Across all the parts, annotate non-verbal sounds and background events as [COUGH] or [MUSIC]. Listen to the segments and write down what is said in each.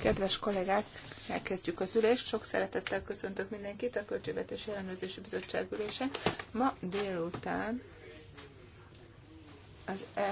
Kedves kollégák, elkezdjük az ülést. Sok szeretettel köszöntök mindenkit a Költségvetési Ellenőrzési Bizottság ülése. Ma délután az, e,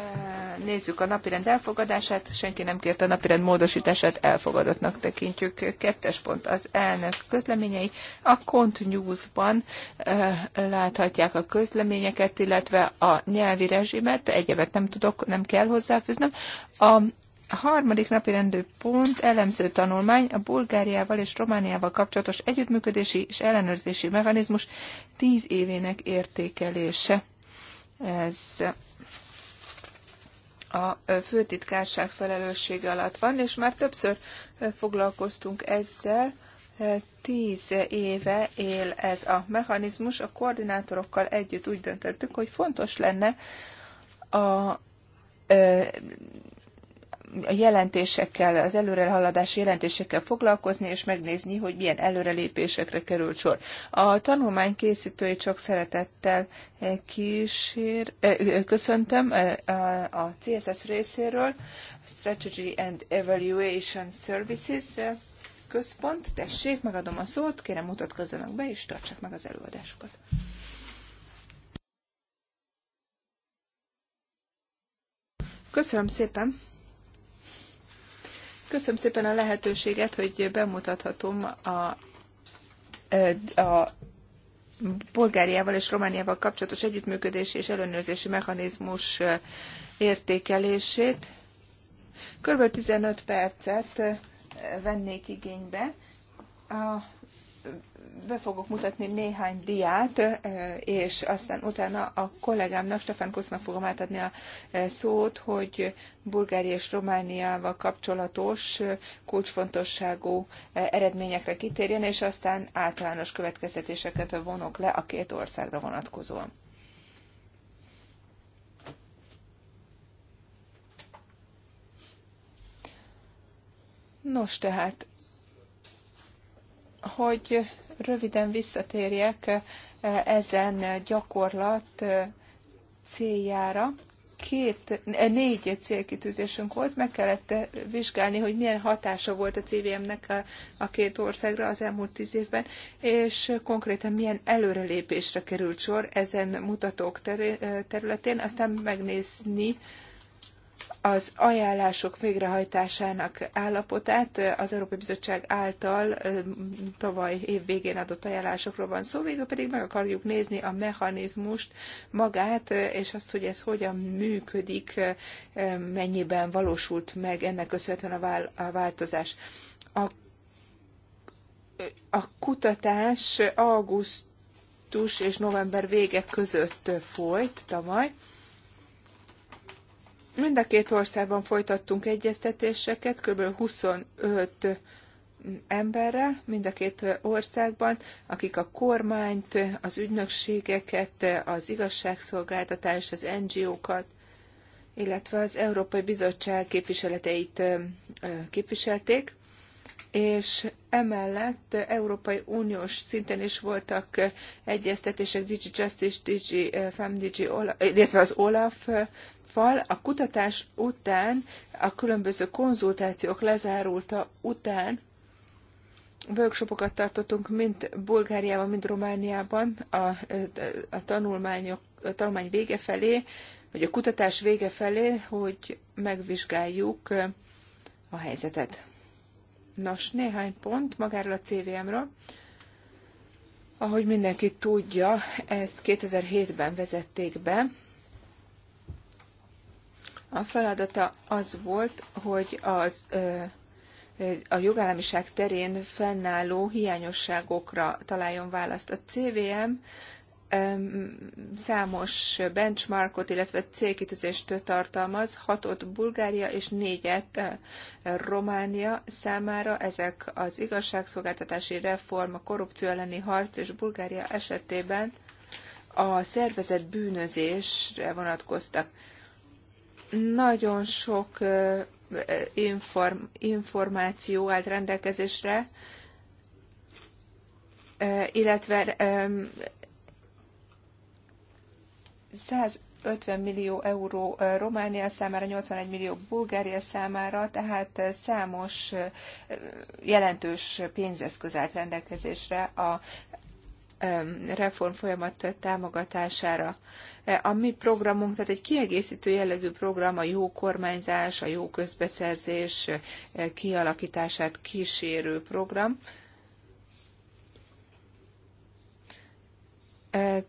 nézzük a napirend elfogadását. Senki nem kérte a napirend módosítását, elfogadottnak tekintjük. Kettes pont az elnök közleményei. A Kont News-ban e, láthatják a közleményeket, illetve a nyelvi rezsimet. Egyebet nem tudok, nem kell hozzáfűznöm. A a harmadik napi rendő pont elemző tanulmány a Bulgáriával és Romániával kapcsolatos együttműködési és ellenőrzési mechanizmus tíz évének értékelése. Ez a főtitkárság felelőssége alatt van, és már többször foglalkoztunk ezzel. Tíz éve él ez a mechanizmus. A koordinátorokkal együtt úgy döntöttük, hogy fontos lenne a jelentésekkel, az előrehaladási jelentésekkel foglalkozni, és megnézni, hogy milyen előrelépésekre került sor. A tanulmány készítői csak szeretettel eh, kísér, eh, eh, köszöntöm a CSS részéről, Strategy and Evaluation Services központ. Tessék, megadom a szót, kérem mutatkozzanak be, és tartsák meg az előadásokat. Köszönöm szépen! Köszönöm szépen a lehetőséget, hogy bemutathatom a, a Bulgáriával és Romániával kapcsolatos együttműködési és ellenőrzési mechanizmus értékelését. Körülbelül 15 percet vennék igénybe. A be fogok mutatni néhány diát, és aztán utána a kollégámnak, Stefan Kusznak fogom átadni a szót, hogy Bulgária és Romániával kapcsolatos kulcsfontosságú eredményekre kitérjen, és aztán általános következtetéseket vonok le a két országra vonatkozóan. Nos, tehát hogy röviden visszatérjek eh, ezen gyakorlat eh, céljára. Két, eh, négy célkitűzésünk volt, meg kellett vizsgálni, hogy milyen hatása volt a CVM-nek a, a két országra az elmúlt tíz évben, és konkrétan milyen előrelépésre került sor ezen mutatók területén, aztán megnézni, az ajánlások végrehajtásának állapotát. Az Európai Bizottság által tavaly év végén adott ajánlásokról van szó, végül pedig meg akarjuk nézni a mechanizmust magát, és azt, hogy ez hogyan működik, mennyiben valósult meg ennek köszönhetően a változás. A, a kutatás augusztus és november vége között folyt tavaly, Mind a két országban folytattunk egyeztetéseket, kb. 25 emberrel mind a két országban, akik a kormányt, az ügynökségeket, az igazságszolgáltatást, az NGO-kat, illetve az Európai Bizottság képviseleteit képviselték és emellett Európai Uniós szinten is voltak egyeztetések Digi Justice, Digi eh, Fem, Digi Olaf, eh, illetve az Olaf eh, fal. A kutatás után, a különböző konzultációk lezárulta után workshopokat tartottunk mind Bulgáriában, mind Romániában a, a, tanulmányok, a tanulmány vége felé, vagy a kutatás vége felé, hogy megvizsgáljuk a helyzetet. Nos, néhány pont magáról a CVM-ről. Ahogy mindenki tudja, ezt 2007-ben vezették be. A feladata az volt, hogy az a jogállamiság terén fennálló hiányosságokra találjon választ. A CVM számos benchmarkot, illetve célkitűzést tartalmaz, hatot Bulgária és négyet eh, Románia számára. Ezek az igazságszolgáltatási reform, a korrupció elleni harc és Bulgária esetében a szervezett bűnözésre vonatkoztak. Nagyon sok eh, inform, információ állt rendelkezésre, eh, illetve 150 millió euró Románia számára, 81 millió Bulgária számára, tehát számos jelentős pénzeszköz állt rendelkezésre a reform folyamat támogatására. A mi programunk, tehát egy kiegészítő jellegű program a jó kormányzás, a jó közbeszerzés kialakítását kísérő program,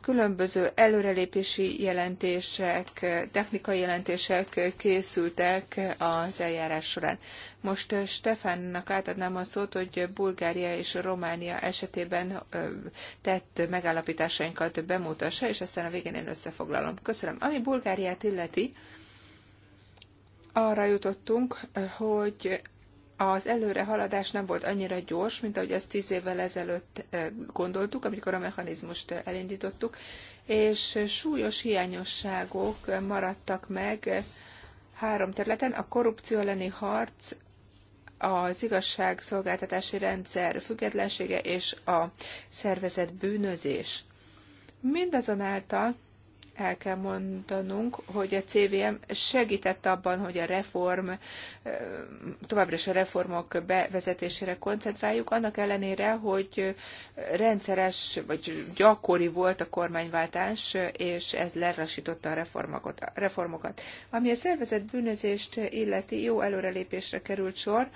különböző előrelépési jelentések, technikai jelentések készültek az eljárás során. Most Stefánnak átadnám a szót, hogy Bulgária és Románia esetében tett megállapításainkat bemutassa, és aztán a végén én összefoglalom. Köszönöm. Ami Bulgáriát illeti, arra jutottunk, hogy az előrehaladás nem volt annyira gyors, mint ahogy ezt tíz évvel ezelőtt eh, gondoltuk, amikor a mechanizmust eh, elindítottuk, és súlyos hiányosságok maradtak meg eh, három területen, a korrupció elleni harc, az igazságszolgáltatási rendszer függetlensége és a szervezett bűnözés. Mindazonáltal el kell mondanunk, hogy a CVM segített abban, hogy a reform, továbbra is a reformok bevezetésére koncentráljuk, annak ellenére, hogy rendszeres vagy gyakori volt a kormányváltás, és ez lerasította a reformokat. reformokat. Ami a szervezetbűnözést bűnözést illeti, jó előrelépésre került sor,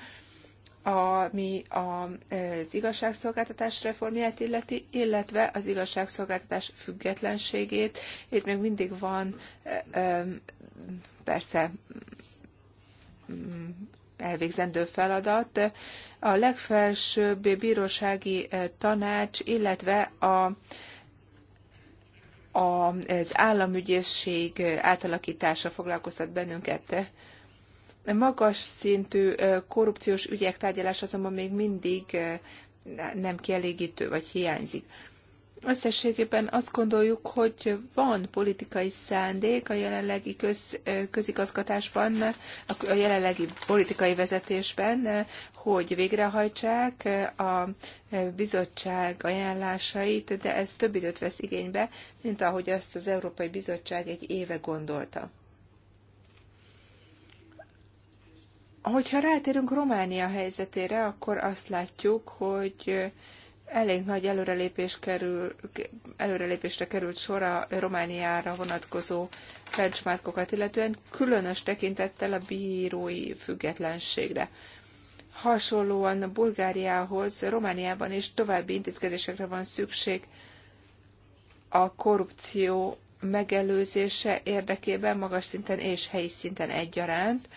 ami az igazságszolgáltatás reformját illeti, illetve az igazságszolgáltatás függetlenségét. Itt még mindig van persze mm, elvégzendő feladat. A legfelsőbb bírósági tanács, illetve a az államügyészség átalakítása foglalkoztat bennünket magas szintű korrupciós ügyek tárgyalása azonban még mindig nem kielégítő vagy hiányzik. Összességében azt gondoljuk, hogy van politikai szándék a jelenlegi köz, közigazgatásban, a jelenlegi politikai vezetésben, hogy végrehajtsák a bizottság ajánlásait, de ez több időt vesz igénybe, mint ahogy azt az Európai Bizottság egy éve gondolta. Hogyha rátérünk Románia helyzetére, akkor azt látjuk, hogy elég nagy előrelépés kerül, előrelépésre került sor a Romániára vonatkozó benchmarkokat, illetően különös tekintettel a bírói függetlenségre. Hasonlóan Bulgáriához, Romániában is további intézkedésekre van szükség a korrupció megelőzése érdekében magas szinten és helyi szinten egyaránt.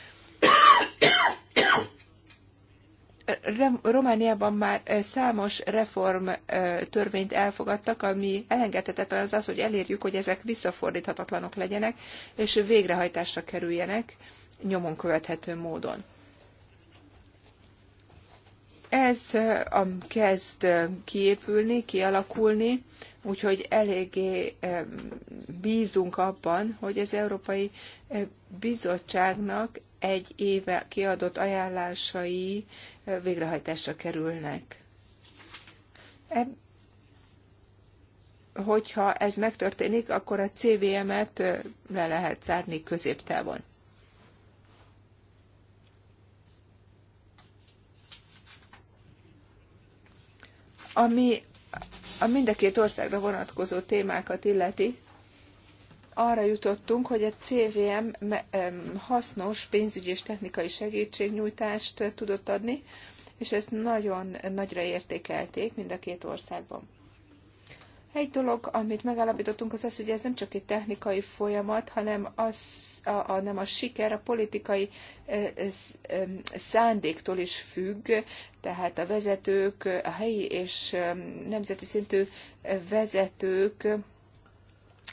Romániában már eh, számos reform eh, törvényt elfogadtak, ami elengedhetetlen az az, hogy elérjük, hogy ezek visszafordíthatatlanok legyenek, és végrehajtásra kerüljenek nyomon követhető módon. Ez eh, kezd kiépülni, kialakulni, úgyhogy eléggé bízunk abban, hogy az Európai Bizottságnak egy éve kiadott ajánlásai végrehajtásra kerülnek. hogyha ez megtörténik, akkor a CVM-et le lehet zárni középtávon. Ami a mind a két országra vonatkozó témákat illeti, arra jutottunk, hogy a CVM hasznos pénzügyi és technikai segítségnyújtást tudott adni, és ezt nagyon nagyra értékelték mind a két országban. Egy dolog, amit megállapítottunk, az az, hogy ez nem csak egy technikai folyamat, hanem az, a, a, nem a siker a politikai e, e, e szándéktól is függ, tehát a vezetők, a helyi és e, nemzeti szintű vezetők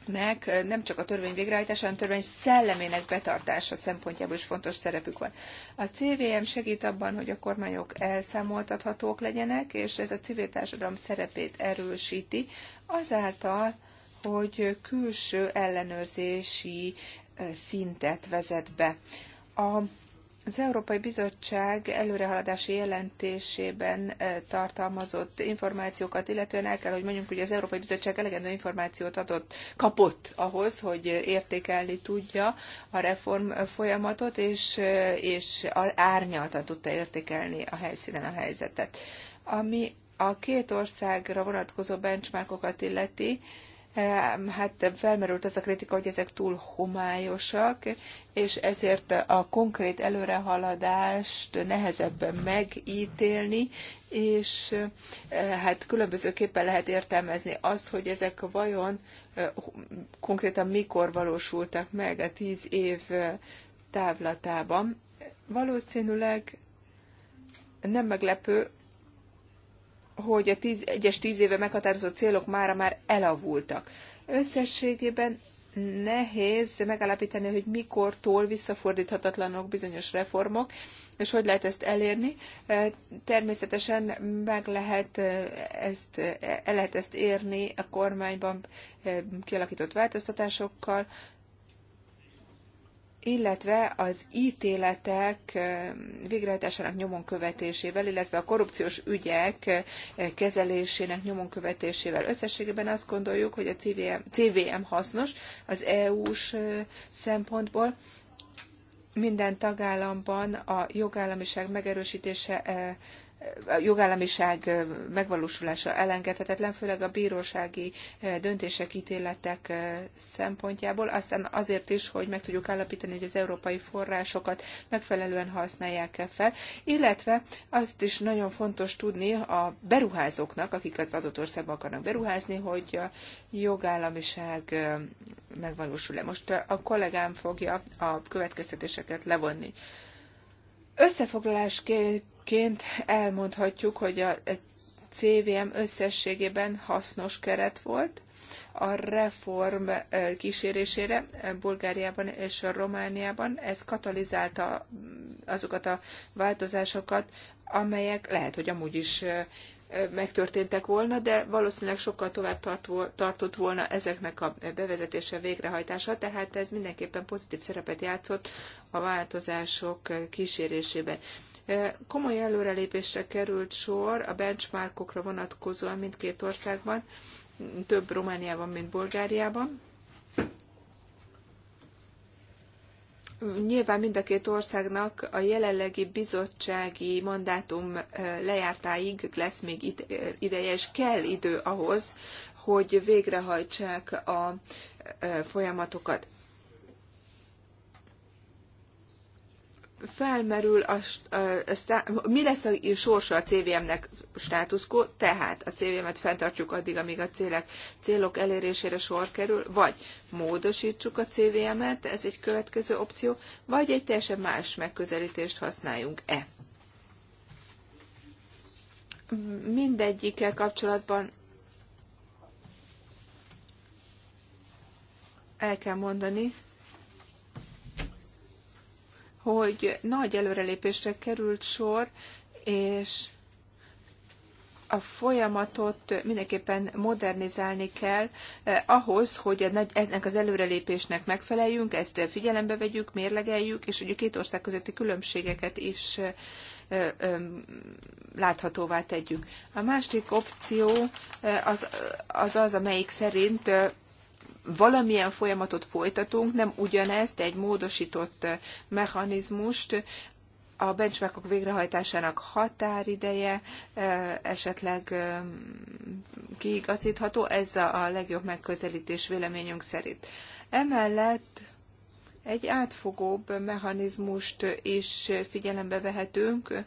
nek nem csak a törvény végrehajtása, hanem a törvény szellemének betartása szempontjából is fontos szerepük van. A CVM segít abban, hogy a kormányok elszámoltathatók legyenek, és ez a civil társadalom szerepét erősíti azáltal, hogy külső ellenőrzési szintet vezet be. A az Európai Bizottság előrehaladási jelentésében eh, tartalmazott információkat, illetően el kell, hogy mondjuk, hogy az Európai Bizottság elegendő információt adott, kapott ahhoz, hogy értékelni tudja a reform folyamatot, és, eh, és árnyaltan tudta értékelni a helyszínen a helyzetet. Ami a két országra vonatkozó benchmarkokat illeti, hát felmerült az a kritika, hogy ezek túl homályosak, és ezért a konkrét előrehaladást nehezebben megítélni, és eh, hát különbözőképpen lehet értelmezni azt, hogy ezek vajon eh, konkrétan mikor valósultak meg a tíz év eh, távlatában. Valószínűleg nem meglepő, hogy a 10, egyes tíz éve meghatározott célok mára már elavultak. Összességében nehéz megállapítani, hogy mikortól visszafordíthatatlanok bizonyos reformok, és hogy lehet ezt elérni? E, természetesen meg lehet e, ezt, e, el lehet ezt érni a kormányban kialakított változtatásokkal, illetve az ítéletek végrehajtásának nyomon követésével, illetve a korrupciós ügyek kezelésének nyomon követésével. Összességében azt gondoljuk, hogy a CVM, hasznos az EU-s szempontból. Minden tagállamban a jogállamiság megerősítése a jogállamiság megvalósulása elengedhetetlen, főleg a bírósági eh, döntések, ítéletek eh, szempontjából, aztán azért is, hogy meg tudjuk állapítani, hogy az európai forrásokat megfelelően használják -e fel, illetve azt is nagyon fontos tudni a beruházóknak, akik az adott országba akarnak beruházni, hogy a jogállamiság eh, megvalósul-e. Most a kollégám fogja a következtetéseket levonni. Összefoglalásként Zárszóként elmondhatjuk, hogy a CVM összességében hasznos keret volt a reform kísérésére Bulgáriában és a Romániában. Ez katalizálta mm, azokat a változásokat, amelyek lehet, hogy amúgy is megtörténtek volna, de valószínűleg sokkal tovább tartott volna ezeknek a bevezetése, végrehajtása, tehát ez mindenképpen pozitív szerepet játszott a változások kísérésében. E, komoly előrelépésre került sor a benchmarkokra vonatkozóan mindkét országban, több Romániában, mint Bulgáriában. Nyilván mind a két országnak a jelenlegi bizottsági mandátum e, lejártáig lesz még e, ideje, és kell idő ahhoz, hogy végrehajtsák a folyamatokat. felmerül, a, a, a, mi lesz a sorsa a CVM-nek státuszkó, tehát a CVM-et fenntartjuk addig, amíg a célek, célok elérésére sor kerül, vagy módosítsuk a CVM-et, ez egy következő opció, vagy egy teljesen más megközelítést használjunk-e. Mindegyikkel kapcsolatban el kell mondani, hogy nagy előrelépésre került sor, és a folyamatot mindenképpen modernizálni kell eh, ahhoz, hogy ennek az előrelépésnek megfeleljünk, ezt figyelembe vegyük, mérlegeljük, és hogy a két ország közötti különbségeket is eh, eh, láthatóvá tegyük. A másik opció eh, az eh, az, az amelyik szerint eh, valamilyen folyamatot folytatunk, nem ugyanezt, egy módosított eh, mechanizmust, a benchmarkok végrehajtásának határideje eh, esetleg eh, kiigazítható, ez a legjobb megközelítés véleményünk szerint. Emellett egy átfogóbb mechanizmust is figyelembe vehetünk,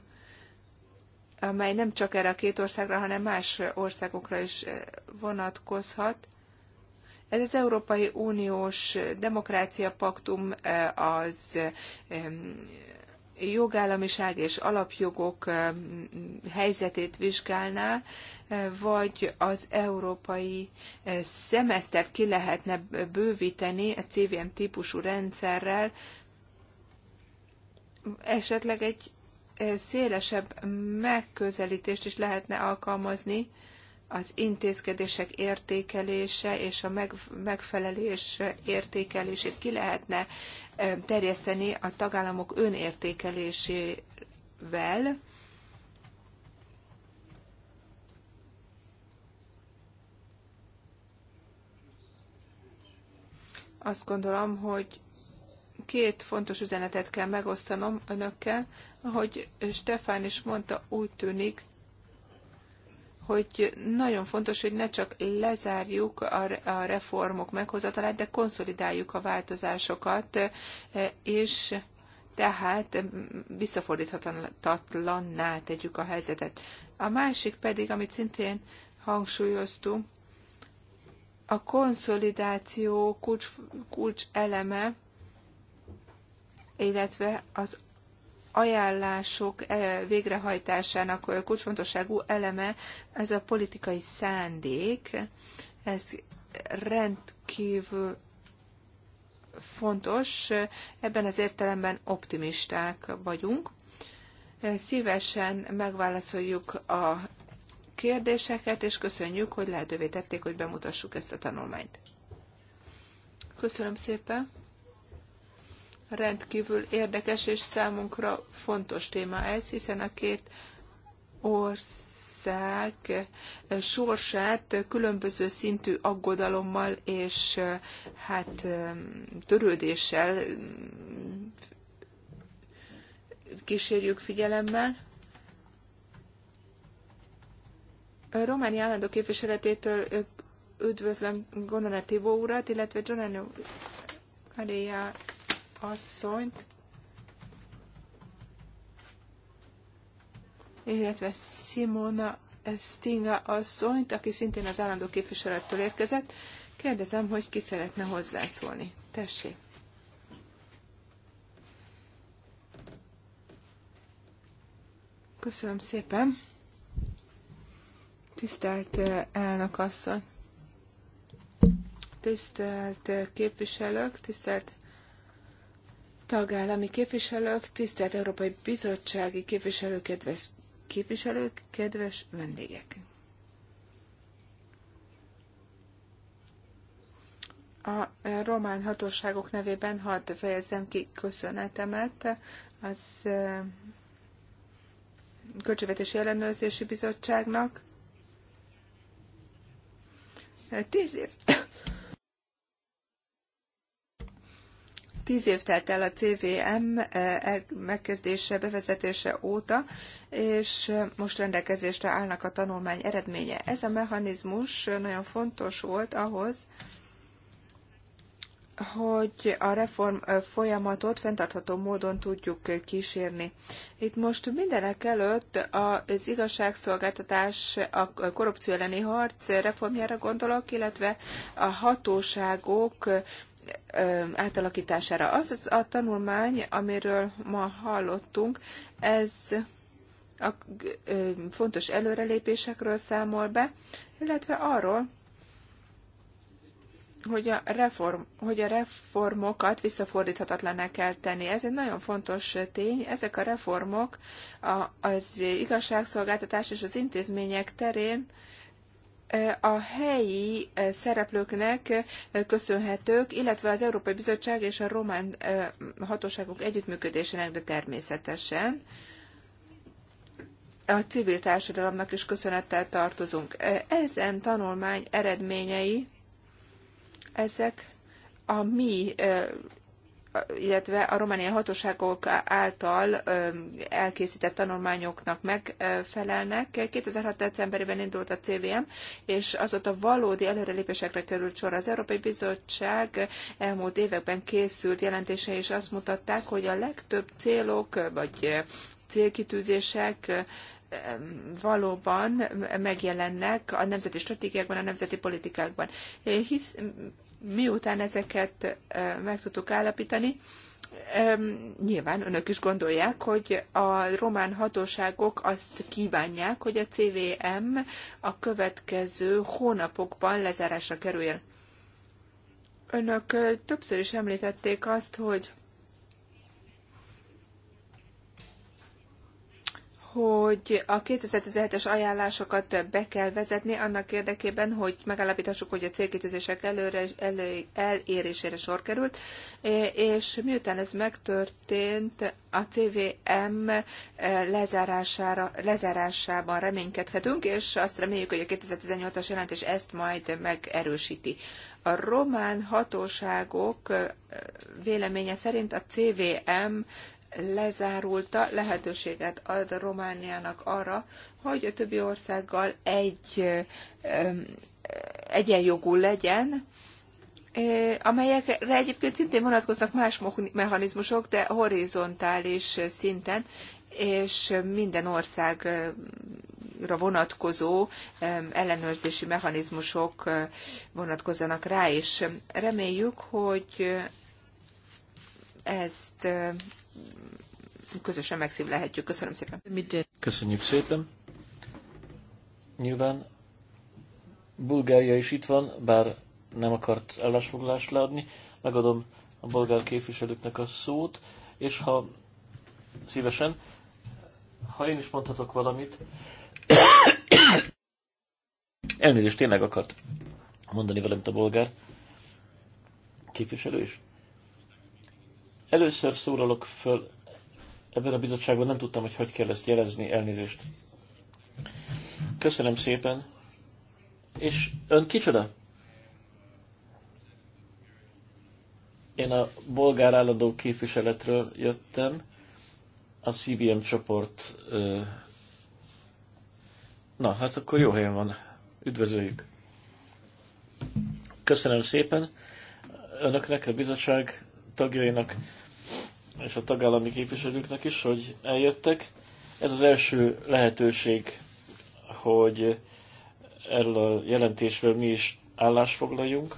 amely nem csak erre a két országra, hanem más országokra is vonatkozhat. Ez az Európai Uniós Demokrácia Paktum eh, az eh, jogállamiság és alapjogok eh, helyzetét vizsgálná, vagy az európai szemesztert ki lehetne bővíteni a CVM típusú rendszerrel, esetleg egy szélesebb megközelítést is lehetne alkalmazni, az intézkedések értékelése és a megfelelés értékelését ki lehetne terjeszteni a tagállamok önértékelésével. Azt gondolom, hogy két fontos üzenetet kell megosztanom önökkel. Ahogy Stefán is mondta, úgy tűnik, hogy nagyon fontos, hogy ne csak lezárjuk a, reformok meghozatalát, de konszolidáljuk a változásokat, e, és tehát visszafordíthatatlanná tegyük a helyzetet. A másik pedig, amit szintén hangsúlyoztunk, a konszolidáció kulcs, kulcs eleme, illetve az ajánlások eh, végrehajtásának eh, kulcsfontosságú eleme ez a politikai szándék. Ez rendkívül fontos, ebben az értelemben optimisták vagyunk. Eh, szívesen megválaszoljuk a kérdéseket, és köszönjük, hogy lehetővé tették, hogy bemutassuk ezt a tanulmányt. Köszönöm szépen! rendkívül érdekes és számunkra fontos téma ez, hiszen a két ország eh, sorsát különböző szintű aggodalommal és eh, hát törődéssel kísérjük figyelemmel. A románi állandó képviseletétől eh, üdvözlöm Gonola Tibó urat, illetve Giovanni Maria asszonyt, illetve Simona Stinga asszonyt, aki szintén az állandó képviselettől érkezett. Kérdezem, hogy ki szeretne hozzászólni. Tessék! Köszönöm szépen! Tisztelt eh, elnök asszony! Tisztelt eh, képviselők, tisztelt tagállami képviselők, tisztelt Európai Bizottsági képviselők, kedves képviselők, kedves vendégek! A eh, román hatóságok nevében hadd fejezem ki köszönetemet az eh, Költségvetési Ellenőrzési Bizottságnak. Tíz év Tíz év telt el a CVM eh, megkezdése, bevezetése óta, és eh, most rendelkezésre állnak a tanulmány eredménye. Ez a mechanizmus eh, nagyon fontos volt ahhoz, hogy a reform folyamatot fenntartható módon tudjuk kísérni. Itt most mindenek előtt az igazságszolgáltatás, a korrupció elleni harc reformjára gondolok, illetve a hatóságok átalakítására. Az, az a tanulmány, amiről ma hallottunk, ez a fontos előrelépésekről számol be, illetve arról, hogy a, reform, hogy a reformokat visszafordíthatatlaná kell tenni. Ez egy nagyon fontos tény. Ezek a reformok a, az igazságszolgáltatás és az intézmények terén a helyi szereplőknek köszönhetők, illetve az Európai Bizottság és a román hatóságok együttműködésének, de természetesen a civil társadalomnak is köszönettel tartozunk. Ezen tanulmány eredményei, ezek a mi illetve a romániai hatóságok által elkészített tanulmányoknak megfelelnek. 2006. decemberében indult a CVM, és azóta valódi előrelépésekre került sor. Az Európai Bizottság elmúlt években készült jelentése is azt mutatták, hogy a legtöbb célok vagy célkitűzések valóban megjelennek a nemzeti stratégiákban, a nemzeti politikákban. Hisz miután ezeket meg tudtuk állapítani, nyilván önök is gondolják, hogy a román hatóságok azt kívánják, hogy a CVM a következő hónapokban lezárásra kerüljön. Önök többször is említették azt, hogy hogy a 2017-es ajánlásokat be kell vezetni annak érdekében, hogy megállapítassuk, hogy a célkitűzések előre, elő, elérésére sor került, és miután ez megtörtént, a CVM eh, lezárására, lezárásában reménykedhetünk, és azt reméljük, hogy a 2018-as jelentés ezt majd megerősíti. A román hatóságok eh, véleménye szerint a CVM lezárulta, lehetőséget ad Romániának arra, hogy a többi országgal egy egyenjogú legyen, e, amelyekre egyébként szintén vonatkoznak más mechanizmusok, de horizontális szinten, és minden országra vonatkozó ellenőrzési mechanizmusok e, vonatkozzanak rá, és reméljük, hogy ezt közösen megszívlelhetjük. Köszönöm szépen. Köszönjük szépen. Nyilván Bulgária is itt van, bár nem akart állásfoglalást leadni. Megadom a bolgár képviselőknek a szót, és ha szívesen, ha én is mondhatok valamit, elnézést tényleg akart mondani velem a bolgár képviselő is. Először szólalok föl ebben a bizottságban, nem tudtam, hogy hogy kell ezt jelezni, elnézést. Köszönöm szépen. És ön kicsoda? Én a bolgár állandó képviseletről jöttem, a CBM csoport. Na, hát akkor jó helyen van. Üdvözöljük. Köszönöm szépen önöknek, a bizottság tagjainak és a tagállami képviselőknek is, hogy eljöttek. Ez az első lehetőség, hogy erről a jelentésről mi is foglaljunk.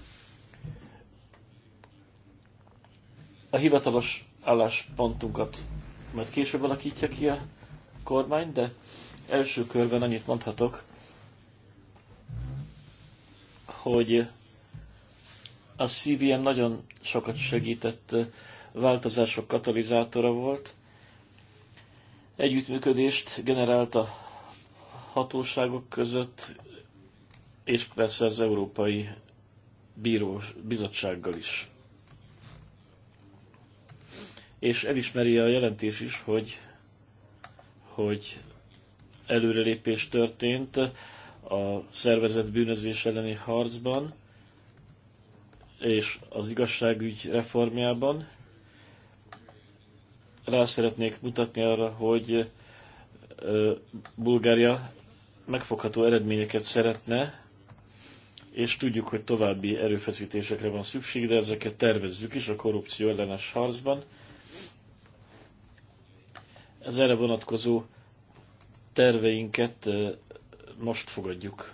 A hivatalos álláspontunkat majd később alakítja ki a kormány, de első körben annyit mondhatok, hogy a CVM nagyon sokat segített változások katalizátora volt. Együttműködést generált a hatóságok között, és persze az Európai Bíró Bizottsággal is. És elismeri a jelentés is, hogy, hogy előrelépés történt a szervezett bűnözés elleni harcban, és az igazságügy reformjában. Rá szeretnék mutatni arra, hogy Bulgária megfogható eredményeket szeretne, és tudjuk, hogy további erőfeszítésekre van szükség, de ezeket tervezzük is a korrupció ellenes harcban. Ez erre vonatkozó terveinket most fogadjuk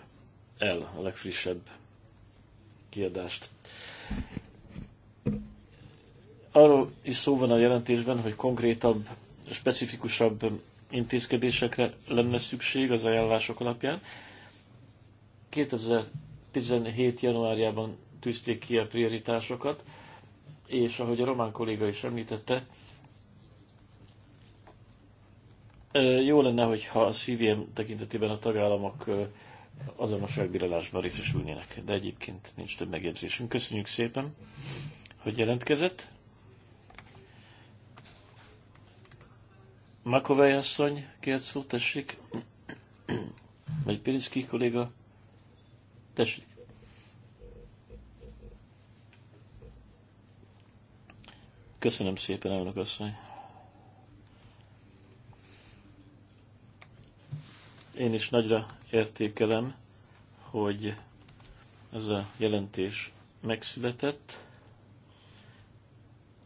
el a legfrissebb kiadást Arról is szó van a jelentésben, hogy konkrétabb, specifikusabb intézkedésekre lenne szükség az ajánlások alapján. 2017. januárjában tűzték ki a prioritásokat, és ahogy a román kolléga is említette, jó lenne, hogyha a CVM tekintetében a tagállamok azonos megbírálásban részesülnének. De egyébként nincs több megjegyzésünk. Köszönjük szépen, hogy jelentkezett. Makovej asszony, kérd szót, tessék. Vagy Pilinszki kolléga, tessék. Köszönöm szépen, elnök asszony. Én is nagyra értékelem, hogy ez a jelentés megszületett,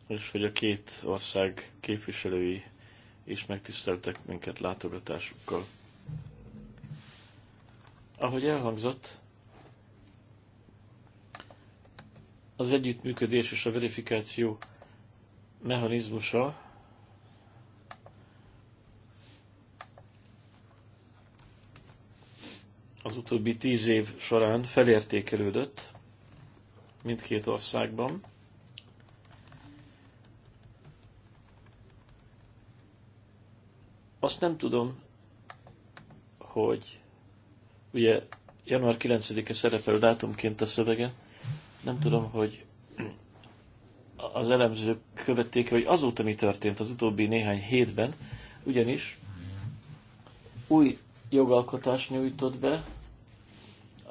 és hogy a két ország képviselői is megtiszteltek minket látogatásukkal. Ahogy elhangzott, az együttműködés és a verifikáció mechanizmusa az utóbbi tíz év során felértékelődött mindkét országban. Azt nem tudom, hogy ugye január 9-e szerepel dátumként a szövege, nem tudom, hogy az elemzők követték, hogy azóta mi történt az utóbbi néhány hétben, ugyanis új jogalkotás nyújtott be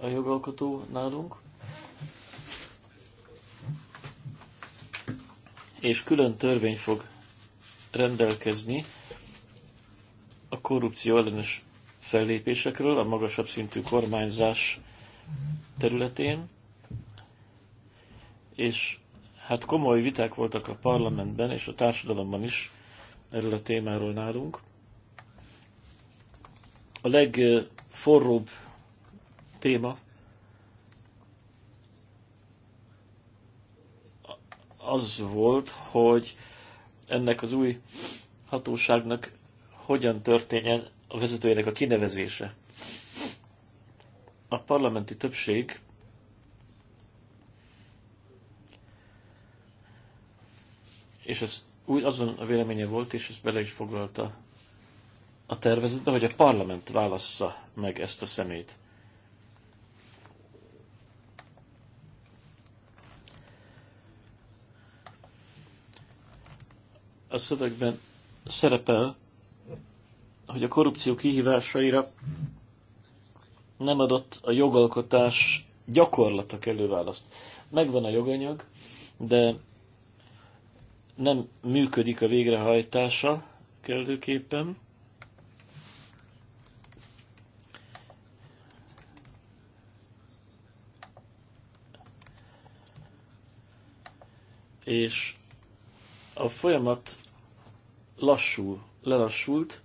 a jogalkotó nálunk. És külön törvény fog rendelkezni a korrupció ellenes fellépésekről a magasabb szintű kormányzás területén, és hát komoly viták voltak a parlamentben és a társadalomban is erről a témáról nálunk. A legforróbb téma az volt, hogy ennek az új hatóságnak hogyan történjen a vezetőjének a kinevezése. A parlamenti többség és ez úgy azon a véleménye volt, és ezt bele is foglalta a tervezetbe, hogy a parlament válassza meg ezt a szemét. a szövegben szerepel, hogy a korrupció kihívásaira nem adott a jogalkotás gyakorlatok előválaszt. Megvan a joganyag, de nem működik a végrehajtása kellőképpen. És a folyamat lassul, lelassult,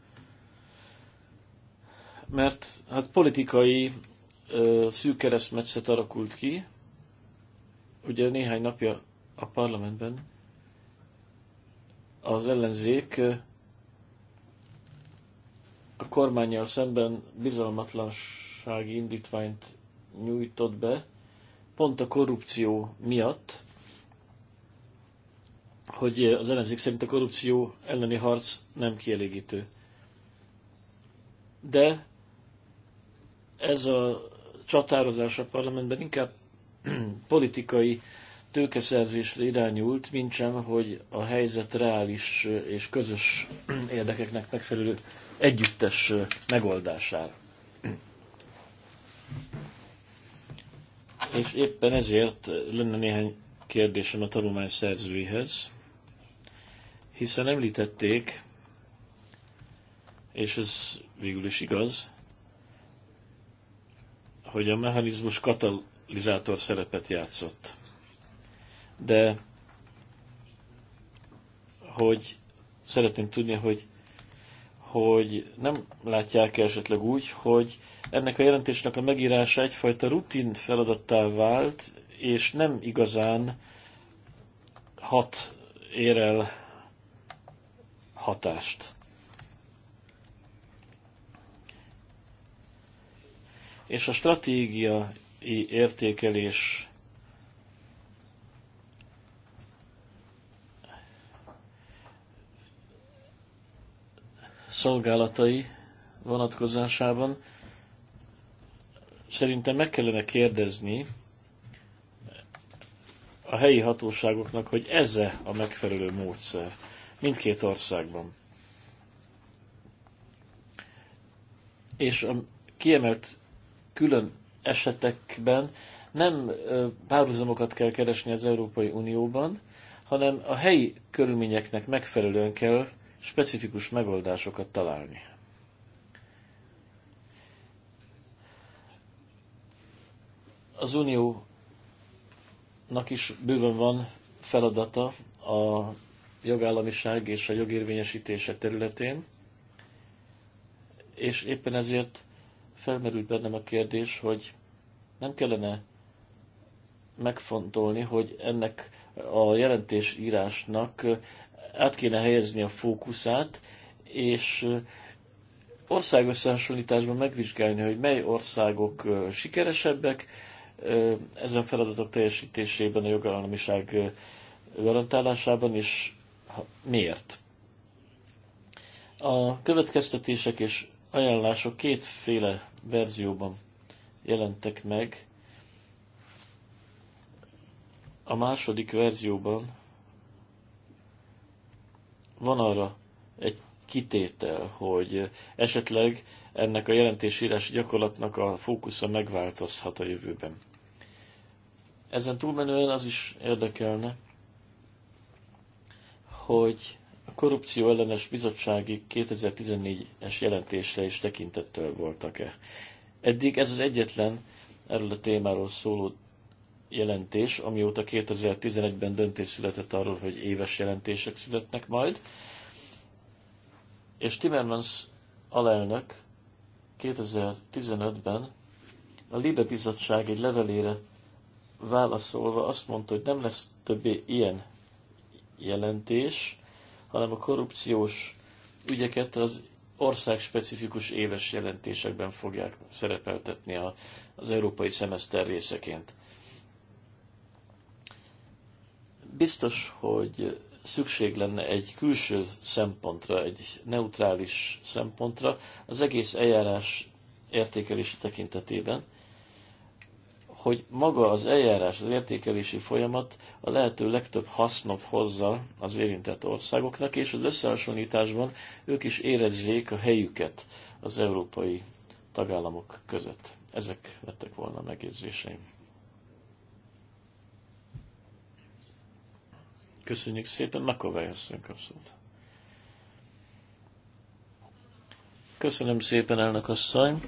mert hát politikai ö, szűk keresztmetszet alakult ki, ugye néhány napja a parlamentben az ellenzék a kormányjal szemben bizalmatlansági indítványt nyújtott be, pont a korrupció miatt, hogy eh, az elemzék szerint a korrupció elleni harc nem kielégítő. De ez a csatározás a parlamentben inkább [CLEARS THROAT] politikai tőkeszerzésre irányult, mint sem, hogy a helyzet reális eh, és közös [CLEARS THROAT] érdekeknek megfelelő együttes eh, megoldására. És éppen ezért lenne néhány kérdésem a tanulmány szerzőihez hiszen említették, és ez végül is igaz, hogy a mechanizmus katalizátor szerepet játszott. De hogy szeretném tudni, hogy, hogy nem látják -e esetleg úgy, hogy ennek a jelentésnek a megírása egyfajta rutin feladattá vált, és nem igazán hat ér el hatást. És a stratégiai értékelés szolgálatai vonatkozásában szerintem meg kellene kérdezni a helyi hatóságoknak, hogy ez -e a megfelelő módszer mindkét országban. És a kiemelt külön esetekben nem párhuzamokat kell keresni az Európai Unióban, hanem a helyi körülményeknek megfelelően kell specifikus megoldásokat találni. Az Uniónak is bőven van feladata a jogállamiság és a jogérvényesítése területén, és éppen ezért felmerült bennem a kérdés, hogy nem kellene megfontolni, hogy ennek a jelentésírásnak át kéne helyezni a fókuszát, és országösszehasonlításban megvizsgálni, hogy mely országok sikeresebbek ezen feladatok teljesítésében, a jogállamiság garantálásában, és miért. A következtetések és ajánlások kétféle verzióban jelentek meg. A második verzióban van arra egy kitétel, hogy esetleg ennek a jelentésírási gyakorlatnak a fókusza megváltozhat a jövőben. Ezen túlmenően az is érdekelne, hogy a korrupció ellenes bizottsági 2014-es jelentésre is tekintettel voltak-e. Eddig ez az egyetlen erről a témáról szóló jelentés, amióta 2011-ben döntés született arról, hogy éves jelentések születnek majd. És Timmermans alelnök 2015-ben a Libe Bizottság egy levelére válaszolva azt mondta, hogy nem lesz többé ilyen jelentés, hanem a korrupciós ügyeket az ország specifikus éves jelentésekben fogják szerepeltetni az európai szemeszter részeként. Biztos, hogy szükség lenne egy külső szempontra, egy neutrális szempontra az egész eljárás értékelési tekintetében, hogy maga az eljárás, az értékelési folyamat a lehető legtöbb hasznot hozza az érintett országoknak, és az összehasonlításban ők is érezzék a helyüket az európai tagállamok között. Ezek lettek volna a megjegyzéseim. Köszönjük szépen, Makovály asszony kapszolt. Köszönöm szépen, elnök asszony.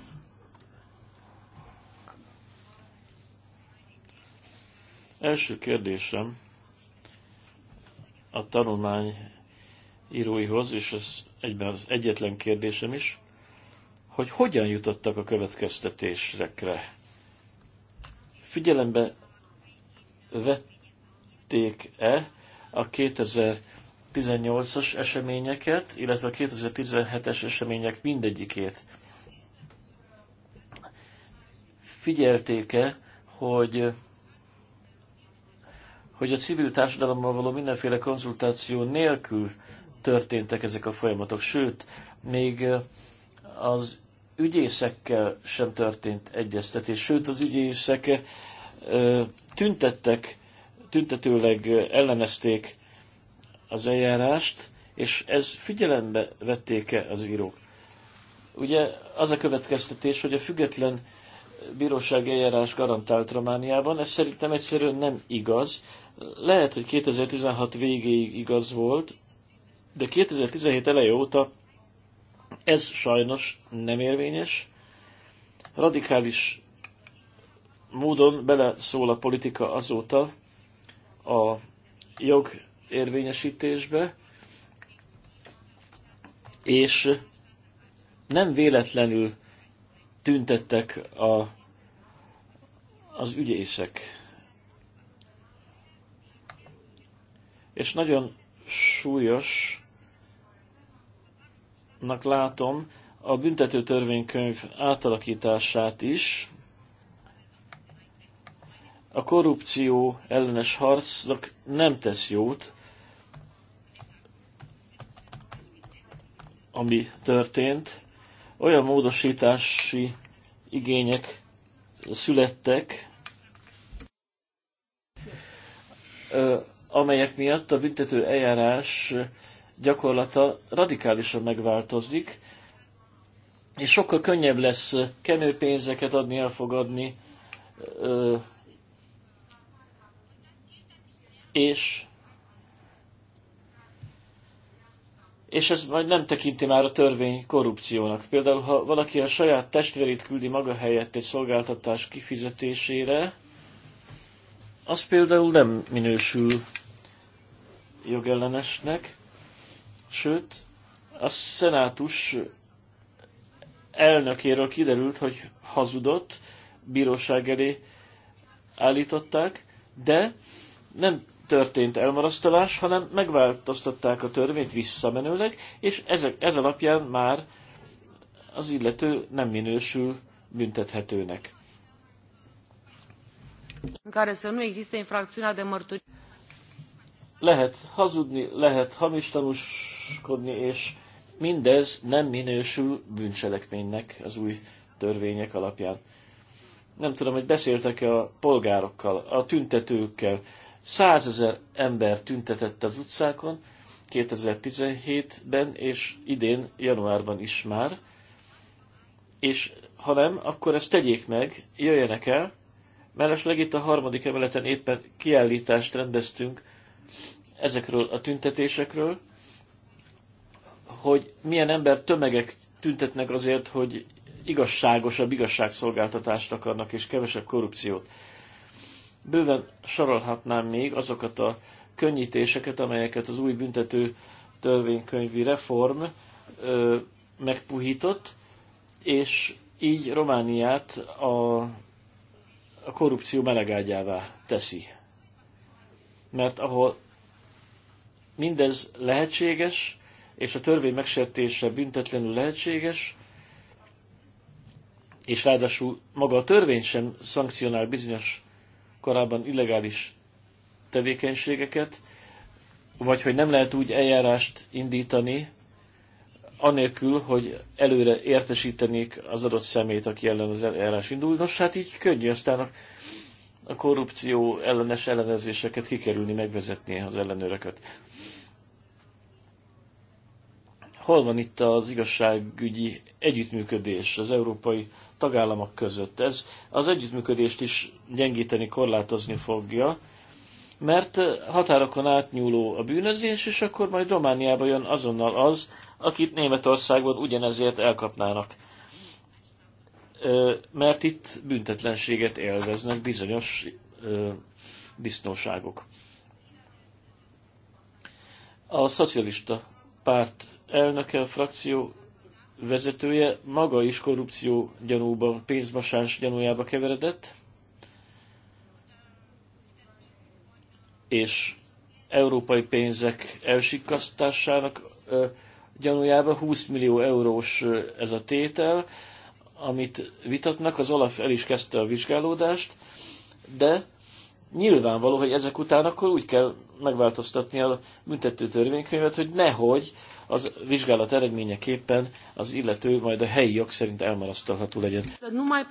Első kérdésem a tanulmány íróihoz, és ez egyben az egyetlen kérdésem is, hogy hogyan jutottak a következtetésekre. Figyelembe vették-e a 2018-as eseményeket, illetve a 2017-es események mindegyikét? Figyelték-e, hogy hogy a civil társadalommal való mindenféle konzultáció nélkül történtek ezek a folyamatok, sőt, még eh, az ügyészekkel sem történt egyeztetés, sőt, az ügyészek eh, tüntettek, tüntetőleg eh, ellenezték az eljárást, és ez figyelembe vették-e az írók? Ugye az a következtetés, hogy a független bíróság eljárás garantált Romániában, ez szerintem egyszerűen nem igaz, lehet, hogy 2016 végéig igaz volt, de 2017 eleje óta ez sajnos nem érvényes. Radikális módon beleszól a politika azóta a jog érvényesítésbe, és nem véletlenül tüntettek a, az ügyészek és nagyon súlyosnak látom a büntető törvénykönyv átalakítását is, a korrupció ellenes harcnak nem tesz jót, ami történt. Olyan módosítási igények születtek, amelyek miatt a büntető eljárás gyakorlata radikálisan megváltozik, és sokkal könnyebb lesz kenőpénzeket adni, elfogadni, és és ez majd nem tekinti már a törvény korrupciónak. Például, ha valaki a saját testvérét küldi maga helyett egy szolgáltatás kifizetésére, az például nem minősül jogellenesnek, sőt, a szenátus elnökéről kiderült, hogy hazudott, bíróság elé állították, de nem történt elmarasztalás, hanem megváltoztatták a törvényt visszamenőleg, és ez, ez alapján már az illető nem minősül büntethetőnek. Lehet hazudni, lehet hamis tanúskodni, és mindez nem minősül bűncselekménynek az új törvények alapján. Nem tudom, hogy beszéltek-e a polgárokkal, a tüntetőkkel. Százezer ember tüntetett az utcákon 2017-ben, és idén, januárban is már. És ha nem, akkor ezt tegyék meg, jöjjenek el. Mellesleg itt a harmadik emeleten éppen kiállítást rendeztünk ezekről a tüntetésekről, hogy milyen ember tömegek tüntetnek azért, hogy igazságosabb igazságszolgáltatást akarnak, és kevesebb korrupciót. Bőven sorolhatnám még azokat a könnyítéseket, amelyeket az új büntető törvénykönyvi reform ö, megpuhított, és így Romániát a, a korrupció melegágyává teszi mert ahol mindez lehetséges, és a törvény megsértése büntetlenül lehetséges, és ráadásul maga a törvény sem szankcionál bizonyos korábban illegális tevékenységeket, vagy hogy nem lehet úgy eljárást indítani, anélkül, hogy előre értesítenék az adott szemét, aki ellen az eljárás indul. Nos, hát így könnyű aztán a korrupció ellenes ellenőrzéseket kikerülni, megvezetni az ellenőröket. Hol van itt az igazságügyi együttműködés az európai tagállamok között? Ez az együttműködést is gyengíteni, korlátozni fogja, mert határokon átnyúló a bűnözés, és akkor majd Romániába jön azonnal az, akit Németországban ugyanezért elkapnának mert itt büntetlenséget élveznek bizonyos disznóságok. A szocialista párt elnöke, a frakció vezetője maga is korrupció gyanúban, pénzmasás gyanújába keveredett, és európai pénzek elsikasztásának gyanújába 20 millió eurós ez a tétel, amit vitatnak, az Olaf el is kezdte a vizsgálódást, de nyilvánvaló, hogy ezek után akkor úgy kell megváltoztatni a büntető törvénykönyvet, hogy nehogy az vizsgálat eredményeképpen az illető majd a helyi jog szerint elmarasztalható legyen. Numai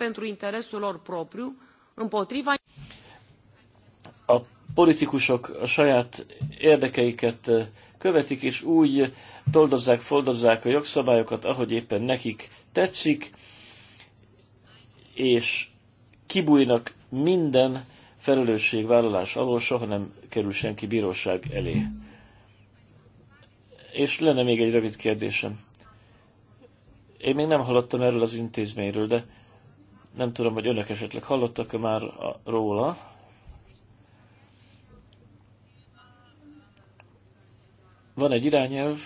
A politikusok a saját érdekeiket eh, követik, és úgy toldozzák, foldozzák a jogszabályokat, ahogy éppen nekik tetszik, és kibújnak minden felelősségvállalás alól, soha nem kerül senki bíróság elé. És lenne még egy rövid kérdésem. Én még nem hallottam erről az intézményről, de nem tudom, hogy önök esetleg hallottak-e már róla. Van egy irányelv,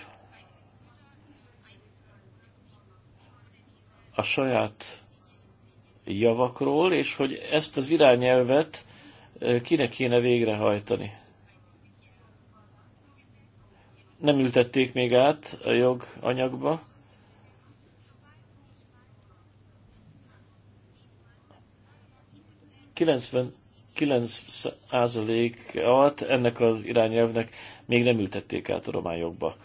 a saját javakról, és hogy ezt az irányelvet kinek kéne végrehajtani. Nem ültették még át a joganyagba. Kilencven 9 ennek az irányelvnek még nem ültették át a román jogba.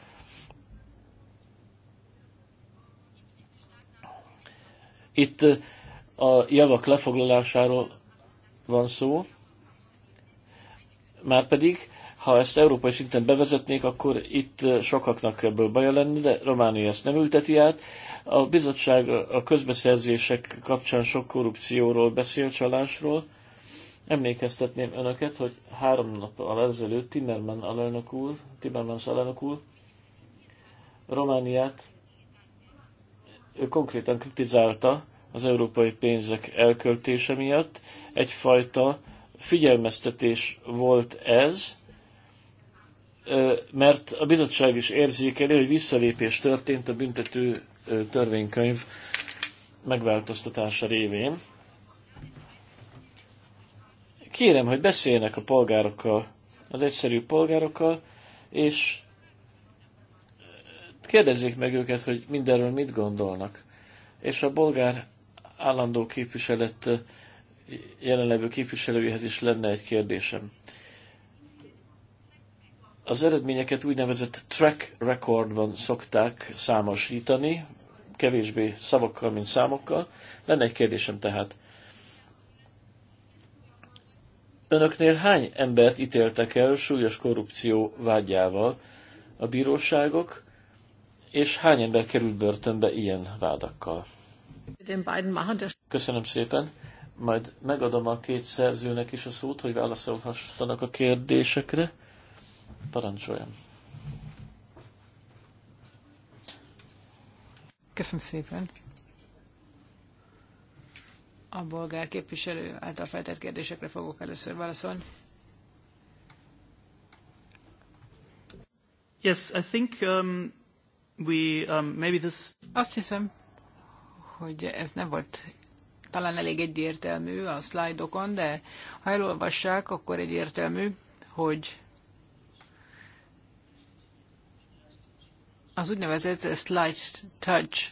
Itt a javak lefoglalásáról van szó, márpedig, ha ezt európai szinten bevezetnék, akkor itt sokaknak ebből baja lenne, de Románia ezt nem ülteti át. A bizottság a közbeszerzések kapcsán sok korrupcióról beszél, csalásról. Emlékeztetném önöket, hogy három nap ezelőtt Timmerman alelnök úr, Timmermans alelnök úr Romániát ő konkrétan kritizálta az európai pénzek elköltése miatt. Egyfajta figyelmeztetés volt ez, mert a bizottság is érzékeli, hogy visszalépés történt a büntető törvénykönyv megváltoztatása révén. Kérem, hogy beszéljenek a polgárokkal, az egyszerű polgárokkal, és kérdezzék meg őket, hogy mindenről mit gondolnak. És a bolgár állandó képviselet jelenlevő képviselőihez is lenne egy kérdésem. Az eredményeket úgynevezett track recordban szokták számosítani, kevésbé szavakkal, mint számokkal. Lenne egy kérdésem tehát. Önöknél hány embert ítéltek el súlyos korrupció vágyával a bíróságok, és hány ember került börtönbe ilyen vádakkal? Köszönöm szépen. Majd megadom a két szerzőnek is a szót, hogy válaszolhassanak a kérdésekre. Parancsoljam. Köszönöm szépen. A bolgár képviselő által feltett kérdésekre fogok először válaszolni. Yes, I think um, we um, maybe this. Azt hiszem, hogy ez nem volt talán elég egyértelmű a szlájdokon, de ha elolvassák, akkor egyértelmű, hogy az úgynevezett slide touch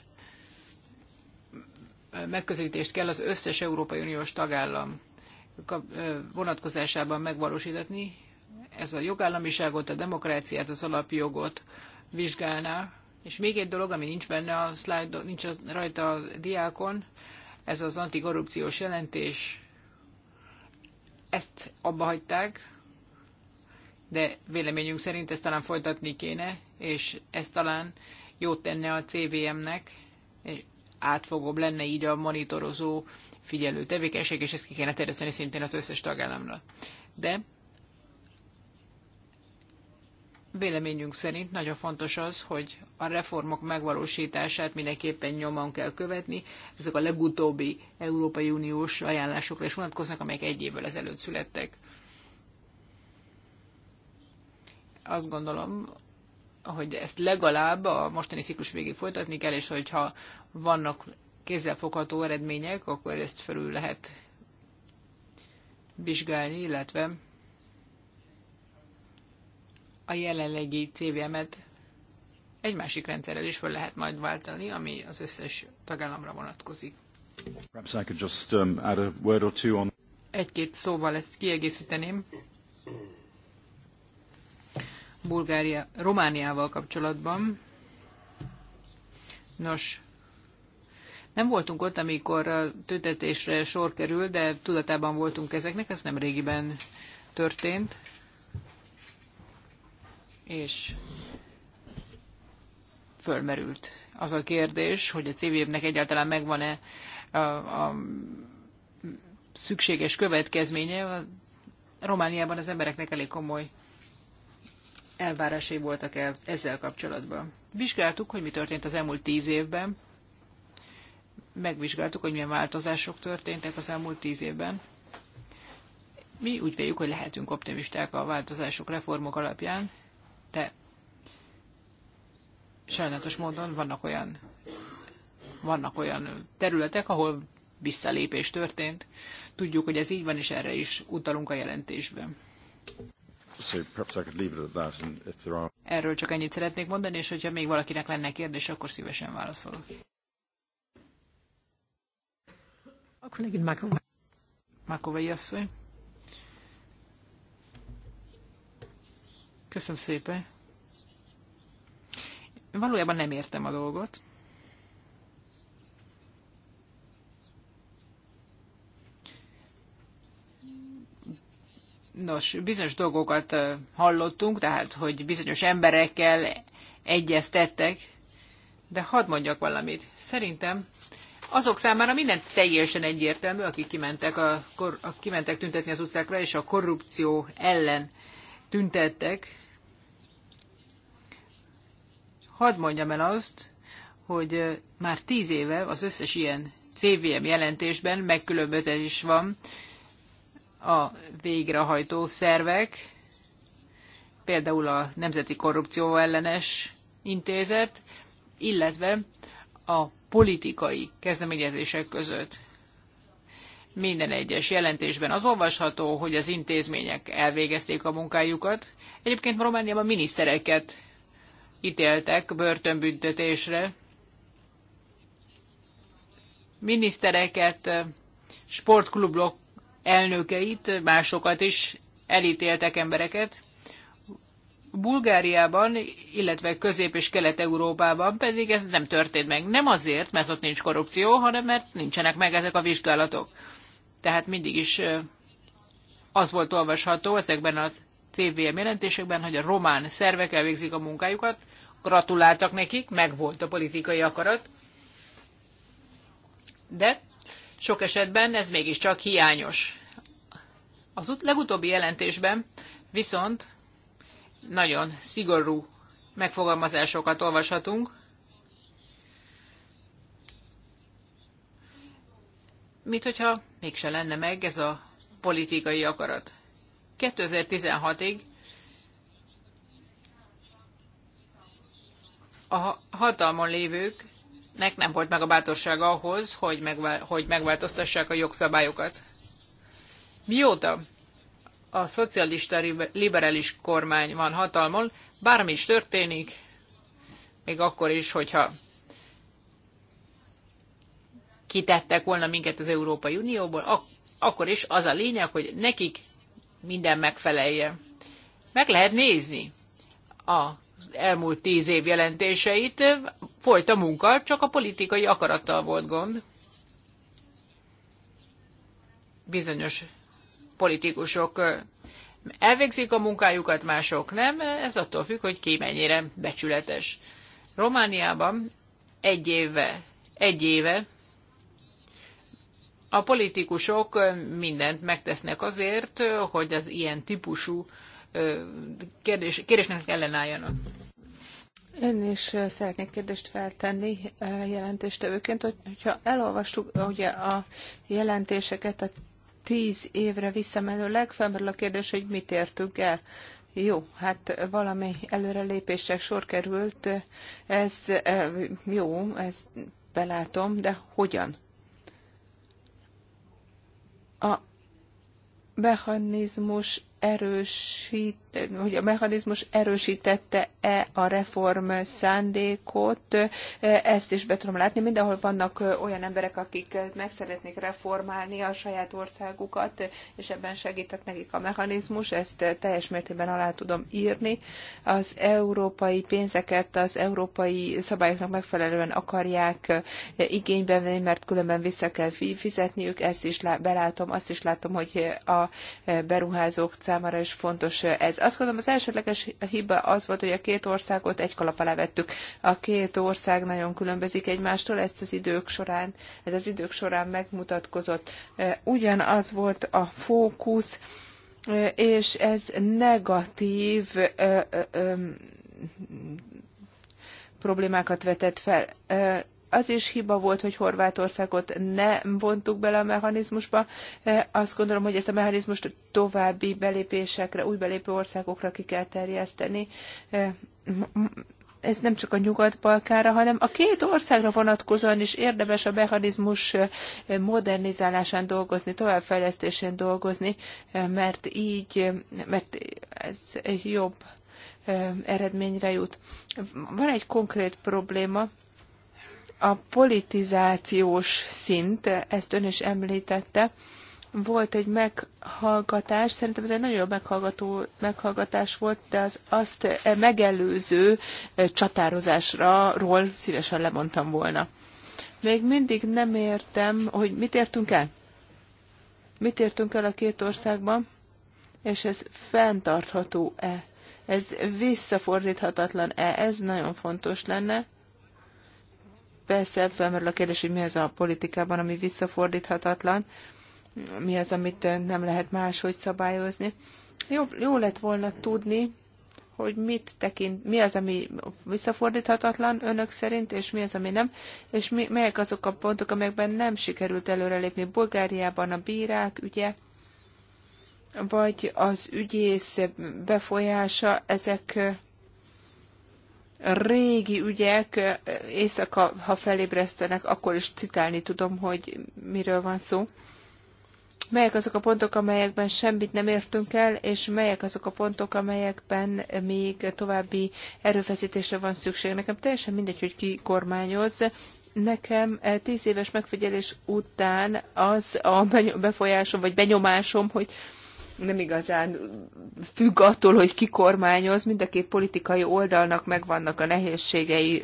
megközelítést kell az összes Európai Uniós tagállam vonatkozásában megvalósítani. Ez a jogállamiságot, a demokráciát, az alapjogot vizsgálná, és még egy dolog, ami nincs benne a slide, nincs rajta a diákon, ez az antikorrupciós jelentés. Ezt abba hagyták, de véleményünk szerint ezt talán folytatni kéne, és ez talán jót tenne a CVM-nek, és átfogóbb lenne így a monitorozó figyelő tevékenység, és ezt ki kéne terjeszteni szintén az összes tagállamra. De Véleményünk szerint nagyon fontos az, hogy a reformok megvalósítását mindenképpen nyomon kell követni. Ezek a legutóbbi Európai Uniós ajánlásokra is vonatkoznak, amelyek egy évvel ezelőtt születtek. Azt gondolom, hogy ezt legalább a mostani ciklus végig folytatni kell, és hogyha vannak kézzelfogható eredmények, akkor ezt felül lehet vizsgálni, illetve a jelenlegi CVM-et egy másik rendszerrel is fel lehet majd váltani, ami az összes tagállamra vonatkozik. Um, Egy-két szóval ezt kiegészíteném. Bulgária, Romániával kapcsolatban. Nos, nem voltunk ott, amikor a tüntetésre sor került, de tudatában voltunk ezeknek, ez nem régiben történt és fölmerült az a kérdés, hogy a CVM-nek egyáltalán megvan-e a, a szükséges következménye. A Romániában az embereknek elég komoly elvárásai voltak el ezzel kapcsolatban. Vizsgáltuk, hogy mi történt az elmúlt tíz évben, megvizsgáltuk, hogy milyen változások történtek az elmúlt tíz évben. Mi úgy véljük, hogy lehetünk optimisták a változások, reformok alapján, de sajnálatos módon vannak olyan, vannak olyan területek, ahol visszalépés történt. Tudjuk, hogy ez így van, és erre is utalunk a jelentésben. Erről csak ennyit szeretnék mondani, és hogyha még valakinek lenne kérdés, akkor szívesen válaszolok. A Makovai asszony. Köszönöm szépen. Valójában nem értem a dolgot. Nos, bizonyos dolgokat hallottunk, tehát, hogy bizonyos emberekkel egyeztettek, de hadd mondjak valamit. Szerintem azok számára minden teljesen egyértelmű, akik kimentek, a, a, kimentek tüntetni az utcákra, és a korrupció ellen tüntettek. Hadd mondjam el azt, hogy már tíz éve az összes ilyen CVM jelentésben megkülönböztetés van a végrehajtó szervek, például a Nemzeti Korrupció Ellenes Intézet, illetve a politikai kezdeményezések között. Minden egyes jelentésben az olvasható, hogy az intézmények elvégezték a munkájukat. Egyébként Romániában minisztereket ítéltek börtönbüntetésre. Minisztereket, sportklubok elnökeit, másokat is elítéltek embereket. Bulgáriában, illetve Közép- és Kelet-Európában pedig ez nem történt meg. Nem azért, mert ott nincs korrupció, hanem mert nincsenek meg ezek a vizsgálatok. Tehát mindig is az volt olvasható ezekben az CVM jelentésekben, hogy a román szervek elvégzik a munkájukat. Gratuláltak nekik, meg volt a politikai akarat. De sok esetben ez mégiscsak hiányos. Az legutóbbi jelentésben viszont nagyon szigorú megfogalmazásokat olvashatunk. Mint hogyha mégse lenne meg ez a politikai akarat. 2016-ig a hatalmon lévőknek nem volt meg a bátorság ahhoz, hogy, megvál, hogy megváltoztassák a jogszabályokat. Mióta a szocialista liberális kormány van hatalmon, bármi is történik, még akkor is, hogyha kitettek volna minket az Európai Unióból, ak- akkor is az a lényeg, hogy nekik minden megfelelje. Meg lehet nézni az elmúlt tíz év jelentéseit, folyt a munka, csak a politikai akarattal volt gond. Bizonyos politikusok elvégzik a munkájukat, mások nem, ez attól függ, hogy ki mennyire becsületes. Romániában egy éve, egy éve a politikusok mindent megtesznek azért, hogy az ilyen típusú kérdés, kérdésnek ellenálljanak. Én is szeretnék kérdést feltenni jelentéstevőként, hogyha elolvastuk ugye a jelentéseket a tíz évre visszamenőleg, felmerül a kérdés, hogy mit értünk el. Jó, hát valami előrelépések sor került, ez jó, ezt belátom, de hogyan? a mechanizmus erősít hogy a mechanizmus erősítette-e a reform szándékot, ezt is be tudom látni. Mindenhol vannak olyan emberek, akik meg szeretnék reformálni a saját országukat, és ebben segített nekik a mechanizmus, ezt teljes mértékben alá tudom írni. Az európai pénzeket az európai szabályoknak megfelelően akarják igénybe venni, mert különben vissza kell fizetniük, ezt is belátom, azt is látom, hogy a beruházók számára is fontos ez azt gondolom, az elsődleges hiba az volt, hogy a két országot egy kalap alá vettük. A két ország nagyon különbözik egymástól, ezt az idők során, ez az idők során megmutatkozott. E, ugyanaz volt a fókusz, e, és ez negatív e, problémákat vetett fel az is hiba volt, hogy Horvátországot ne vontuk bele a mechanizmusba. E, azt gondolom, hogy ezt a mechanizmust további belépésekre, új belépő országokra ki kell terjeszteni. E, ez nem csak a Nyugat-Balkára, hanem a két országra vonatkozóan is érdemes a mechanizmus e, modernizálásán dolgozni, továbbfejlesztésén dolgozni, mert így, mert ez jobb eredményre jut. Van egy konkrét probléma, a politizációs szint, ezt ön is említette, volt egy meghallgatás, szerintem ez egy nagyon jó meghallgató, meghallgatás volt, de az azt e, megelőző e, csatározásról ról szívesen lemondtam volna. Még mindig nem értem, hogy mit értünk el. Mit értünk el a két országban, és ez fenntartható-e? Ez visszafordíthatatlan-e? Ez nagyon fontos lenne. Persze felmerül a kérdés, hogy mi az a politikában, ami visszafordíthatatlan, mi az, amit eh, nem lehet máshogy szabályozni. Jó, jó lett volna tudni, hogy mit tekint, mi az, ami visszafordíthatatlan önök szerint, és mi az, ami nem, és mi, melyek azok a pontok, amelyekben nem sikerült előrelépni Bulgáriában a bírák ügye, vagy az ügyész befolyása, ezek eh, régi ügyek éjszaka, ha felébresztenek, akkor is citálni tudom, hogy miről van szó. Melyek azok a pontok, amelyekben semmit nem értünk el, és melyek azok a pontok, amelyekben még további erőfeszítésre van szükség. Nekem teljesen mindegy, hogy ki kormányoz. Nekem eh, tíz éves megfigyelés után az a befolyásom, vagy benyomásom, hogy nem igazán függ attól, hogy ki kormányoz, mind a két politikai oldalnak megvannak a nehézségei,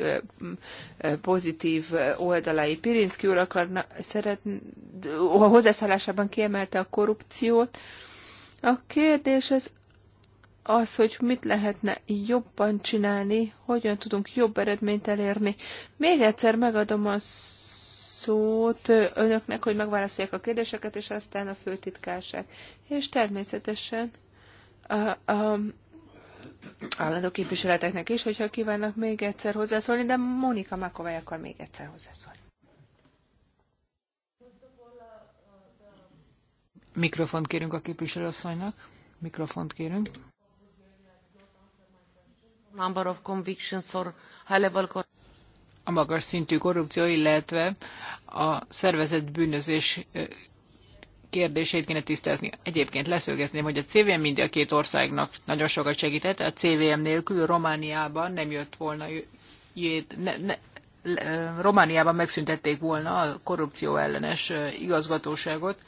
pozitív oldalai. Pirinszki úr akarna, szeret, a hozzászólásában kiemelte a korrupciót. A kérdés az az, hogy mit lehetne jobban csinálni, hogyan tudunk jobb eredményt elérni. Még egyszer megadom a szót önöknek, hogy megválaszolják a kérdéseket, és aztán a főtitkárság. És természetesen a, a állandó képviseleteknek is, hogyha kívánnak még egyszer hozzászólni, de Monika Makovály akar még egyszer hozzászólni. Mikrofont kérünk a képviselőasszonynak. Mikrofont kérünk. Number of convictions for high level a magas szintű korrupció, illetve a szervezett bűnözés kérdését kéne tisztázni. Egyébként leszögezném, hogy a CVM mind a két országnak nagyon sokat segített, a CVM nélkül Romániában nem jött volna jét, ne, ne, Romániában megszüntették volna a korrupció ellenes igazgatóságot,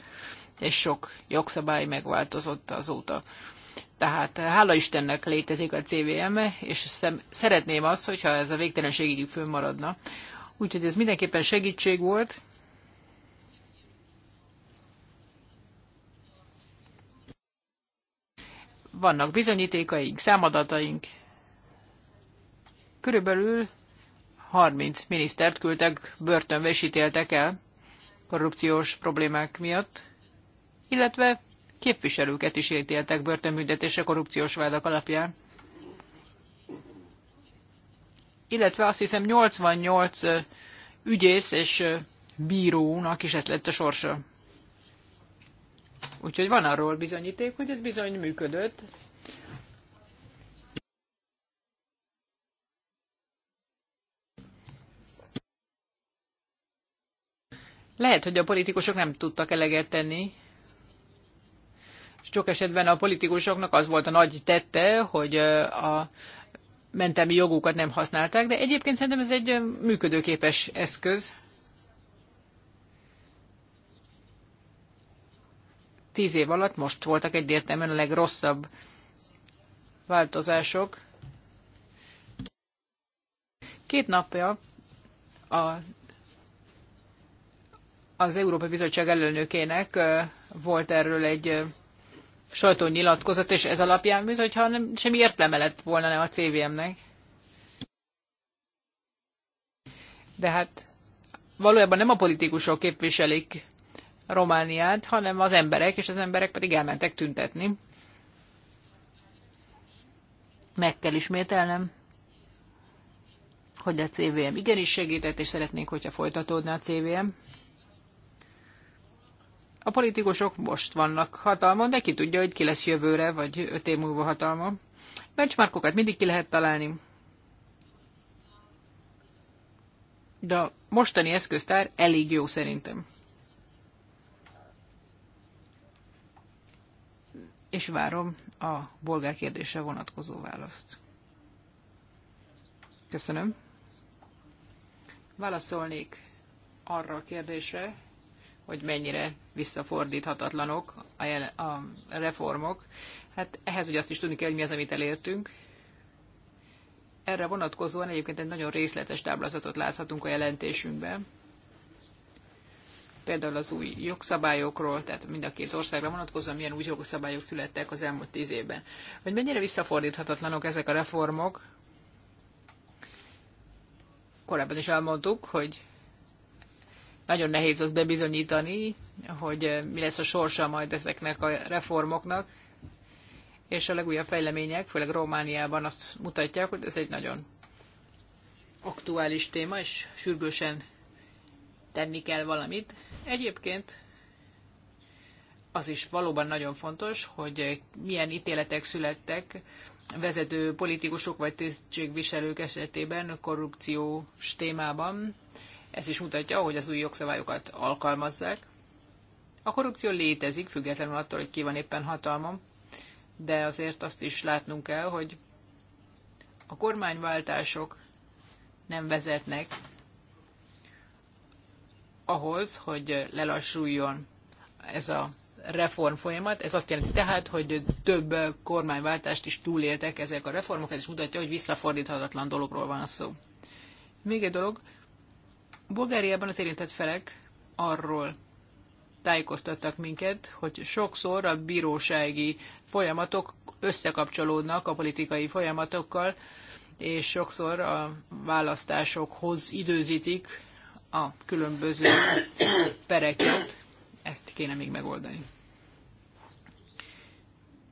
és sok jogszabály megváltozott azóta. Tehát eh, hála Istennek létezik a CVM, -e, és szem, szeretném azt, hogyha ez a végtelenségig fönnmaradna. Úgyhogy ez mindenképpen segítség volt. Vannak bizonyítékaink, számadataink. Körülbelül 30 minisztert küldtek börtönbe és ítéltek el korrupciós problémák miatt, illetve képviselőket is ítéltek börtönbüntetésre korrupciós vádak alapján. Illetve azt hiszem 88 ügyész és bírónak is ez lett a sorsa. Úgyhogy van arról bizonyíték, hogy ez bizony működött. Lehet, hogy a politikusok nem tudtak eleget tenni sok esetben a politikusoknak az volt a nagy tette, hogy a mentelmi jogukat nem használták, de egyébként szerintem ez egy működőképes eszköz. Tíz év alatt most voltak egyértelműen a legrosszabb változások. Két napja a, az Európai Bizottság elnökének volt erről egy sajtónyilatkozat, és ez alapján, mintha nem, semmi értelme lett volna nem a CVM-nek. De hát valójában nem a politikusok képviselik Romániát, hanem az emberek, és az emberek pedig elmentek tüntetni. Meg kell ismételnem, hogy a CVM igenis segített, és szeretnénk, hogyha folytatódna a CVM a politikusok most vannak hatalmon, de ki tudja, hogy ki lesz jövőre, vagy öt év múlva hatalma. Benchmarkokat mindig ki lehet találni. De a mostani eszköztár elég jó szerintem. És várom a bolgár kérdése vonatkozó választ. Köszönöm. Válaszolnék arra a kérdésre, hogy mennyire visszafordíthatatlanok a, jel- a reformok. Hát ehhez hogy azt is tudni kell, hogy mi az, amit elértünk. Erre vonatkozóan egyébként egy nagyon részletes táblázatot láthatunk a jelentésünkben. Például az új jogszabályokról, tehát mind a két országra vonatkozóan milyen új jogszabályok születtek az elmúlt tíz évben. Hogy mennyire visszafordíthatatlanok ezek a reformok, korábban is elmondtuk, hogy nagyon nehéz azt bebizonyítani, hogy eh, mi lesz a sorsa majd ezeknek a reformoknak, és a legújabb fejlemények, főleg Romániában azt mutatják, hogy ez egy nagyon aktuális téma, és sürgősen tenni kell valamit. Egyébként az is valóban nagyon fontos, hogy eh, milyen ítéletek születtek vezető politikusok vagy tisztségviselők esetében korrupciós témában ez is mutatja, hogy az új jogszabályokat alkalmazzák. A korrupció létezik, függetlenül attól, hogy ki van éppen hatalmam, de azért azt is látnunk kell, hogy a kormányváltások nem vezetnek ahhoz, hogy lelassuljon ez a reform folyamat. Ez azt jelenti tehát, hogy több kormányváltást is túléltek ezek a reformok, ez is mutatja, hogy visszafordíthatatlan dologról van szó. Még egy dolog, Bulgáriában az érintett felek arról tájékoztattak minket, hogy sokszor a bírósági folyamatok összekapcsolódnak a politikai folyamatokkal, és sokszor a választásokhoz időzítik a különböző pereket. Ezt kéne még megoldani.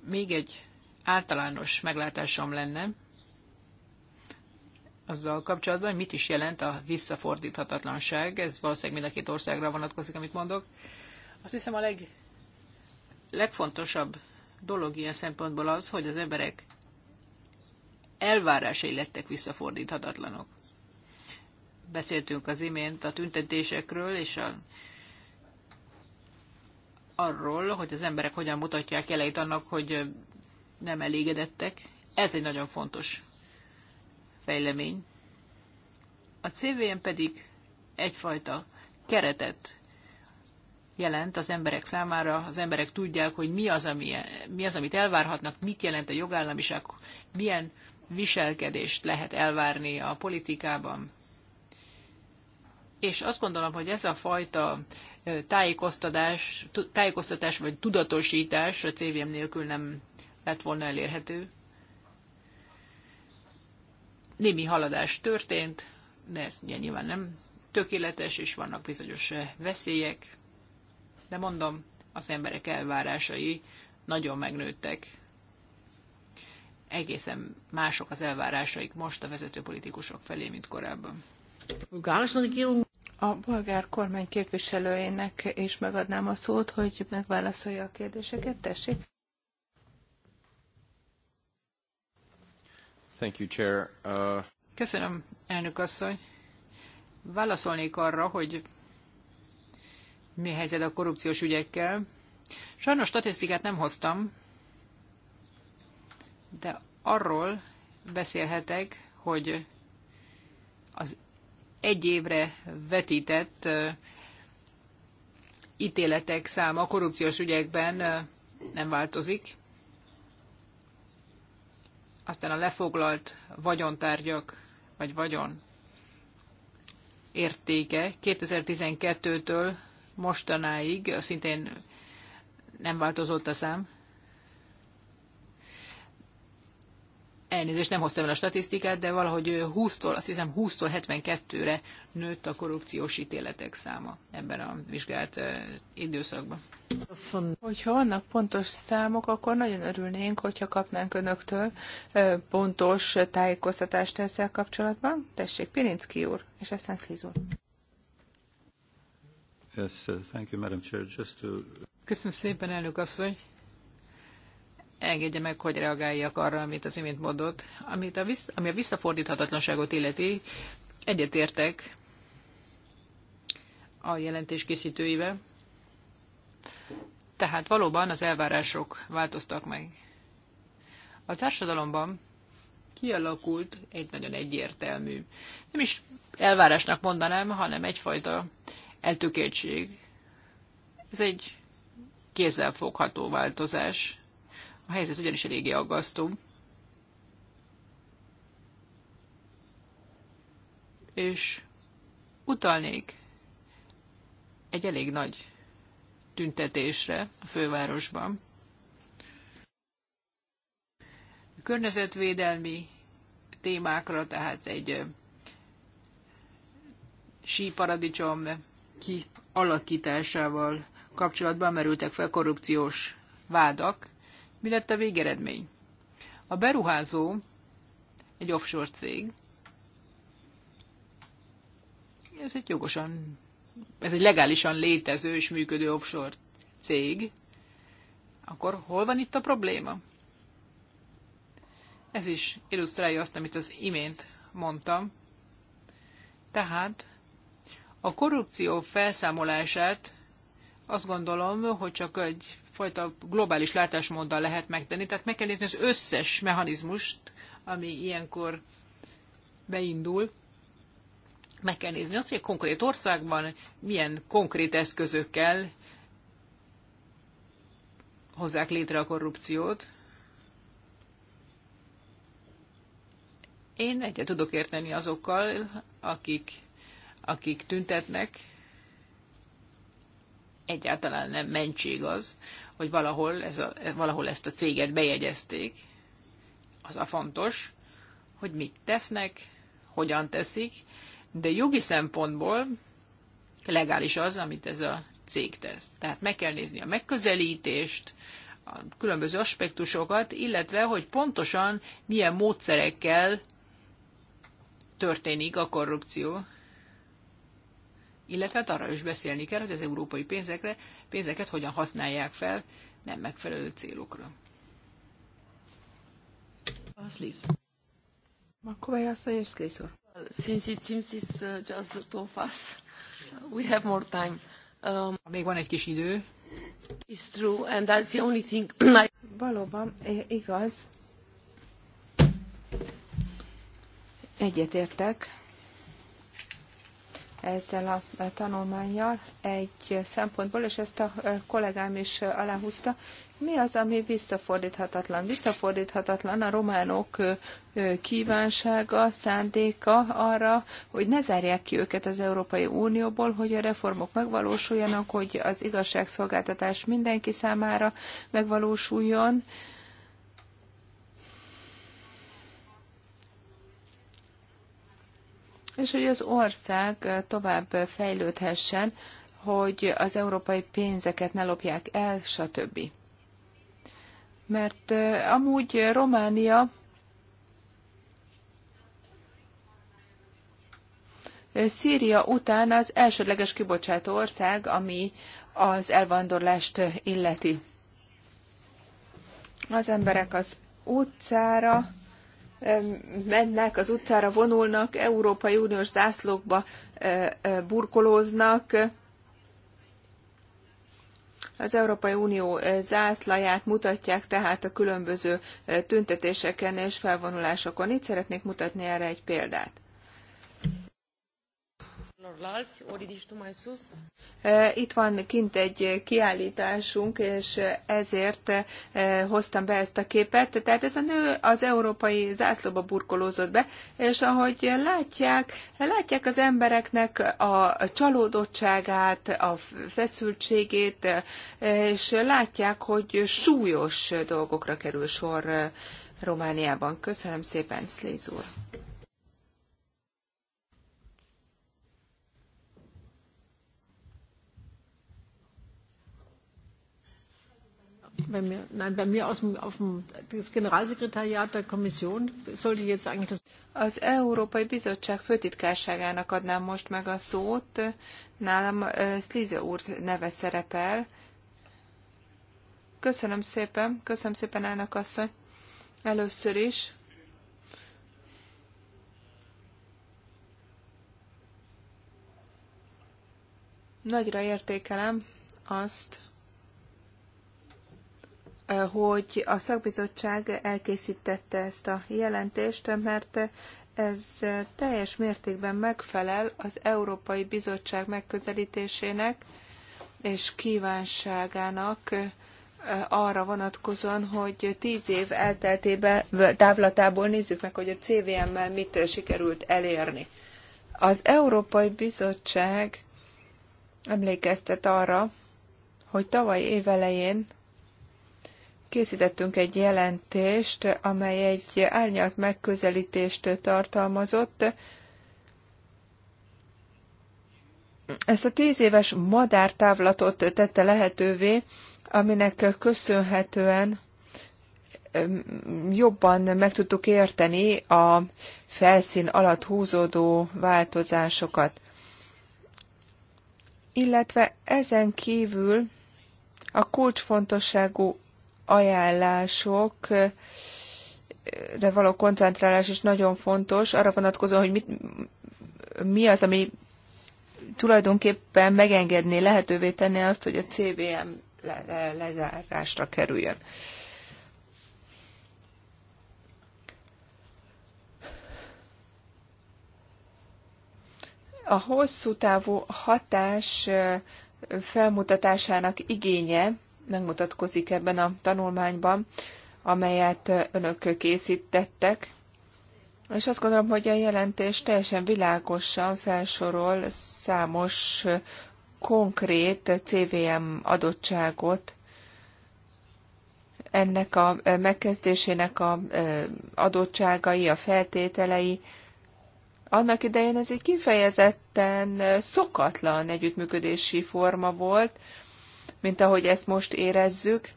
Még egy általános meglátásom lenne, azzal kapcsolatban, mit is jelent a visszafordíthatatlanság. Ez valószínűleg mind a két országra vonatkozik, amit mondok. Azt hiszem a leg, legfontosabb dolog ilyen szempontból az, hogy az emberek elvárásai lettek visszafordíthatatlanok. Beszéltünk az imént a tüntetésekről és a, arról, hogy az emberek hogyan mutatják jeleit annak, hogy nem elégedettek. Ez egy nagyon fontos fejlemény. A CVM pedig egyfajta keretet jelent az emberek számára, az emberek tudják, hogy mi az, ami, mi az, amit elvárhatnak, mit jelent a jogállamiság, milyen viselkedést lehet elvárni a politikában. És azt gondolom, hogy ez a fajta tájékoztatás, tájékoztatás vagy tudatosítás a CVM nélkül nem lett volna elérhető némi haladás történt, de ez nyilván nem tökéletes, és vannak bizonyos eh, veszélyek, de mondom, az emberek elvárásai nagyon megnőttek. Egészen mások az elvárásaik most a vezető politikusok felé, mint korábban. A bolgár kormány képviselőjének is megadnám a szót, hogy megválaszolja a kérdéseket. Tessék! Thank you, Chair. Uh... Köszönöm, elnök asszony. Válaszolnék arra, hogy mi helyzet a korrupciós ügyekkel. Sajnos statisztikát nem hoztam, de arról beszélhetek, hogy az egy évre vetített uh, ítéletek száma korrupciós ügyekben uh, nem változik. Aztán a lefoglalt vagyontárgyak, vagy vagyon értéke 2012-től mostanáig szintén nem változott a szám. elnézést, nem hoztam el a statisztikát, de valahogy 20-tól, azt hiszem 20-tól 72-re nőtt a korrupciós ítéletek száma ebben a vizsgált időszakban. Hogyha vannak pontos számok, akkor nagyon örülnénk, hogyha kapnánk önöktől pontos tájékoztatást ezzel kapcsolatban. Tessék, Pirinski úr, és aztán Szliz úr. Yes, thank you, Madam Chair. Just to... Köszönöm szépen, elnök asszony engedje meg, hogy reagáljak arra, amit az imént mondott. Amit a visz, ami a visszafordíthatatlanságot illeti, egyetértek a jelentés készítőivel. Tehát valóban az elvárások változtak meg. A társadalomban kialakult egy nagyon egyértelmű, nem is elvárásnak mondanám, hanem egyfajta eltökéltség. Ez egy kézzelfogható változás. A helyzet ugyanis eléggé aggasztó. És utalnék egy elég nagy tüntetésre a fővárosban. A környezetvédelmi témákra, tehát egy síparadicsom kialakításával kapcsolatban merültek fel korrupciós vádak. Mi lett a végeredmény? A beruházó egy offshore cég, ez egy jogosan, ez egy legálisan létező és működő offshore cég, akkor hol van itt a probléma? Ez is illusztrálja azt, amit az imént mondtam. Tehát a korrupció felszámolását azt gondolom, hogy csak egy fajta globális látásmóddal lehet megtenni. Tehát meg kell nézni az összes mechanizmust, ami ilyenkor beindul. Meg kell nézni azt, hogy konkrét országban milyen konkrét eszközökkel hozzák létre a korrupciót. Én egyet tudok érteni azokkal, akik, akik tüntetnek, egyáltalán nem mentség az, hogy valahol, ez a, valahol ezt a céget bejegyezték. Az a fontos, hogy mit tesznek, hogyan teszik, de jogi szempontból legális az, amit ez a cég tesz. Tehát meg kell nézni a megközelítést, a különböző aspektusokat, illetve, hogy pontosan milyen módszerekkel történik a korrupció. Illetve hát arra is beszélni kell, hogy az európai pénzekre pénzeket hogyan használják fel nem megfelelő célokra. Since it seems it's uh, just we have more time. Um, még van egy kis idő. It's true, and that's the only thing [CLEARS THROAT] I... Valóban, igaz. Egyetértek ezzel a tanulmányjal egy szempontból, és ezt a kollégám is aláhúzta, mi az, ami visszafordíthatatlan? Visszafordíthatatlan a románok kívánsága, szándéka arra, hogy ne zárják ki őket az Európai Unióból, hogy a reformok megvalósuljanak, hogy az igazságszolgáltatás mindenki számára megvalósuljon, és hogy az ország tovább fejlődhessen, hogy az európai pénzeket ne lopják el, stb. Mert amúgy Románia Szíria után az elsődleges kibocsátó ország, ami az elvándorlást illeti. Az emberek az utcára mennek, az utcára vonulnak, Európai Uniós zászlókba e, e, burkolóznak, az Európai Unió e, zászlaját mutatják tehát a különböző tüntetéseken és felvonulásokon. Itt szeretnék mutatni erre egy példát. E, itt van kint egy kiállításunk, és ezért e, hoztam be ezt a képet. Tehát ez a nő az európai zászlóba burkolózott be, és ahogy látják, látják az embereknek a csalódottságát, a feszültségét, e, és látják, hogy súlyos dolgokra kerül sor Romániában. Köszönöm szépen, Szléz úr! bei mir, nein, bei mir aus dem, auf dem, das Generalsekretariat der Kommission sollte jetzt eigentlich das... Az Európai Bizottság főtitkárságának adnám most meg a szót. Nálam uh, úr neve szerepel. Köszönöm szépen, köszönöm szépen elnök asszony. Először is nagyra értékelem azt, hogy a szakbizottság elkészítette ezt a jelentést, mert ez teljes mértékben megfelel az Európai Bizottság megközelítésének és kívánságának arra vonatkozóan, hogy tíz év elteltébe távlatából nézzük meg, hogy a CVM-mel mit sikerült elérni. Az Európai Bizottság emlékeztet arra, hogy tavaly évelején készítettünk egy jelentést, amely egy árnyalt megközelítést tartalmazott. Ezt a tíz éves madártávlatot tette lehetővé, aminek köszönhetően jobban meg tudtuk érteni a felszín alatt húzódó változásokat. Illetve ezen kívül a kulcsfontosságú ajánlások de való koncentrálás is nagyon fontos, arra vonatkozóan, hogy mit, mi az, ami tulajdonképpen megengedné, lehetővé tenni azt, hogy a CVM le, le, lezárásra kerüljön. A hosszú távú hatás felmutatásának igénye megmutatkozik ebben a tanulmányban, amelyet önök készítettek. És azt gondolom, hogy a jelentés teljesen világosan felsorol számos konkrét CVM adottságot, ennek a megkezdésének a e, adottságai, a feltételei. Annak idején ez egy kifejezetten szokatlan együttműködési forma volt, mint ahogy ezt most érezzük.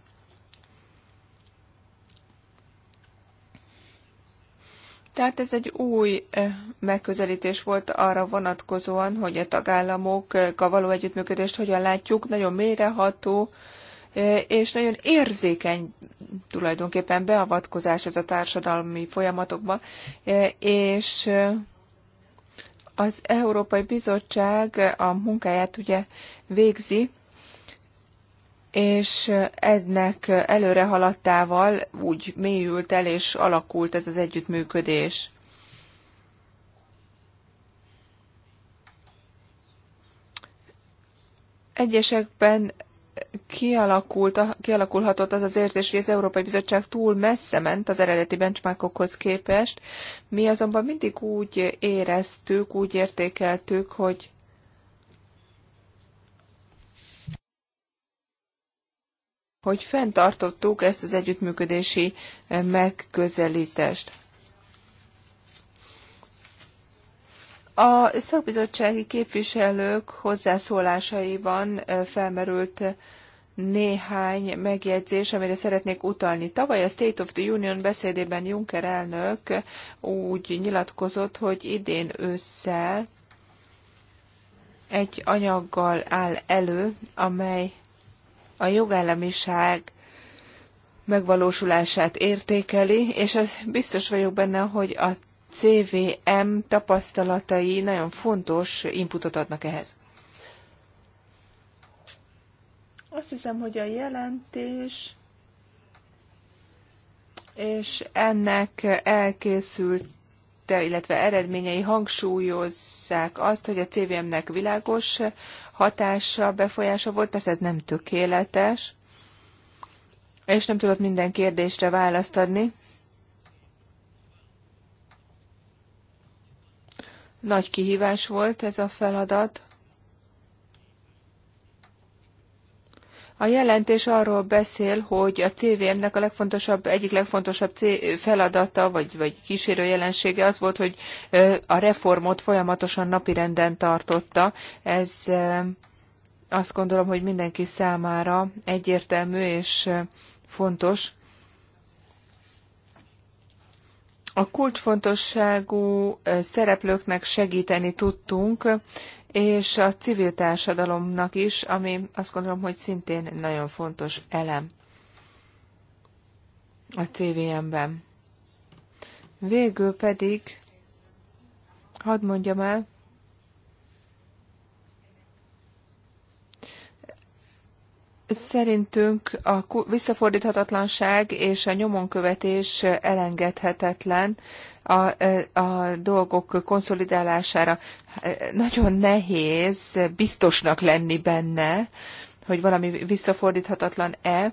Tehát ez egy új eh, megközelítés volt arra vonatkozóan, hogy a tagállamokkal való együttműködést hogyan látjuk, nagyon mélyreható, eh, és nagyon érzékeny tulajdonképpen beavatkozás ez a társadalmi folyamatokba, eh, és az Európai Bizottság a munkáját ugye végzi, és ennek előrehaladtával úgy mélyült el és alakult ez az együttműködés. Egyesekben kialakult, kialakulhatott az az érzés, hogy az Európai Bizottság túl messze ment az eredeti benchmarkokhoz képest. Mi azonban mindig úgy éreztük, úgy értékeltük, hogy hogy fenntartottuk ezt az együttműködési eh, megközelítést. A szakbizottsági képviselők hozzászólásaiban eh, felmerült néhány megjegyzés, amire szeretnék utalni. Tavaly a State of the Union beszédében Juncker elnök úgy nyilatkozott, hogy idén ősszel egy anyaggal áll elő, amely a jogállamiság megvalósulását értékeli, és ez biztos vagyok benne, hogy a CVM tapasztalatai nagyon fontos inputot adnak ehhez. Azt hiszem, hogy a jelentés és ennek elkészült illetve eredményei hangsúlyozzák azt, hogy a CVM-nek világos hatása, befolyása volt, persze ez nem tökéletes, és nem tudott minden kérdésre választ adni. Nagy kihívás volt ez a feladat. A jelentés arról beszél, hogy a CVM-nek a legfontosabb, egyik legfontosabb feladata, vagy, vagy kísérő jelensége az volt, hogy a reformot folyamatosan napirenden tartotta. Ez azt gondolom, hogy mindenki számára egyértelmű és fontos. A kulcsfontosságú szereplőknek segíteni tudtunk, és a civil társadalomnak is, ami azt gondolom, hogy szintén nagyon fontos elem a CVM-ben. Végül pedig, hadd mondjam el, Szerintünk a visszafordíthatatlanság és a nyomonkövetés elengedhetetlen a, a dolgok konszolidálására. Nagyon nehéz biztosnak lenni benne, hogy valami visszafordíthatatlan-e,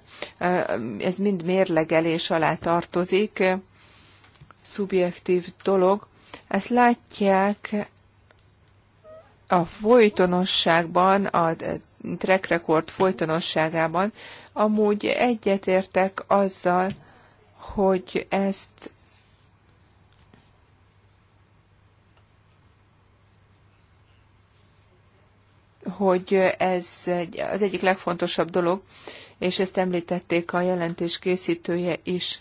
ez mind mérlegelés alá tartozik, szubjektív dolog. Ezt látják a folytonosságban, a track record folytonosságában. Amúgy egyetértek azzal, hogy ezt hogy ez egy, az egyik legfontosabb dolog, és ezt említették a jelentés készítője is.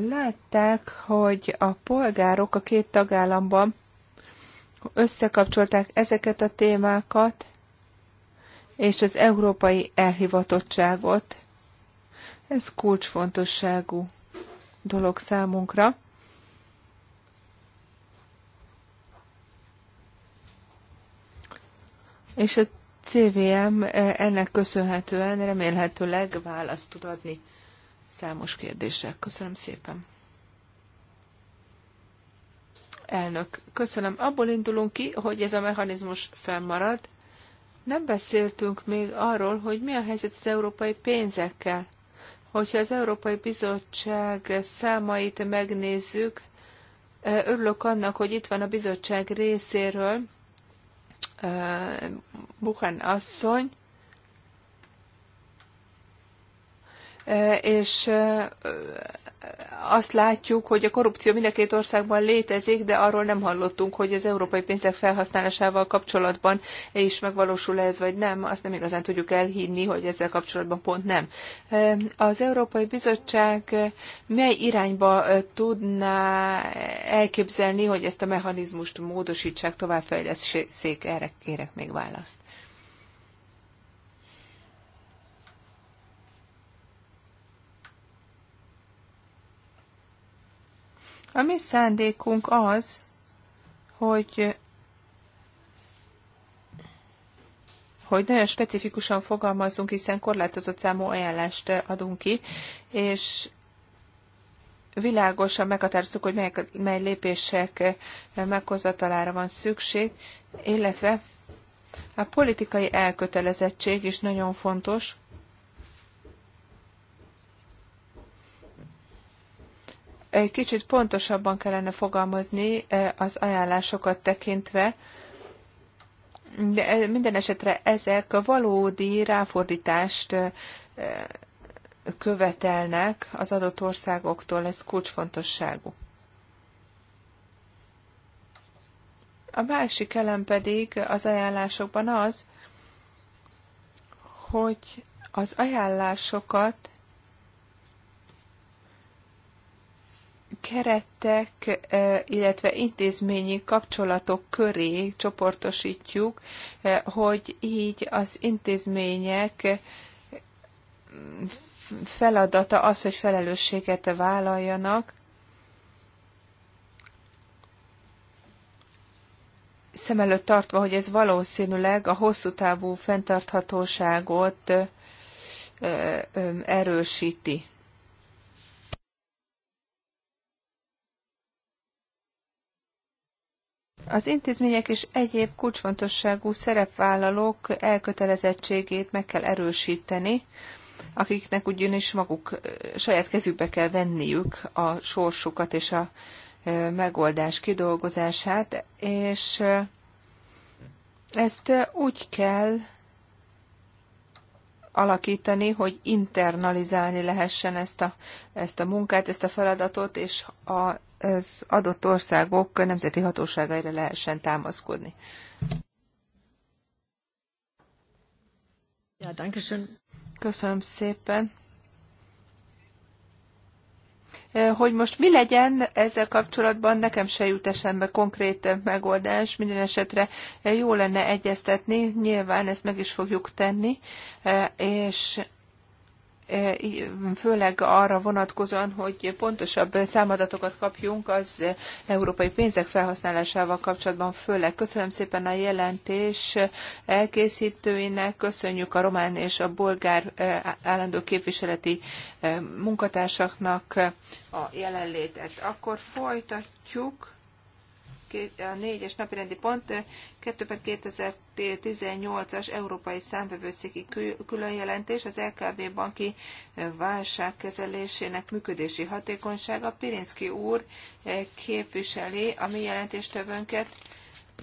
Látták, hogy a polgárok a két tagállamban összekapcsolták ezeket a témákat és az európai elhivatottságot. Ez kulcsfontosságú dolog számunkra. És a CVM eh, ennek köszönhetően remélhetőleg választ tud adni számos kérdésre. Köszönöm szépen. Elnök, köszönöm. Abból indulunk ki, hogy ez a mechanizmus fennmarad. Nem beszéltünk még arról, hogy mi a helyzet az európai pénzekkel. Hogyha az Európai Bizottság számait megnézzük, örülök annak, hogy itt van a bizottság részéről Buchan asszony, és azt látjuk, hogy a korrupció mind a két országban létezik, de arról nem hallottunk, hogy az európai pénzek felhasználásával kapcsolatban is megvalósul ez, vagy nem. Azt nem igazán tudjuk elhinni, hogy ezzel kapcsolatban pont nem. Az Európai Bizottság mely irányba tudná elképzelni, hogy ezt a mechanizmust módosítsák, továbbfejleszék? Erre kérek még választ. A mi szándékunk az, hogy hogy nagyon specifikusan fogalmazzunk, hiszen korlátozott számú ajánlást adunk ki, és világosan meghatároztuk, hogy mely, mely lépések meghozatalára van szükség, illetve a politikai elkötelezettség is nagyon fontos, egy kicsit pontosabban kellene fogalmazni eh, az ajánlásokat tekintve, de eh, minden esetre ezek a valódi ráfordítást eh, követelnek az adott országoktól, ez kulcsfontosságú. A másik elem pedig az ajánlásokban az, hogy az ajánlásokat keretek, e, illetve intézményi kapcsolatok köré csoportosítjuk, e, hogy így az intézmények e, feladata az, hogy felelősséget vállaljanak, szem előtt tartva, hogy ez valószínűleg a hosszú távú fenntarthatóságot erősíti. Az intézmények és egyéb kulcsfontosságú szerepvállalók elkötelezettségét meg kell erősíteni, akiknek ugyanis maguk saját kezükbe kell venniük a sorsukat és a megoldás kidolgozását, és ezt úgy kell alakítani, hogy internalizálni lehessen ezt a, ezt a munkát, ezt a feladatot, és a az adott országok nemzeti hatóságaira lehessen támaszkodni. Ja, Köszönöm szépen. Hogy most mi legyen ezzel kapcsolatban, nekem se jut eszembe konkrét megoldás, minden esetre jó lenne egyeztetni, nyilván ezt meg is fogjuk tenni, és E, főleg arra vonatkozóan, hogy pontosabb számadatokat kapjunk az európai pénzek felhasználásával kapcsolatban főleg. Köszönöm szépen a jelentés elkészítőinek, köszönjük a román és a bolgár e, állandó képviseleti e, munkatársaknak a jelenlétet. Akkor folytatjuk a négyes napirendi pont 2 per 2018-as Európai Számbevőszéki különjelentés az LKB banki eh, válságkezelésének működési hatékonysága. Pirinszki úr eh, képviseli a mi jelentéstövönket.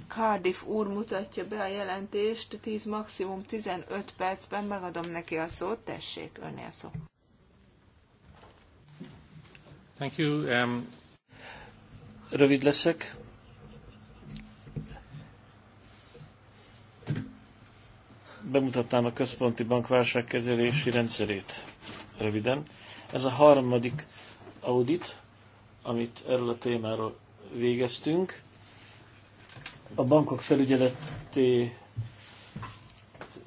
Cardiff úr mutatja be a jelentést, 10 maximum 15 percben megadom neki a szót, tessék, önnél szó. Thank you. Um... Rövid leszek. bemutatnám a központi bank válságkezelési rendszerét röviden. Ez a harmadik audit, amit erről a témáról végeztünk. A bankok felügyeleté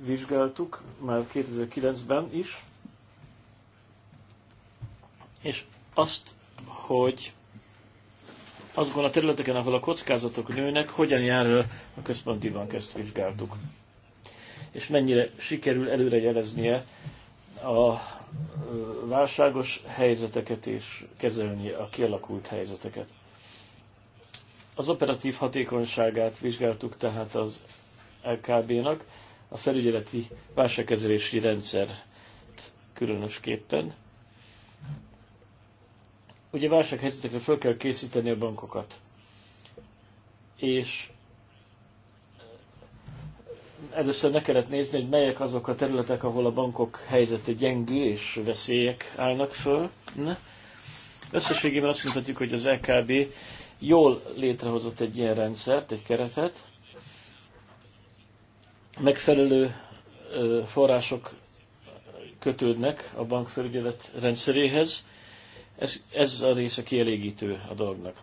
vizsgáltuk már 2009-ben is, és azt, hogy azokon a területeken, ahol a kockázatok nőnek, hogyan jár a központi bank, ezt vizsgáltuk és mennyire sikerül előrejeleznie a válságos helyzeteket és kezelni a kialakult helyzeteket. Az operatív hatékonyságát vizsgáltuk tehát az LKB-nak, a felügyeleti válságkezelési rendszer különösképpen. Ugye válsághelyzetekre föl kell készíteni a bankokat, és először ne kellett nézni, hogy melyek azok a területek, ahol a bankok helyzete gyengül és veszélyek állnak föl. Ne? Összességében azt mutatjuk, hogy az LKB jól létrehozott egy ilyen rendszert, egy keretet, megfelelő források kötődnek a bankfelügyelet rendszeréhez, ez, ez a része kielégítő a dolognak.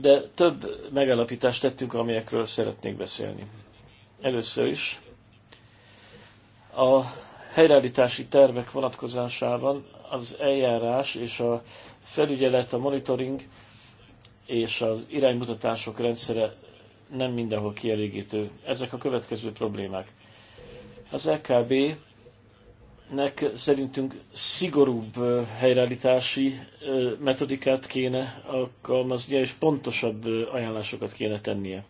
De több megállapítást tettünk, amelyekről szeretnék beszélni. Először is a helyreállítási tervek vonatkozásában az eljárás és a felügyelet, a monitoring és az iránymutatások rendszere nem mindenhol kielégítő. Ezek a következő problémák. Az LKB e nek szerintünk szigorúbb helyreállítási metodikát kéne alkalmaznia, és pontosabb ajánlásokat kéne tennie.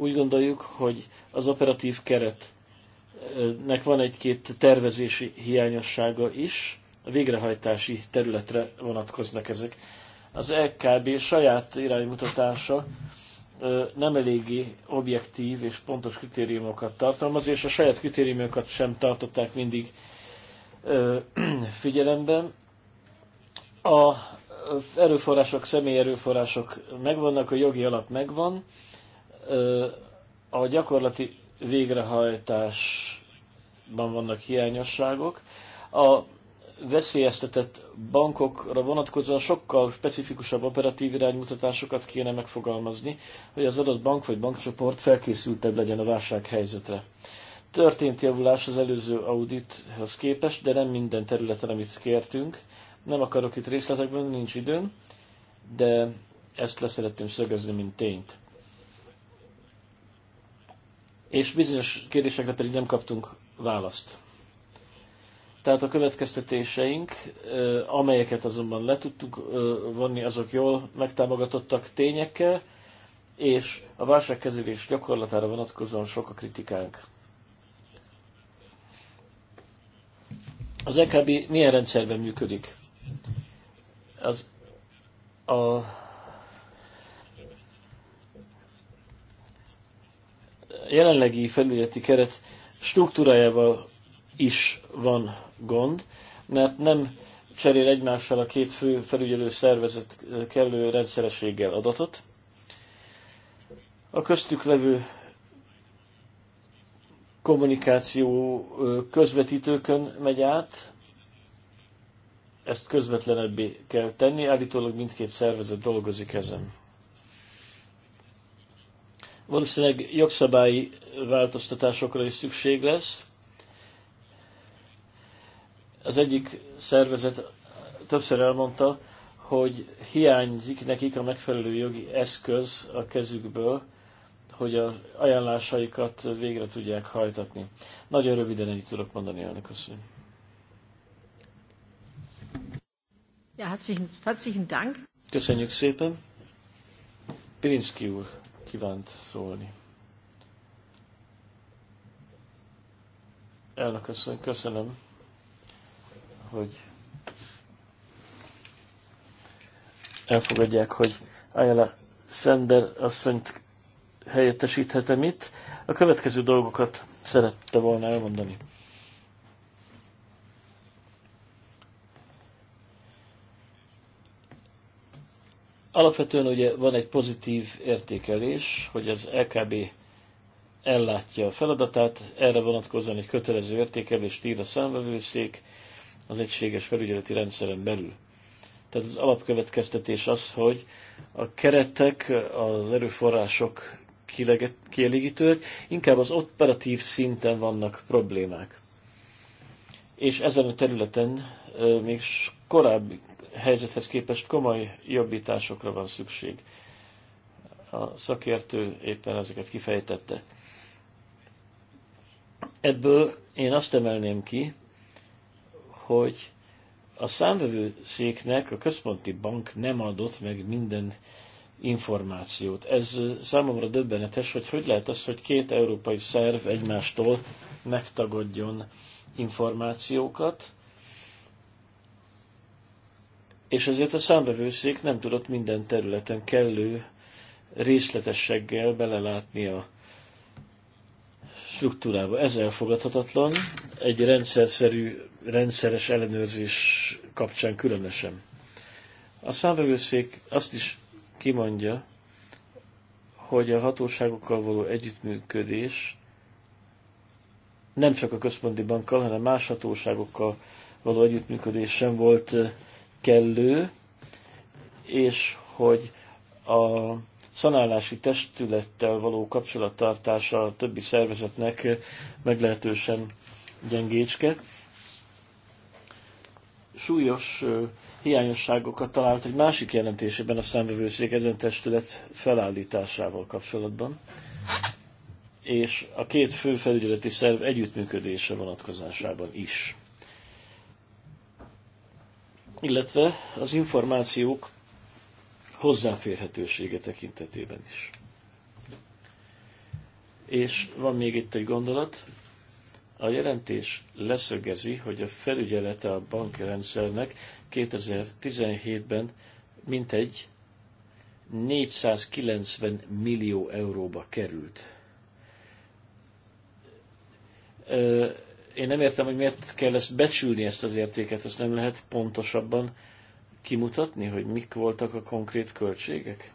Úgy gondoljuk, hogy az operatív keretnek van egy-két tervezési hiányossága is, a végrehajtási területre vonatkoznak ezek. Az LKB saját iránymutatása nem eléggé objektív és pontos kritériumokat tartalmaz, és a saját kritériumokat sem tartották mindig [CLEARS THROAT] figyelemben. A erőforrások, személy erőforrások megvannak, a jogi alap megvan, a gyakorlati végrehajtásban vannak hiányosságok. A veszélyeztetett bankokra vonatkozóan sokkal specifikusabb operatív iránymutatásokat kéne megfogalmazni, hogy az adott bank vagy bankcsoport felkészültebb legyen a válsághelyzetre. Történt javulás az előző audithoz képest, de nem minden területen, amit kértünk. Nem akarok itt részletekben, nincs időm, de ezt leszeretném szögezni, mint tényt és bizonyos kérdésekre pedig nem kaptunk választ. Tehát a következtetéseink, amelyeket azonban le tudtuk vonni, azok jól megtámogatottak tényekkel, és a válságkezelés gyakorlatára vonatkozóan sok a kritikánk. Az EKB milyen rendszerben működik? Az a jelenlegi felügyeleti keret struktúrájával is van gond, mert nem cserél egymással a két fő felügyelő szervezet kellő rendszerességgel adatot. A köztük levő kommunikáció közvetítőkön megy át, ezt közvetlenebbé kell tenni, állítólag mindkét szervezet dolgozik ezen. Valószínűleg jogszabályi változtatásokra is szükség lesz. Az egyik szervezet többször elmondta, hogy hiányzik nekik a megfelelő jogi eszköz a kezükből, hogy az ajánlásaikat végre tudják hajtatni. Nagyon röviden ennyit tudok mondani, elnök köszönöm. Ja, herzlichen, herzlichen Dank. Köszönjük szépen. Pirinszki úr kívánt szólni. Elnök asszony, köszönöm, hogy elfogadják, hogy Ayala Sender asszonyt helyettesíthetem itt. A következő dolgokat szerette volna elmondani. Alapvetően ugye van egy pozitív értékelés, hogy az LKB ellátja a feladatát, erre vonatkozóan egy kötelező értékelést ír a számvevőszék az egységes felügyeleti rendszeren belül. Tehát az alapkövetkeztetés az, hogy a keretek, az erőforrások kielégítőek, inkább az operatív szinten vannak problémák. És ezen a területen még korábbi helyzethez képest komoly jobbításokra van szükség. A szakértő éppen ezeket kifejtette. Ebből én azt emelném ki, hogy a számvevőszéknek a központi bank nem adott meg minden információt. Ez számomra döbbenetes, hogy hogy lehet az, hogy két európai szerv egymástól megtagadjon információkat, és ezért a számbevőszék nem tudott minden területen kellő részletességgel belelátni a struktúrába. Ez elfogadhatatlan, egy rendszerszerű, rendszeres ellenőrzés kapcsán különösen. A számbevőszék azt is kimondja, hogy a hatóságokkal való együttműködés nem csak a központi bankkal, hanem más hatóságokkal való együttműködés sem volt kellő, és hogy a szanálási testülettel való kapcsolattartása a többi szervezetnek meglehetősen gyengécske. Súlyos hiányosságokat talált egy másik jelentésében a számvevőszék ezen testület felállításával kapcsolatban, és a két fő felügyeleti szerv együttműködése vonatkozásában is illetve az információk hozzáférhetősége tekintetében is. És van még itt egy gondolat. A jelentés leszögezi, hogy a felügyelete a bankrendszernek 2017-ben mintegy 490 millió euróba került én nem értem, hogy miért kell ezt becsülni, ezt az értéket, ezt nem lehet pontosabban kimutatni, hogy mik voltak a konkrét költségek?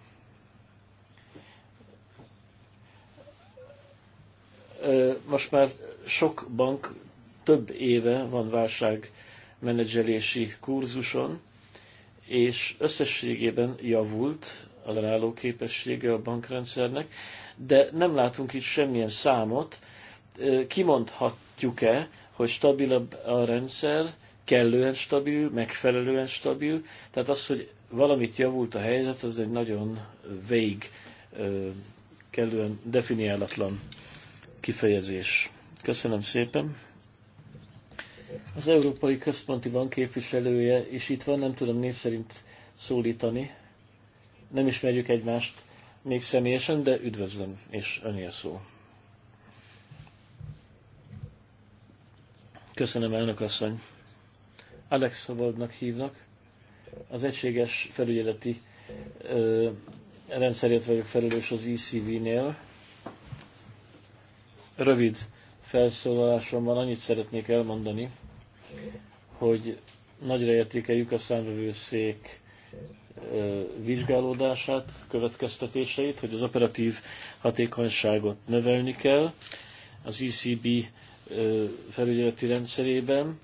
Most már sok bank több éve van válságmenedzselési kurzuson, és összességében javult a elálló képessége a bankrendszernek, de nem látunk itt semmilyen számot, kimondhat látjuk-e, hogy stabilabb a rendszer, kellően stabil, megfelelően stabil. Tehát az, hogy valamit javult a helyzet, az egy nagyon vég, kellően definiálatlan kifejezés. Köszönöm szépen. Az Európai Központi Bank képviselője is itt van, nem tudom név szerint szólítani. Nem ismerjük egymást még személyesen, de üdvözlöm, és önél szó. Köszönöm, elnök asszony. Alex Szaboldnak hívnak. Az egységes felügyeleti ö, rendszerért vagyok felelős az ECV-nél. Rövid felszólalásomban annyit szeretnék elmondani, hogy nagyra értékeljük a számvevőszék vizsgálódását, következtetéseit, hogy az operatív hatékonyságot növelni kell. Az ECB felügyeleti rendszerében.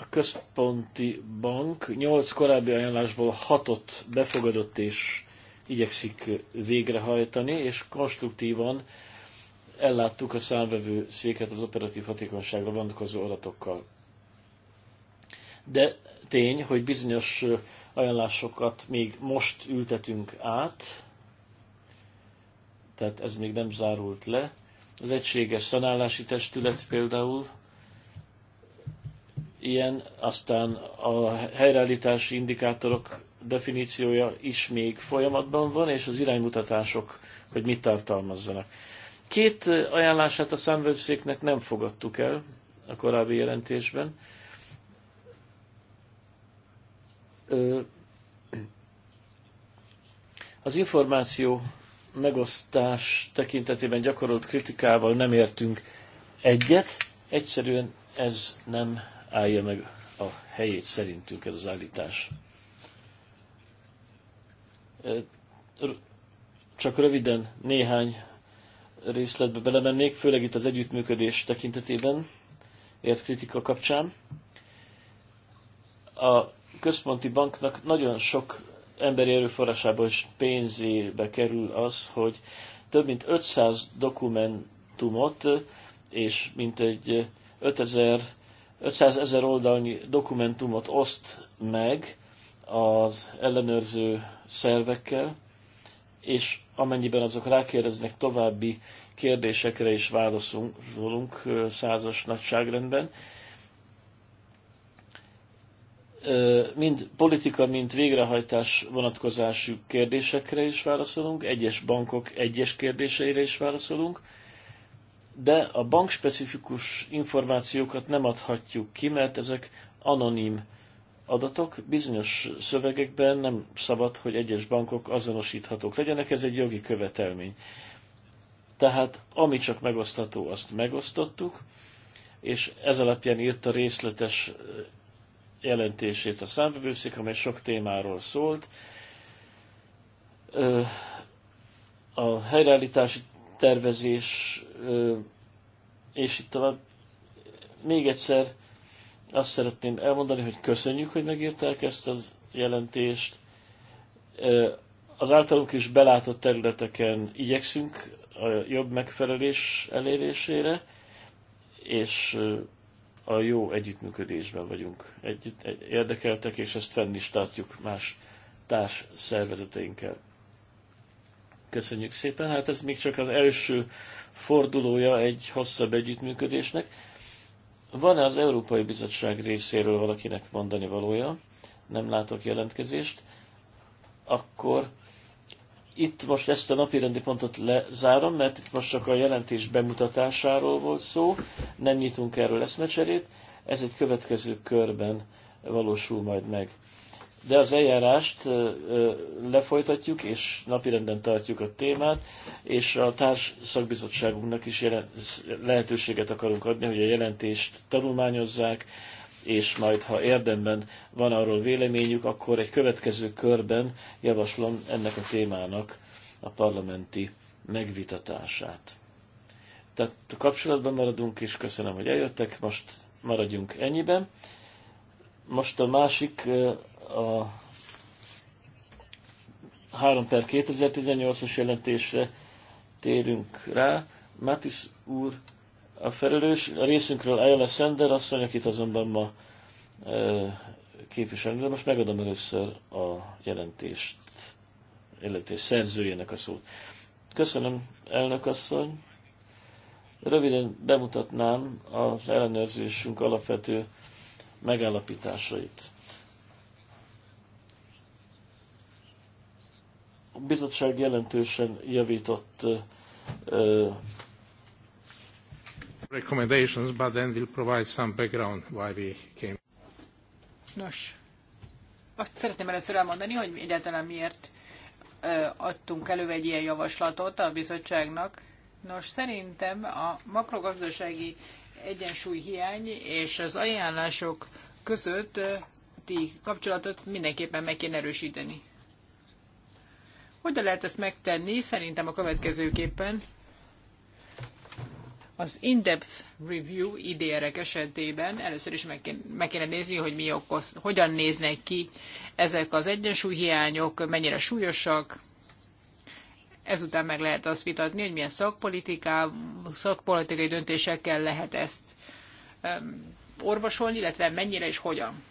A központi bank 8 korábbi ajánlásból 6-ot befogadott és igyekszik végrehajtani, és konstruktívan elláttuk a számvevő széket az operatív hatékonyságra vonatkozó adatokkal. De tény, hogy bizonyos ajánlásokat még most ültetünk át, tehát ez még nem zárult le, az egységes szanálási testület például ilyen, aztán a helyreállítási indikátorok definíciója is még folyamatban van, és az iránymutatások, hogy mit tartalmazzanak. Két ajánlását a számvevőszéknek nem fogadtuk el a korábbi jelentésben. Az információ megosztás tekintetében gyakorolt kritikával nem értünk egyet, egyszerűen ez nem állja meg a helyét szerintünk ez az állítás. Csak röviden néhány részletbe belemennék, főleg itt az együttműködés tekintetében ért kritika kapcsán. A központi banknak nagyon sok emberi erőforrásába és pénzébe kerül az, hogy több mint 500 dokumentumot és mint egy 5000, 500 ezer oldalnyi dokumentumot oszt meg az ellenőrző szervekkel, és amennyiben azok rákérdeznek további kérdésekre is válaszolunk százas nagyságrendben, mind politika, mind végrehajtás vonatkozású kérdésekre is válaszolunk, egyes bankok egyes kérdéseire is válaszolunk, de a bankspecifikus információkat nem adhatjuk ki, mert ezek anonim adatok, bizonyos szövegekben nem szabad, hogy egyes bankok azonosíthatók legyenek, ez egy jogi követelmény. Tehát ami csak megosztható, azt megosztottuk, és ez alapján írt a részletes jelentését a számbevőszék, amely sok témáról szólt. A helyreállítási tervezés, és itt tovább. Még egyszer azt szeretném elmondani, hogy köszönjük, hogy megírták ezt az jelentést. Az általunk is belátott területeken igyekszünk a jobb megfelelés elérésére, és a jó együttműködésben vagyunk együtt érdekeltek, és ezt fenn is tartjuk más társ szervezeteinkkel. Köszönjük szépen. Hát ez még csak az első fordulója egy hosszabb együttműködésnek. Van-e az Európai Bizottság részéről valakinek mondani valója? Nem látok jelentkezést. Akkor itt most ezt a napi rendi pontot lezárom, mert itt most csak a jelentés bemutatásáról volt szó, nem nyitunk erről eszmecserét, ez egy következő körben valósul majd meg. De az eljárást lefolytatjuk, és napirenden tartjuk a témát, és a társ szakbizottságunknak is lehetőséget akarunk adni, hogy a jelentést tanulmányozzák, és majd ha érdemben van arról véleményük, akkor egy következő körben javaslom ennek a témának a parlamenti megvitatását. Tehát kapcsolatban maradunk, és köszönöm, hogy eljöttek, most maradjunk ennyiben. Most a másik a 3 per 2018-as jelentésre térünk rá. Matisz úr a felelős a részünkről Ayala Sender asszony, akit azonban ma képviselünk, de most megadom először a jelentést, jelentés szerzőjének a szót. Köszönöm, elnök asszony. Röviden bemutatnám az ellenőrzésünk alapvető megállapításait. A bizottság jelentősen javított recommendations, but then we'll provide some background why we came. Nos, azt szeretném először elmondani, hogy egyáltalán miért adtunk elő egy ilyen javaslatot a bizottságnak. Nos, szerintem a makrogazdasági egyensúly hiány és az ajánlások között ti kapcsolatot mindenképpen meg kéne erősíteni. Hogyan lehet ezt megtenni? Szerintem a következőképpen az in-depth review idérek esetében először is meg, kéne, meg kéne nézni, hogy mi okoz, hogyan néznek ki ezek az egyensúlyhiányok, mennyire súlyosak, ezután meg lehet azt vitatni, hogy milyen szakpolitiká, szakpolitikai döntésekkel lehet ezt um, orvosolni, illetve mennyire és hogyan.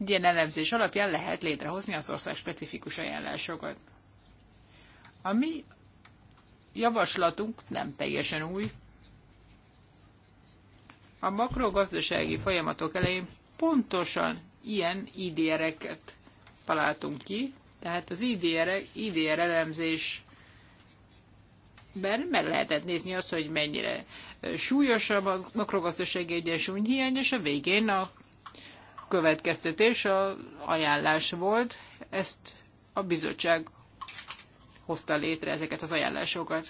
Egy ilyen elemzés alapján lehet létrehozni az ország specifikus ajánlásokat. A mi javaslatunk nem teljesen új. A makrogazdasági folyamatok elején pontosan ilyen IDR-eket találtunk ki, tehát az IDR, IDR elemzés mert meg lehetett nézni azt, hogy mennyire súlyos a makrogazdasági egyensúly hiány, és a végén a következtetés, a ajánlás volt, ezt a bizottság hozta létre ezeket az ajánlásokat.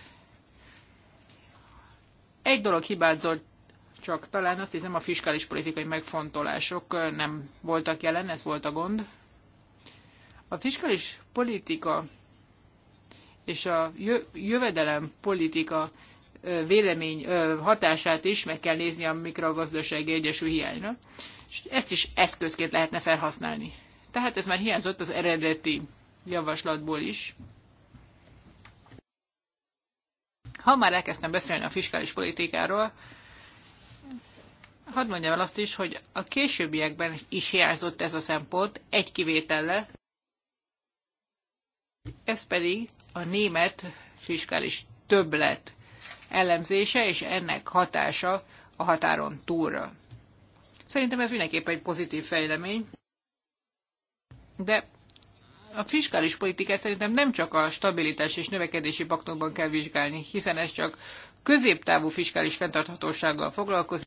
Egy dolog hibázott, csak talán azt hiszem a fiskális politikai megfontolások nem voltak jelen, ez volt a gond. A fiskális politika és a jövedelem politika vélemény hatását is meg kell nézni a mikrogazdasági egyesű hiányra, és ezt is eszközként lehetne felhasználni. Tehát ez már hiányzott az eredeti javaslatból is. Ha már elkezdtem beszélni a fiskális politikáról, hadd mondjam el azt is, hogy a későbbiekben is hiányzott ez a szempont, egy kivétellel, ez pedig a német fiskális többlet elemzése és ennek hatása a határon túlra. Szerintem ez mindenképpen egy pozitív fejlemény, de a fiskális politikát szerintem nem csak a stabilitás és növekedési paktumban kell vizsgálni, hiszen ez csak középtávú fiskális fenntarthatósággal foglalkozik.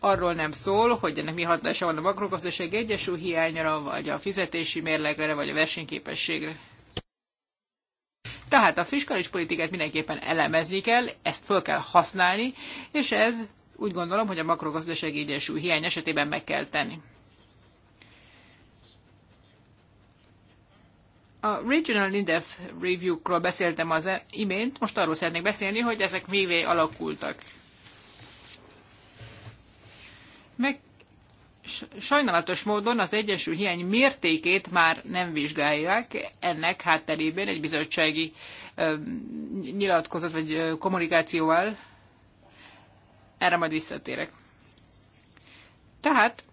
Arról nem szól, hogy ennek mi hatása van a makrogazdaság egyesú hiányra, vagy a fizetési mérlegre, vagy a versenyképességre. Tehát a fiskális politikát mindenképpen elemezni kell, ezt föl kell használni, és ez úgy gondolom, hogy a makrogazdasági egyesú hiány esetében meg kell tenni. A Regional in Review-król beszéltem az imént, most arról szeretnék beszélni, hogy ezek mivé alakultak. Meg sajnálatos módon az egyensúly hiány mértékét már nem vizsgálják, ennek hátterében egy bizottsági nyilatkozat vagy kommunikációval. Erre majd visszatérek. Tehát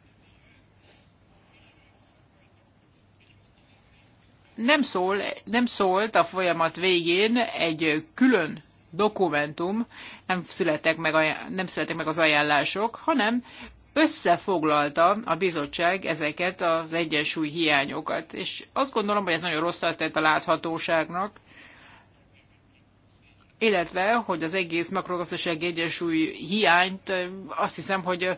nem, szól, nem szólt a folyamat végén egy külön dokumentum, nem születtek meg, nem születtek meg az ajánlások, hanem összefoglalta a bizottság ezeket az egyensúly hiányokat. És azt gondolom, hogy ez nagyon rosszat tett a láthatóságnak, illetve, hogy az egész makrogazdasági egyensúly hiányt azt hiszem, hogy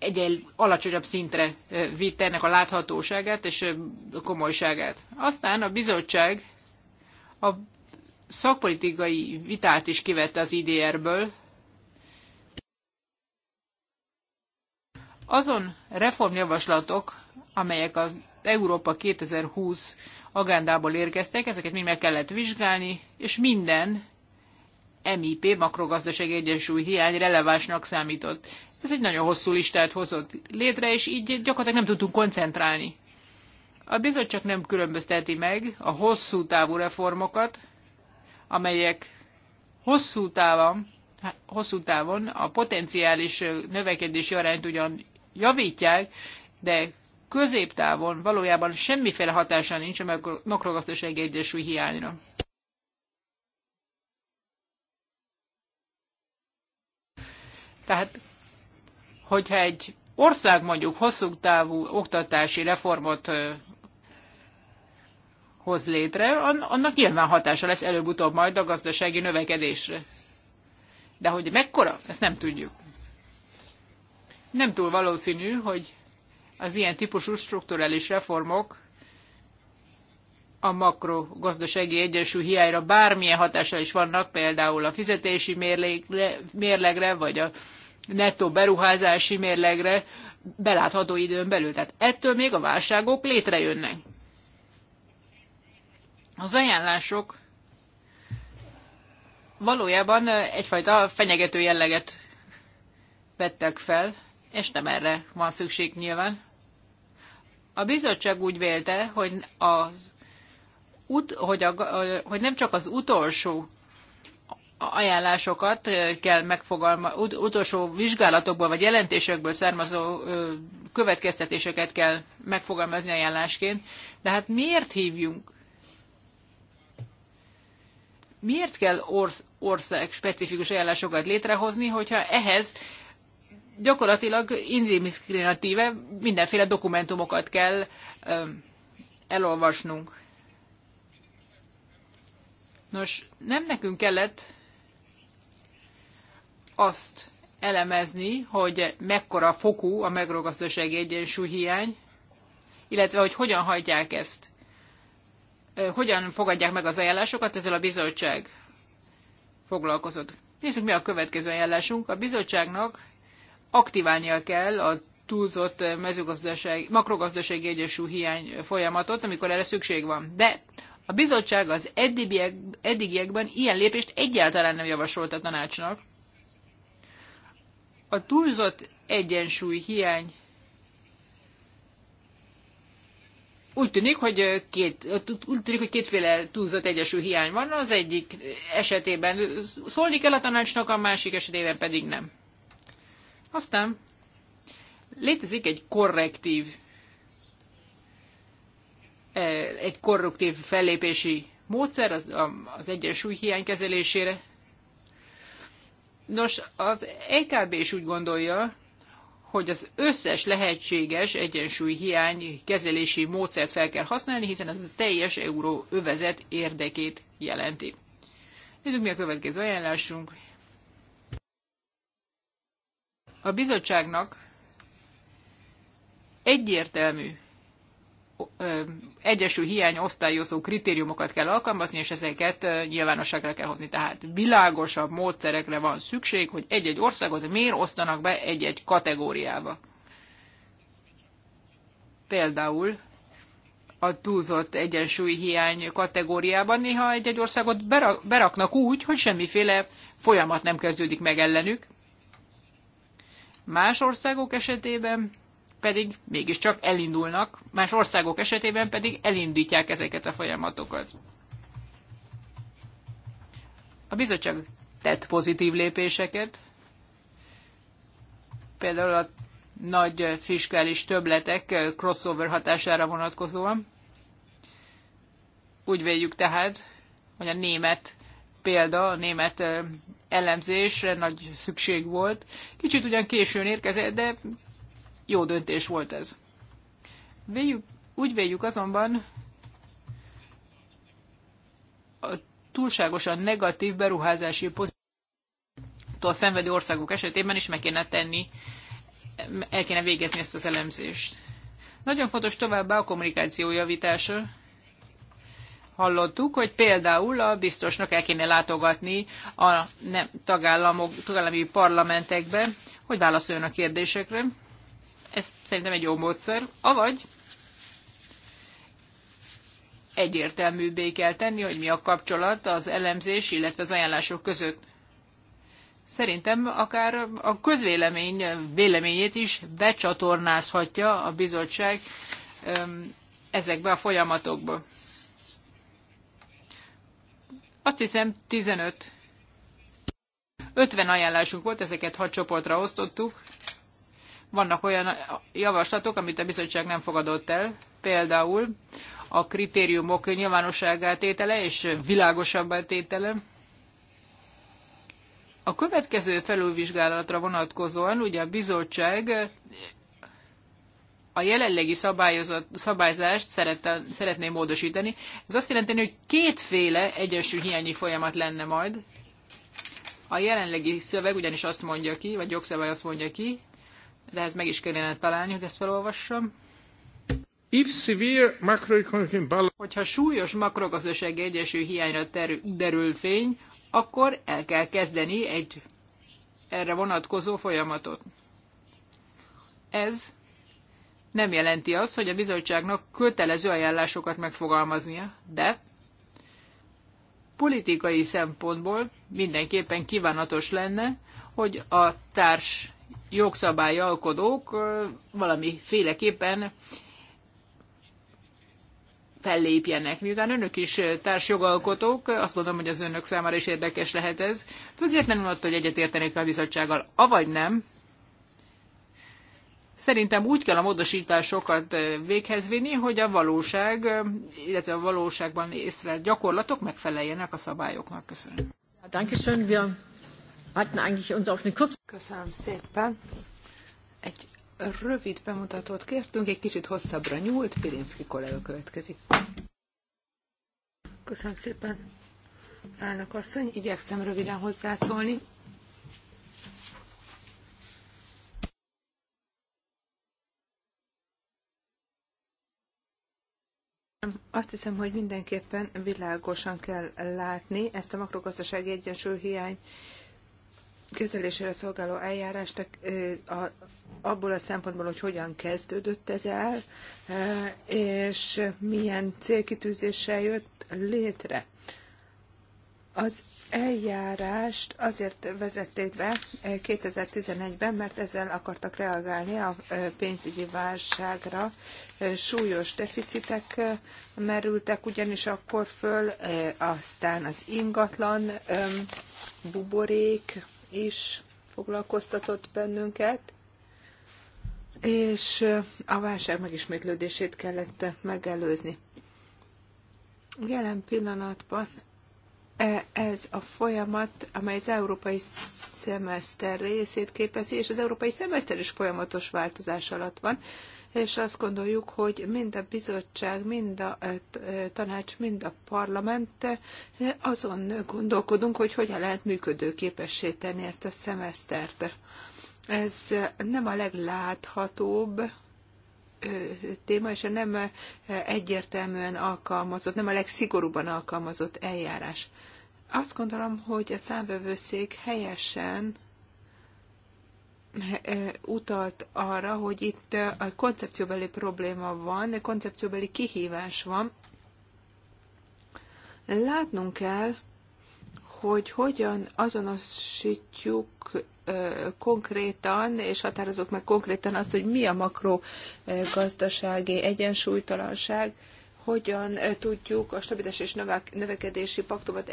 egy alacsonyabb szintre vitte ennek a láthatóságát és a komolyságát. Aztán a bizottság a szakpolitikai vitát is kivette az IDR-ből. Azon reformjavaslatok, amelyek az Európa 2020 agendából érkeztek, ezeket mind meg kellett vizsgálni, és minden MIP, makrogazdasági egyensúly hiány relevánsnak számított. Ez egy nagyon hosszú listát hozott létre, és így gyakorlatilag nem tudtunk koncentrálni. A bizottság nem különbözteti meg a hosszú távú reformokat, amelyek hosszú távon, hosszú távon a potenciális növekedési arányt ugyan javítják, de középtávon valójában semmiféle hatása nincs a makrogazdasági egyensúly hiányra. Tehát, hogyha egy ország mondjuk hosszú távú oktatási reformot hoz létre, annak nyilván hatása lesz előbb-utóbb majd a gazdasági növekedésre. De hogy mekkora, ezt nem tudjuk. Nem túl valószínű, hogy az ilyen típusú strukturális reformok a makrogazdasági egyensúly hiányra bármilyen hatással is vannak, például a fizetési mérlegre, mérlegre vagy a nettó beruházási mérlegre belátható időn belül. Tehát ettől még a válságok létrejönnek. Az ajánlások valójában egyfajta fenyegető jelleget vettek fel, és nem erre van szükség nyilván. A bizottság úgy vélte, hogy, az, hogy, a, hogy nem csak az utolsó ajánlásokat kell megfogalmazni, utolsó vizsgálatokból vagy jelentésekből származó következtetéseket kell megfogalmazni ajánlásként. De hát miért hívjunk? Miért kell ország specifikus ajánlásokat létrehozni, hogyha ehhez gyakorlatilag indiskriminatíve mindenféle dokumentumokat kell ö, elolvasnunk? Nos, nem nekünk kellett azt elemezni, hogy mekkora fokú a megrogazdasági egyensúlyhiány, illetve hogy hogyan hagyják ezt, hogyan fogadják meg az ajánlásokat, ezzel a bizottság foglalkozott. Nézzük, mi a következő ajánlásunk. A bizottságnak aktiválnia kell a túlzott mezőgazdaság, makrogazdasági egyensúly hiány folyamatot, amikor erre szükség van. De a bizottság az eddigiek, eddigiekben ilyen lépést egyáltalán nem javasolt a tanácsnak. A túlzott egyensúly hiány úgy tűnik, hogy két, úgy tűnik, hogy kétféle túlzott egyesű hiány van, az egyik esetében szólni kell a tanácsnak, a másik esetében pedig nem. Aztán létezik egy korrektív eh, egy korruptív fellépési módszer az, az egyensúly hiány kezelésére. Nos, az EKB is úgy gondolja, hogy az összes lehetséges egyensúly hiány kezelési módszert fel kell használni, hiszen ez a teljes euró övezet érdekét jelenti. Nézzük mi a következő ajánlásunk. A bizottságnak egyértelmű egyesül hiány osztályozó kritériumokat kell alkalmazni, és ezeket nyilvánosságra kell hozni. Tehát világosabb módszerekre van szükség, hogy egy-egy országot miért osztanak be egy-egy kategóriába. Például a túlzott hiány kategóriában néha egy-egy országot beraknak úgy, hogy semmiféle folyamat nem kezdődik meg ellenük. Más országok esetében pedig mégiscsak elindulnak, más országok esetében pedig elindítják ezeket a folyamatokat. A bizottság tett pozitív lépéseket, például a nagy fiskális töbletek crossover hatására vonatkozóan. Úgy véljük tehát, hogy a német példa, a német elemzésre nagy szükség volt. Kicsit ugyan későn érkezett, de jó döntés volt ez. Véljük, úgy véljük azonban, a túlságosan negatív beruházási a szenvedő országok esetében is meg kéne tenni, el kéne végezni ezt az elemzést. Nagyon fontos továbbá a kommunikáció javítása. Hallottuk, hogy például a biztosnak el kéne látogatni a nem, tagállamok, tagállami parlamentekbe, hogy válaszoljon a kérdésekre. Ez szerintem egy jó módszer. Avagy egyértelműbbé kell tenni, hogy mi a kapcsolat az elemzés, illetve az ajánlások között. Szerintem akár a közvélemény véleményét is becsatornázhatja a bizottság ezekbe a folyamatokba. Azt hiszem 15 50 ajánlásunk volt, ezeket hat csoportra osztottuk. Vannak olyan javaslatok, amit a bizottság nem fogadott el, például a kritériumok nyilvánosságá tétele és világosabbá tétele. A következő felülvizsgálatra vonatkozóan ugye a bizottság a jelenlegi szabályzást szeretne, szeretné módosítani. Ez azt jelenti, hogy kétféle egyensúly hiányi folyamat lenne majd. A jelenlegi szöveg ugyanis azt mondja ki, vagy jogszabály azt mondja ki, de ez meg is kellene találni, hogy ezt felolvassam. If severe macroeconomic imbalance... Hogyha súlyos makrogazdaság egyensúly hiányra terül, derül fény, akkor el kell kezdeni egy erre vonatkozó folyamatot. Ez nem jelenti azt, hogy a bizottságnak kötelező ajánlásokat megfogalmaznia, de politikai szempontból mindenképpen kívánatos lenne, hogy a társ jogszabályalkodók féleképpen fellépjenek. Miután önök is társjogalkotók, azt gondolom, hogy az önök számára is érdekes lehet ez. Függetlenül attól, hogy egyetértenék a bizottsággal, avagy nem, szerintem úgy kell a módosításokat véghez vinni, hogy a valóság, illetve a valóságban észre gyakorlatok megfeleljenek a szabályoknak. Köszönöm. Köszönöm szépen. Egy rövid bemutatót kértünk, egy kicsit hosszabbra nyúlt. Pirinszki kollega következik. Köszönöm szépen, elnök asszony. Igyekszem röviden hozzászólni. Azt hiszem, hogy mindenképpen világosan kell látni ezt a makrogazdasági egyensúly hiány kezelésére szolgáló eljárást a, abból a szempontból, hogy hogyan kezdődött ez el, és milyen célkitűzéssel jött létre. Az eljárást azért vezették be 2011-ben, mert ezzel akartak reagálni a pénzügyi válságra. Súlyos deficitek merültek ugyanis akkor föl, aztán az ingatlan buborék, is foglalkoztatott bennünket, és a válság megismétlődését kellett megelőzni. Jelen pillanatban e, ez a folyamat, amely az európai szemeszter részét képezi, és az európai szemeszter is folyamatos változás alatt van és azt gondoljuk, hogy mind a bizottság, mind a eh, eh, tanács, mind a parlament eh, azon gondolkodunk, hogy hogyan lehet működőképessé tenni ezt a szemesztert. Ez nem a legláthatóbb téma, és nem egyértelműen alkalmazott, nem a legszigorúban alkalmazott eljárás. Azt gondolom, hogy a számvevőszék helyesen Eh, utalt arra, hogy itt eh, a koncepcióbeli probléma van, a koncepcióbeli kihívás van. Látnunk kell, hogy hogyan azonosítjuk eh, konkrétan, és határozok meg konkrétan azt, hogy mi a makrogazdasági egyensúlytalanság, hogyan tudjuk a stabilitás és növekedési paktumot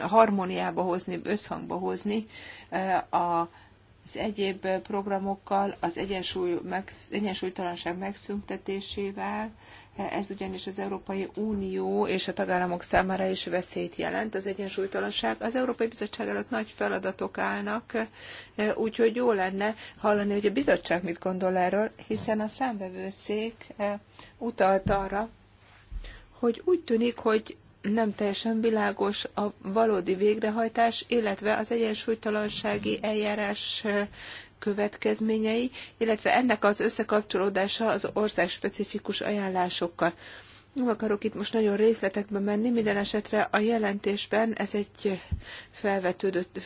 harmóniába hozni, összhangba hozni a az egyéb programokkal, az egyensúly, megsz, egyensúlytalanság megszüntetésével, ez ugyanis az Európai Unió és a tagállamok számára is veszélyt jelent, az egyensúlytalanság. Az Európai Bizottság előtt nagy feladatok állnak, úgyhogy jó lenne hallani, hogy a bizottság mit gondol erről, hiszen a számvevőszék eh, utalt arra, hogy úgy tűnik, hogy nem teljesen világos a valódi végrehajtás, illetve az egyensúlytalansági eljárás következményei, illetve ennek az összekapcsolódása az ország specifikus ajánlásokkal. Nem akarok itt most nagyon részletekbe menni, minden esetre a jelentésben ez egy felvetődött,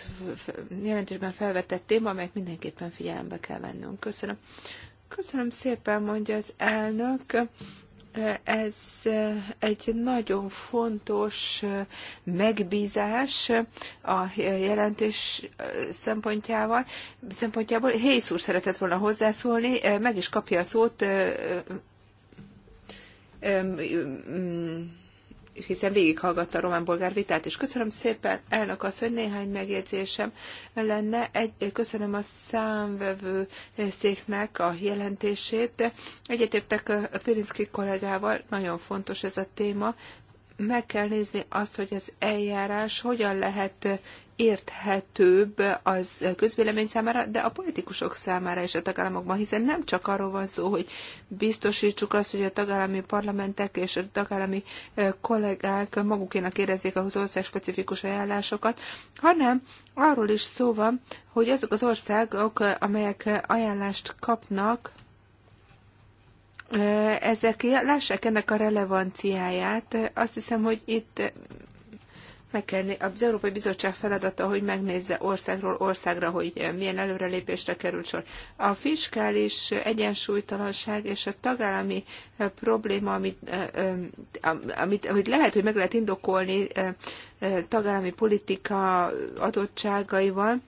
jelentésben felvetett téma, amelyet mindenképpen figyelembe kell vennünk. Köszönöm. Köszönöm szépen, mondja az elnök ez egy nagyon fontos megbízás a jelentés szempontjával, szempontjából. Hész úr szeretett volna hozzászólni, meg is kapja a szót hiszen végighallgatta a román-bolgár vitát, és köszönöm szépen, elnök az, hogy néhány megjegyzésem lenne. Egy, köszönöm a számvevő széknek a jelentését. Egyetértek a Pirinszki kollégával, nagyon fontos ez a téma, meg kell nézni azt, hogy az eljárás hogyan lehet érthetőbb az közvélemény számára, de a politikusok számára is a tagállamokban, hiszen nem csak arról van szó, hogy biztosítsuk azt, hogy a tagállami parlamentek és a tagállami kollégák magukénak érezzék az ország specifikus ajánlásokat, hanem arról is szó van, hogy azok az országok, amelyek ajánlást kapnak, ezek lássák ennek a relevanciáját. Azt hiszem, hogy itt meg kell, az Európai Bizottság feladata, hogy megnézze országról országra, hogy milyen előrelépésre került sor. A fiskális egyensúlytalanság és a tagállami probléma, amit, amit, amit lehet, hogy meg lehet indokolni tagállami politika adottságaival,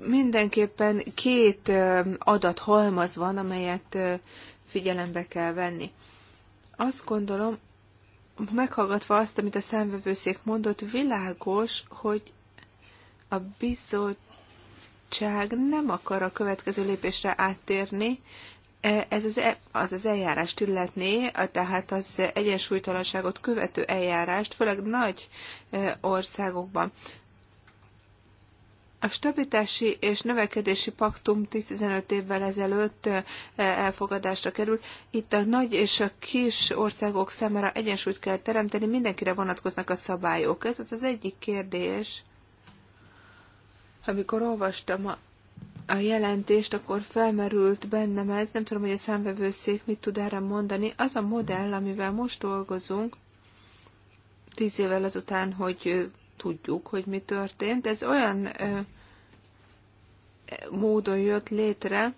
mindenképpen két adathalmaz van, amelyet figyelembe kell venni. Azt gondolom, meghallgatva azt, amit a számvevőszék mondott, világos, hogy a bizottság nem akar a következő lépésre áttérni, e, ez az, e, az az eljárást illetné, tehát az egyensúlytalanságot követő eljárást, főleg nagy e, országokban. A stabilitási és növekedési paktum 10-15 évvel ezelőtt elfogadásra került. Itt a nagy és a kis országok számára egyensúlyt kell teremteni, mindenkire vonatkoznak a szabályok. Ez az egyik kérdés. Amikor olvastam a a jelentést, akkor felmerült bennem ez, nem tudom, hogy a számvevőszék mit tud erre mondani. Az a modell, amivel most dolgozunk, tíz évvel azután, hogy tudjuk, hogy mi történt. Ez olyan módon jött létre,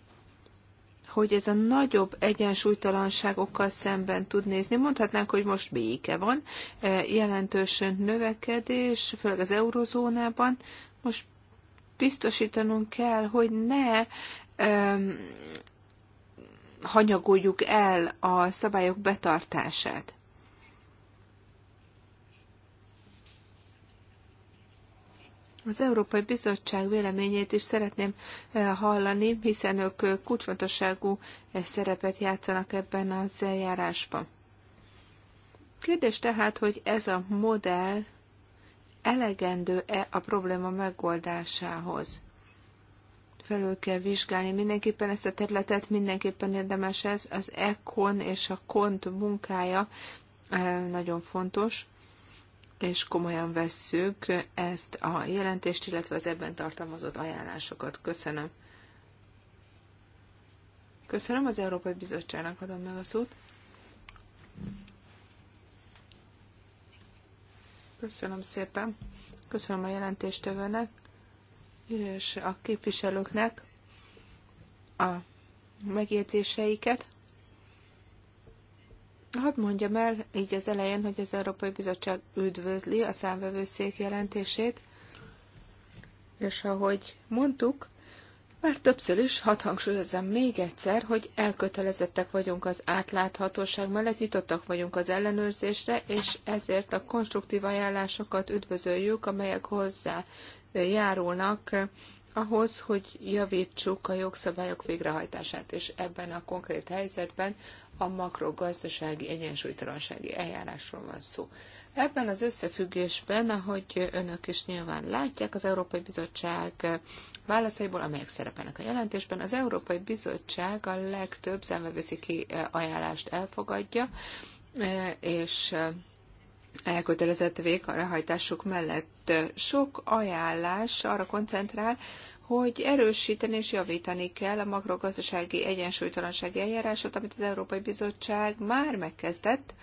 hogy ez a nagyobb egyensúlytalanságokkal szemben tud nézni. Mondhatnánk, hogy most béke van, jelentősen növekedés, főleg az eurozónában. Most biztosítanunk kell, hogy ne hanyagoljuk el a szabályok betartását. Az Európai Bizottság véleményét is szeretném eh, hallani, hiszen ők eh, kulcsfontosságú eh, szerepet játszanak ebben az eljárásban. Kérdés tehát, hogy ez a modell elegendő-e a probléma megoldásához? Felül kell vizsgálni mindenképpen ezt a területet, mindenképpen érdemes ez. Az ECON és a KONT munkája nagyon fontos és komolyan vesszük ezt a jelentést, illetve az ebben tartalmazott ajánlásokat. Köszönöm. Köszönöm, az Európai Bizottságnak adom meg a szót. Köszönöm szépen. Köszönöm a jelentéstevőnek és a képviselőknek a megjegyzéseiket. Hadd mondjam el így az elején, hogy az Európai Bizottság üdvözli a számvevőszék jelentését, és ahogy mondtuk, már többször is, hadd hangsúlyozzam még egyszer, hogy elkötelezettek vagyunk az átláthatóság mellett, nyitottak vagyunk az ellenőrzésre, és ezért a konstruktív ajánlásokat üdvözöljük, amelyek hozzá járulnak ahhoz, hogy javítsuk a jogszabályok végrehajtását, és ebben a konkrét helyzetben a makrogazdasági egyensúlytalansági eljárásról van szó. Ebben az összefüggésben, ahogy önök is nyilván látják, az Európai Bizottság válaszaiból, amelyek szerepelnek a jelentésben, az Európai Bizottság a legtöbb számvevőszéki ajánlást elfogadja, és elkötelezett végrehajtásuk mellett. Sok ajánlás arra koncentrál, hogy erősíteni és javítani kell a makrogazdasági egyensúlytalansági eljárásot, amit az Európai Bizottság már megkezdett,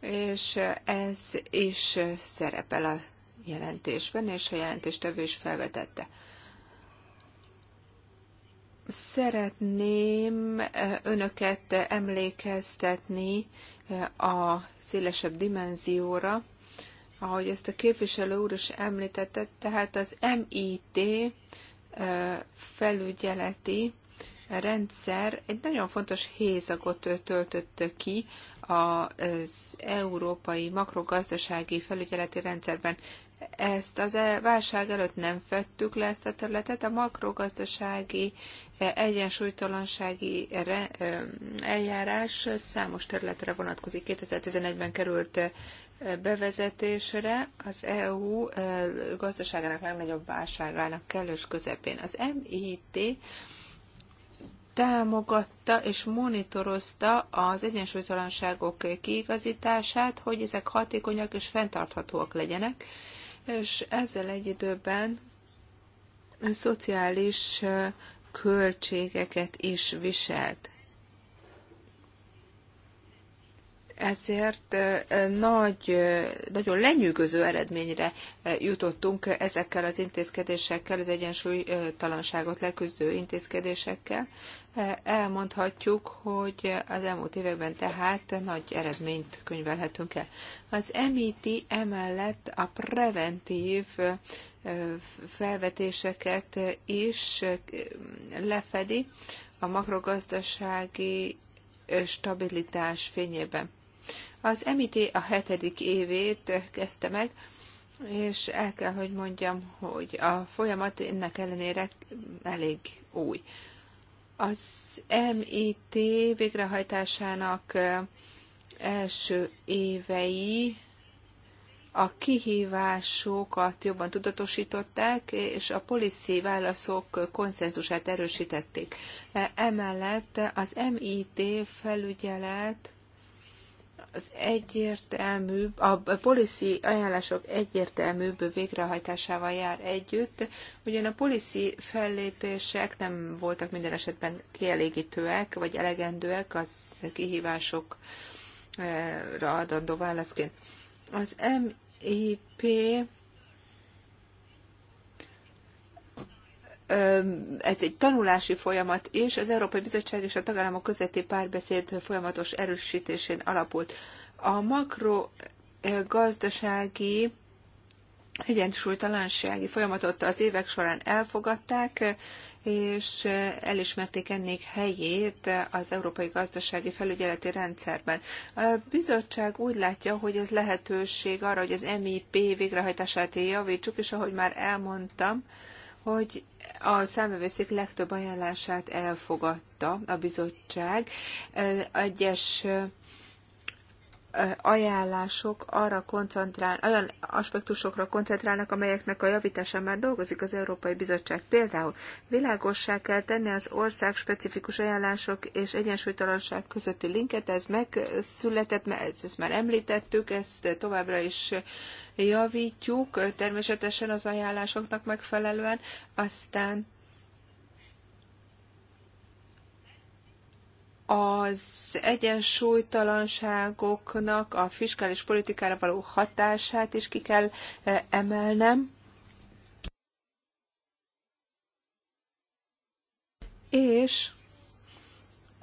és ez is szerepel a jelentésben, és a jelentéstevő is felvetette. Szeretném önöket emlékeztetni a szélesebb dimenzióra, ahogy ezt a képviselő úr is említette, tehát az MIT felügyeleti rendszer egy nagyon fontos hézagot töltött ki az európai makrogazdasági felügyeleti rendszerben ezt az e- válság előtt nem fettük le ezt a területet, a makrogazdasági e, egyensúlytalansági eljárás számos területre vonatkozik. 2011-ben került e, bevezetésre az EU gazdaságának legnagyobb válságának kellős közepén. Az MIT támogatta és monitorozta az egyensúlytalanságok kiigazítását, hogy ezek hatékonyak és fenntarthatóak legyenek, és ezzel egy időben szociális költségeket is viselt. ezért nagy, nagyon lenyűgöző eredményre jutottunk ezekkel az intézkedésekkel, az egyensúlytalanságot leküzdő intézkedésekkel. Elmondhatjuk, hogy az elmúlt években tehát nagy eredményt könyvelhetünk el. Az MIT e emellett a preventív felvetéseket is lefedi a makrogazdasági stabilitás fényében. Az MIT a hetedik évét kezdte meg, és el kell, hogy mondjam, hogy a folyamat ennek ellenére elég új. Az MIT végrehajtásának első évei a kihívásokat jobban tudatosították, és a policy válaszok konszenzusát erősítették. Emellett az MIT felügyelet az egyértelmű, a policy ajánlások egyértelműbb végrehajtásával jár együtt, ugyan a policy fellépések nem voltak minden esetben kielégítőek, vagy elegendőek az kihívásokra adandó válaszként. Az MIP ez egy tanulási folyamat, és az Európai Bizottság és a tagállamok közötti párbeszéd folyamatos erősítésén alapult. A makrogazdasági egyensúlytalansági folyamatot az évek során elfogadták, és elismerték ennek helyét az európai gazdasági felügyeleti rendszerben. A bizottság úgy látja, hogy ez lehetőség arra, hogy az MIP végrehajtását javítsuk, és ahogy már elmondtam, hogy a számvevőszék legtöbb ajánlását elfogadta a bizottság. Egyes ajánlások arra koncentrál, olyan aspektusokra koncentrálnak, amelyeknek a javításán már dolgozik az Európai Bizottság. Például világossá kell tenni az ország specifikus ajánlások és egyensúlytalanság közötti linket, ez megszületett, mert ezt már említettük, ezt továbbra is javítjuk, természetesen az ajánlásoknak megfelelően, aztán az egyensúlytalanságoknak a fiskális politikára való hatását is ki kell eh, emelnem. És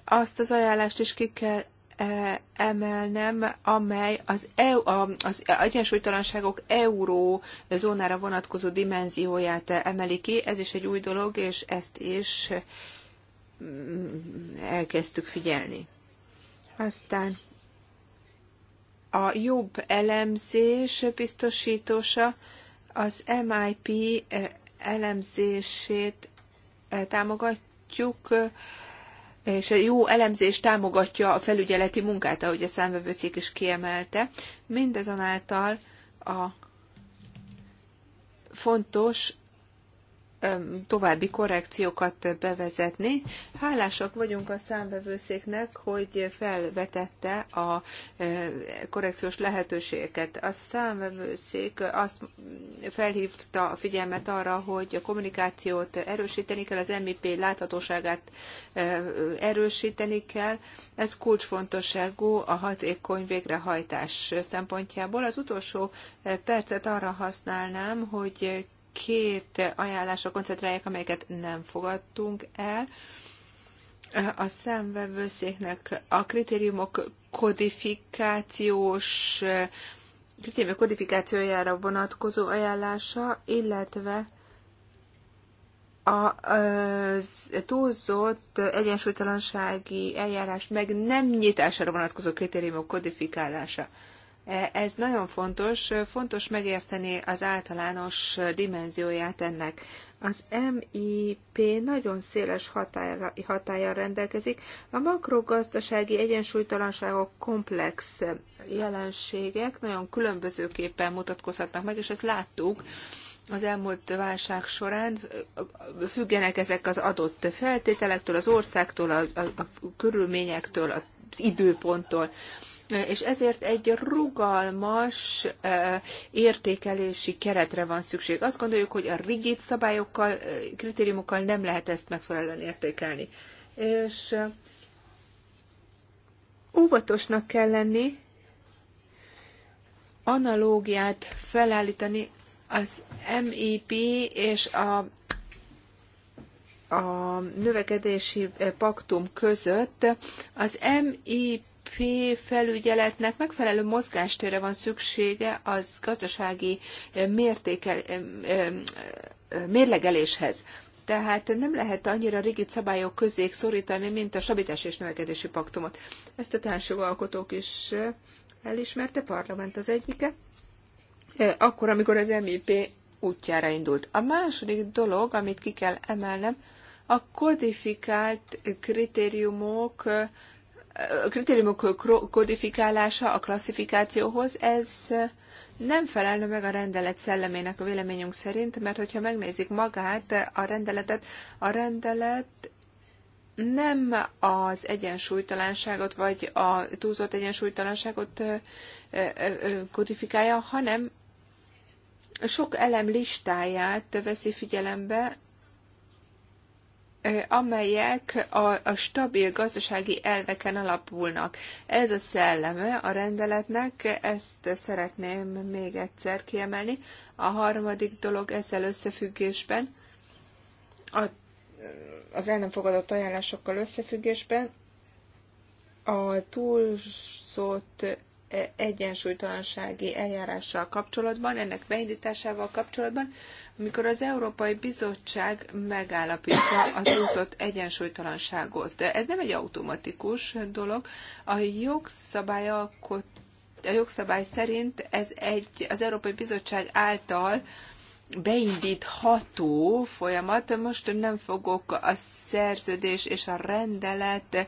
azt az ajánlást is ki kell eh, emelnem, amely az, EU, az egyensúlytalanságok eurózónára vonatkozó dimenzióját eh, emeli ki. Ez is egy új dolog, és ezt is elkezdtük figyelni. Aztán a jobb elemzés biztosítósa az MIP eh, elemzését eh, támogatjuk, eh, és a jó elemzés támogatja a felügyeleti munkát, ahogy a számvevőszék is kiemelte. Mindezonáltal a fontos további korrekciókat bevezetni. Hálásak vagyunk a számbevőszéknek, hogy felvetette a e, korrekciós lehetőségeket. A számbevőszék azt felhívta a figyelmet arra, hogy a kommunikációt erősíteni kell, az MIP láthatóságát e, erősíteni kell. Ez kulcsfontosságú a hatékony végrehajtás szempontjából. Az utolsó e, percet arra használnám, hogy két ajánlásra koncentrálják, amelyeket nem fogadtunk el. A szemvevőszéknek a kritériumok kodifikációs kritériumok kodifikációjára vonatkozó ajánlása, illetve a túlzott egyensúlytalansági eljárás meg nem nyitására vonatkozó kritériumok kodifikálása. E, ez nagyon fontos, fontos megérteni az általános dimenzióját ennek. Az MIP nagyon széles hatályra, rendelkezik. A makrogazdasági egyensúlytalanságok komplex jelenségek nagyon különbözőképpen mutatkozhatnak meg, és ezt láttuk az elmúlt válság során függenek ezek az adott feltételektől, az országtól, a, a, a körülményektől, az időponttól és ezért egy rugalmas értékelési keretre van szükség. Azt gondoljuk, hogy a rigid szabályokkal, kritériumokkal nem lehet ezt megfelelően értékelni. És óvatosnak kell lenni, analógiát felállítani az MEP és a, a növekedési paktum között. Az MEP felügyeletnek megfelelő mozgástérre van szüksége az gazdasági mértékel, mérlegeléshez. Tehát nem lehet annyira rigid szabályok közé szorítani, mint a stabilitás és növekedési paktumot. Ezt a társjogalkotók is elismerte, parlament az egyike, akkor, amikor az MIP útjára indult. A második dolog, amit ki kell emelnem, a kodifikált kritériumok, kritériumok kodifikálása a klasszifikációhoz, ez nem felelne meg a rendelet szellemének a véleményünk szerint, mert hogyha megnézik magát a rendeletet, a rendelet nem az egyensúlytalanságot, vagy a túlzott egyensúlytalanságot kodifikálja, hanem sok elem listáját veszi figyelembe, amelyek a, a stabil gazdasági elveken alapulnak. Ez a szelleme a rendeletnek, ezt szeretném még egyszer kiemelni. A harmadik dolog ezzel összefüggésben, a, az el nem fogadott ajánlásokkal összefüggésben, a túlszott egyensúlytalansági eljárással kapcsolatban, ennek beindításával kapcsolatban amikor az Európai Bizottság megállapítja a túlzott egyensúlytalanságot. Ez nem egy automatikus dolog. A jogszabály a jogszabály szerint ez egy az Európai Bizottság által beindítható folyamat. Most nem fogok a szerződés és a rendelet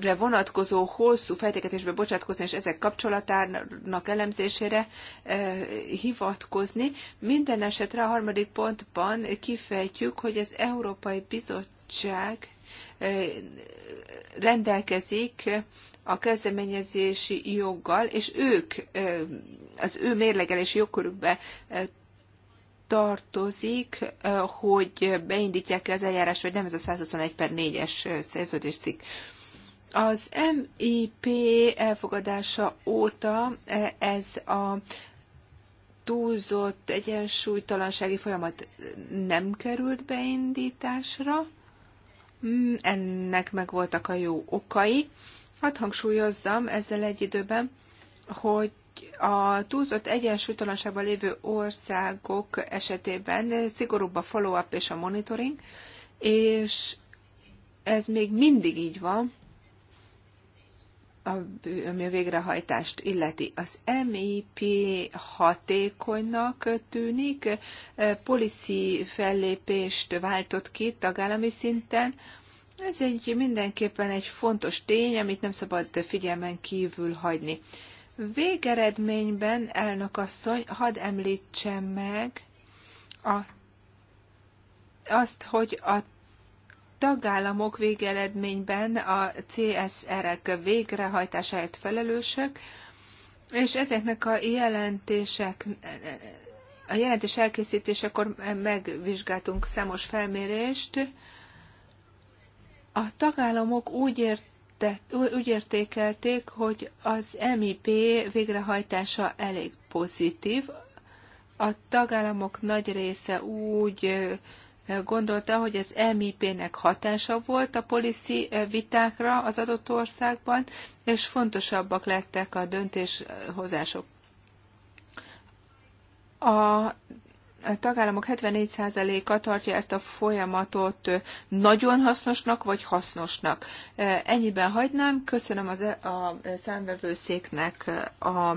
re vonatkozó hosszú fejtegetésbe bocsátkozni, és ezek kapcsolatának elemzésére hivatkozni. Minden esetre a harmadik pontban kifejtjük, hogy az Európai Bizottság rendelkezik a kezdeményezési joggal, és ők az ő mérlegelési jogkörükbe tartozik, hogy beindítják-e az eljárás, vagy nem, ez a 121 per 4-es szerződéscikk. Az MIP elfogadása óta ez a túlzott egyensúlytalansági folyamat nem került beindításra. Mm, ennek meg voltak a jó okai. Hadd hangsúlyozzam ezzel egy időben, hogy a túlzott egyensúlytalanságban lévő országok esetében szigorúbb a follow-up és a monitoring, és ez még mindig így van, ami a végrehajtást illeti. Az MIP e hatékonynak tűnik, policy fellépést váltott ki tagállami szinten. Ez egy mindenképpen egy fontos tény, amit nem szabad figyelmen kívül hagyni. Végeredményben, asszony, hadd említsem meg a, azt, hogy a tagállamok végeredményben a CSR-ek végrehajtásáért felelősök, és ezeknek a jelentések, a jelentés elkészítésekor megvizsgáltunk számos felmérést. A tagállamok úgy ért tett, úgy értékelték, hogy az MIP végrehajtása elég pozitív. A tagállamok nagy része úgy gondolta, hogy az MIP-nek hatása volt a policy vitákra az adott országban, és fontosabbak lettek a döntéshozások. A a tagállamok 74%-a tartja ezt a folyamatot nagyon hasznosnak vagy hasznosnak. E, ennyiben hagynám. Köszönöm az, e, a számvevőszéknek a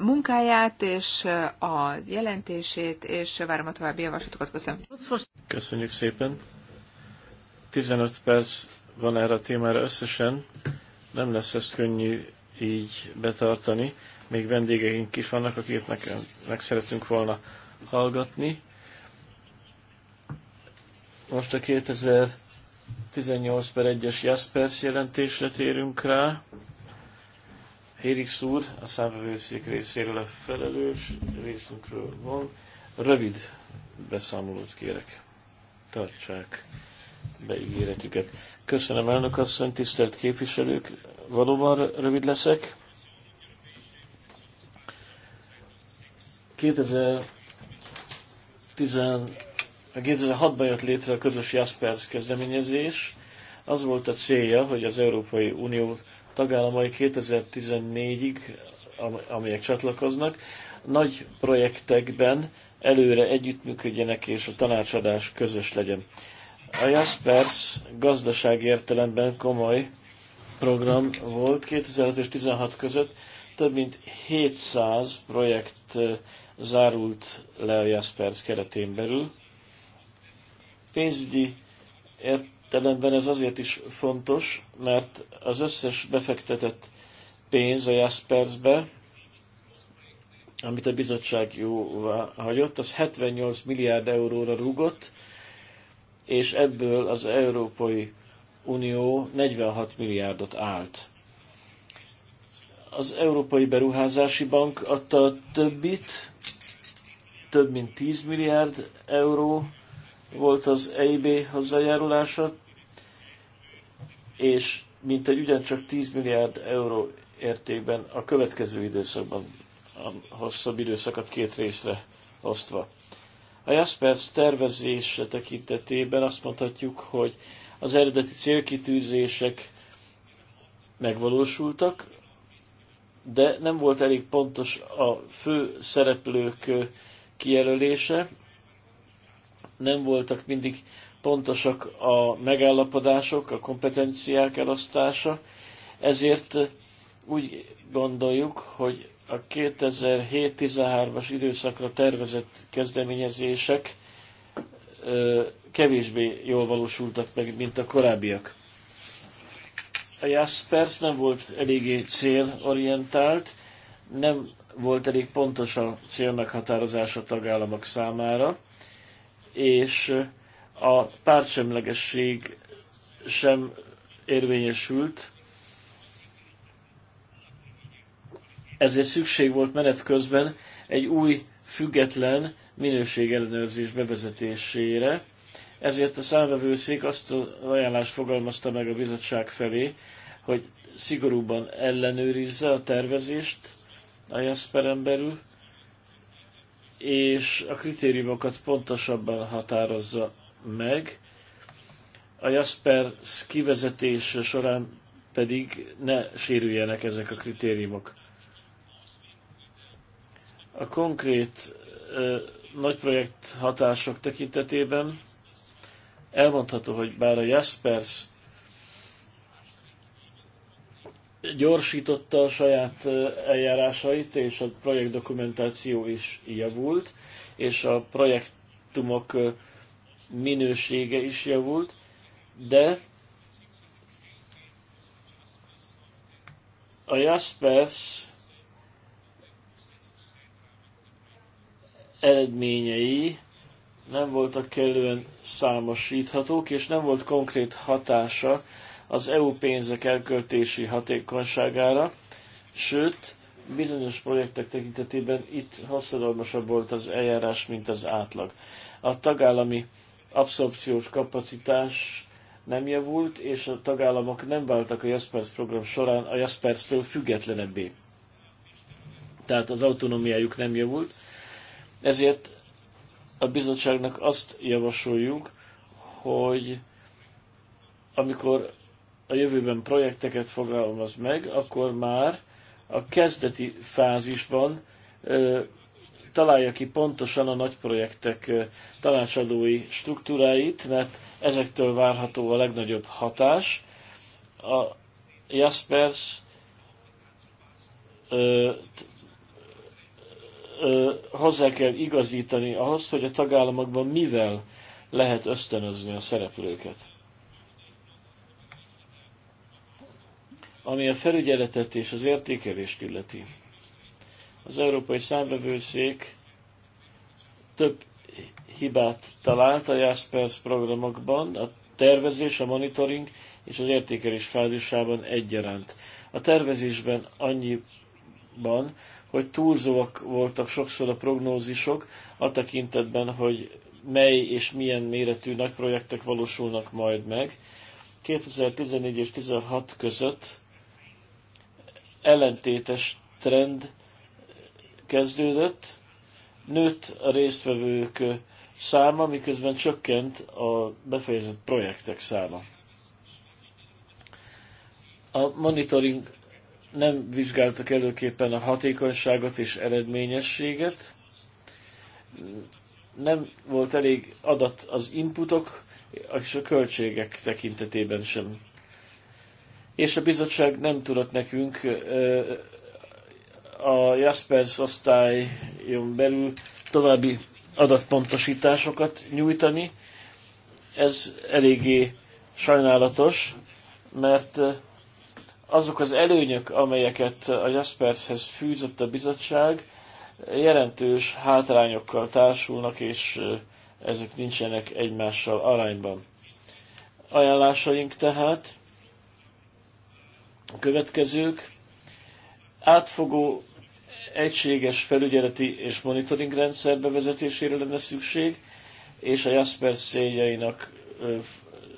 munkáját és az jelentését, és várom a további javaslatokat. Köszönöm. Köszönjük szépen. 15 perc van erre a témára összesen. Nem lesz ezt könnyű így betartani. Még vendégeink is vannak, akiknek meg szeretünk volna hallgatni. Most a 2018 per 1-es Jaspers jelentésre térünk rá. Hérix úr, a számvevőszék részéről a felelős, részünkről van. Rövid beszámolót kérek. Tartsák beígéretüket. Köszönöm elnök asszony, tisztelt képviselők, valóban rövid leszek. 2000 2006-ban jött létre a közös Jaspers kezdeményezés. Az volt a célja, hogy az Európai Unió tagállamai 2014-ig, amelyek csatlakoznak, nagy projektekben előre együttműködjenek és a tanácsadás közös legyen. A Jaspers gazdasági értelemben komoly program volt 2016 és 2016 között, több mint 700 projekt zárult le a Jaspers keretén belül. Pénzügyi értelemben ez azért is fontos, mert az összes befektetett pénz a Jaspersbe, amit a bizottság jóvá hagyott, az 78 milliárd euróra rúgott, és ebből az Európai Unió 46 milliárdot állt az Európai Beruházási Bank adta a többit, több mint 10 milliárd euró volt az EIB hozzájárulása, és mint egy ugyancsak 10 milliárd euró értékben a következő időszakban, a hosszabb időszakat két részre osztva. A Jaspers tervezése tekintetében azt mondhatjuk, hogy az eredeti célkitűzések megvalósultak, de nem volt elég pontos a fő szereplők kijelölése, nem voltak mindig pontosak a megállapodások, a kompetenciák elosztása, ezért úgy gondoljuk, hogy a 2007-13-as időszakra tervezett kezdeményezések kevésbé jól valósultak meg, mint a korábbiak a Jaspers nem volt eléggé célorientált, nem volt elég pontos a cél meghatározása a tagállamok számára, és a pártsemlegesség sem érvényesült, ezért szükség volt menet közben egy új, független minőségellenőrzés bevezetésére, ezért a számvevőszék azt a ajánlást fogalmazta meg a bizottság felé, hogy szigorúban ellenőrizze a tervezést a Jasperen belül, és a kritériumokat pontosabban határozza meg. A Jasper kivezetése során pedig ne sérüljenek ezek a kritériumok. A konkrét ö, nagyprojekt hatások tekintetében elmondható, hogy bár a Jaspers gyorsította a saját eljárásait, és a projektdokumentáció is javult, és a projektumok minősége is javult, de a Jaspers eredményei nem voltak kellően számosíthatók, és nem volt konkrét hatása az EU pénzek elköltési hatékonyságára, sőt, bizonyos projektek tekintetében itt hosszadalmasabb volt az eljárás, mint az átlag. A tagállami abszorpciós kapacitás nem javult, és a tagállamok nem váltak a Jaspers program során a Jaspers-től függetlenebbé. Tehát az autonómiájuk nem javult. Ezért a bizottságnak azt javasoljuk, hogy amikor a jövőben projekteket fogalmaz meg, akkor már a kezdeti fázisban ö, találja ki pontosan a nagy projektek ö, tanácsadói struktúráit, mert ezektől várható a legnagyobb hatás. A Jaspers ö, hozzá kell igazítani ahhoz, hogy a tagállamokban mivel lehet ösztönözni a szereplőket. Ami a felügyeletet és az értékelést illeti. Az Európai Számvevőszék több hibát talált a Jaspers programokban, a tervezés, a monitoring és az értékelés fázisában egyaránt. A tervezésben annyiban, hogy túlzóak voltak sokszor a prognózisok a tekintetben, hogy mely és milyen méretű nagy projektek valósulnak majd meg. 2014 és 2016 között ellentétes trend kezdődött, nőtt a résztvevők száma, miközben csökkent a befejezett projektek száma. A monitoring nem vizsgáltak előképpen a hatékonyságot és eredményességet, nem volt elég adat az inputok és a költségek tekintetében sem. És a bizottság nem tudott nekünk a Jaspers osztályon belül további adatpontosításokat nyújtani. Ez eléggé sajnálatos, mert azok az előnyök, amelyeket a Jaspershez fűzött a bizottság, jelentős hátrányokkal társulnak, és ezek nincsenek egymással arányban. Ajánlásaink tehát a következők. Átfogó egységes felügyeleti és monitoring rendszer bevezetésére lenne szükség, és a Jaspers széljainak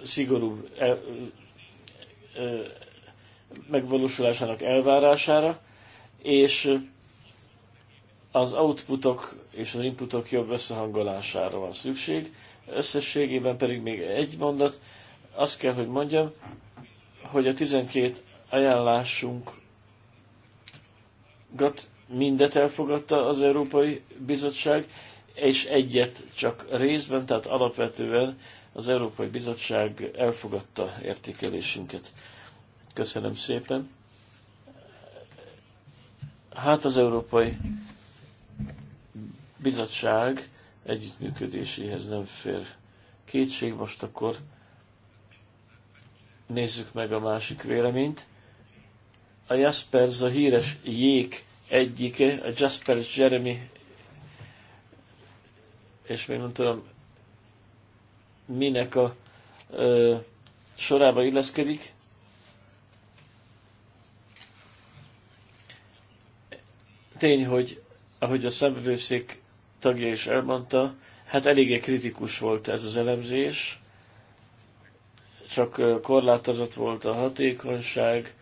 szigorú e- megvalósulásának elvárására, és az outputok és az inputok jobb összehangolására van szükség. Összességében pedig még egy mondat, azt kell, hogy mondjam, hogy a 12 ajánlásunkat mindet elfogadta az Európai Bizottság, és egyet csak részben, tehát alapvetően az Európai Bizottság elfogadta értékelésünket. Köszönöm szépen. Hát az Európai Bizottság együttműködéséhez nem fér kétség. Most akkor nézzük meg a másik véleményt. A Jaspers a híres jég egyike, a Jaspers Jeremy, és még nem tudom, minek a ö, sorába illeszkedik. Tény, hogy ahogy a szemvőszék tagja is elmondta, hát eléggé kritikus volt ez az elemzés, csak korlátozott volt a hatékonyság,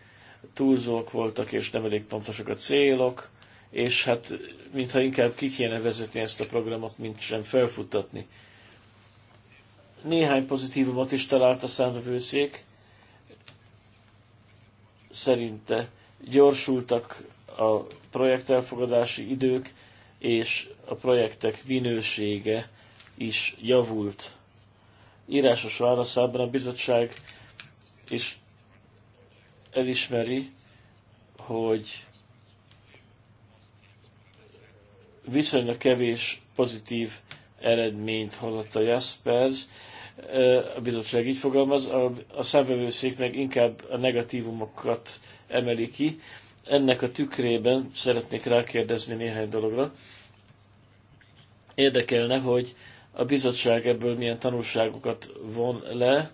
túlzók voltak és nem elég pontosak a célok, és hát mintha inkább ki kéne vezetni ezt a programot, mint sem felfuttatni. Néhány pozitívumot is talált a szemvőszék, szerinte gyorsultak a projekt elfogadási idők és a projektek minősége is javult. Írásos válaszában a bizottság is elismeri, hogy viszonylag kevés pozitív eredményt hozott a Jaspers. A bizottság így fogalmaz, a, a szemvevőszék meg inkább a negatívumokat emeli ki. Ennek a tükrében szeretnék rákérdezni néhány dologra. Érdekelne, hogy a bizottság ebből milyen tanulságokat von le,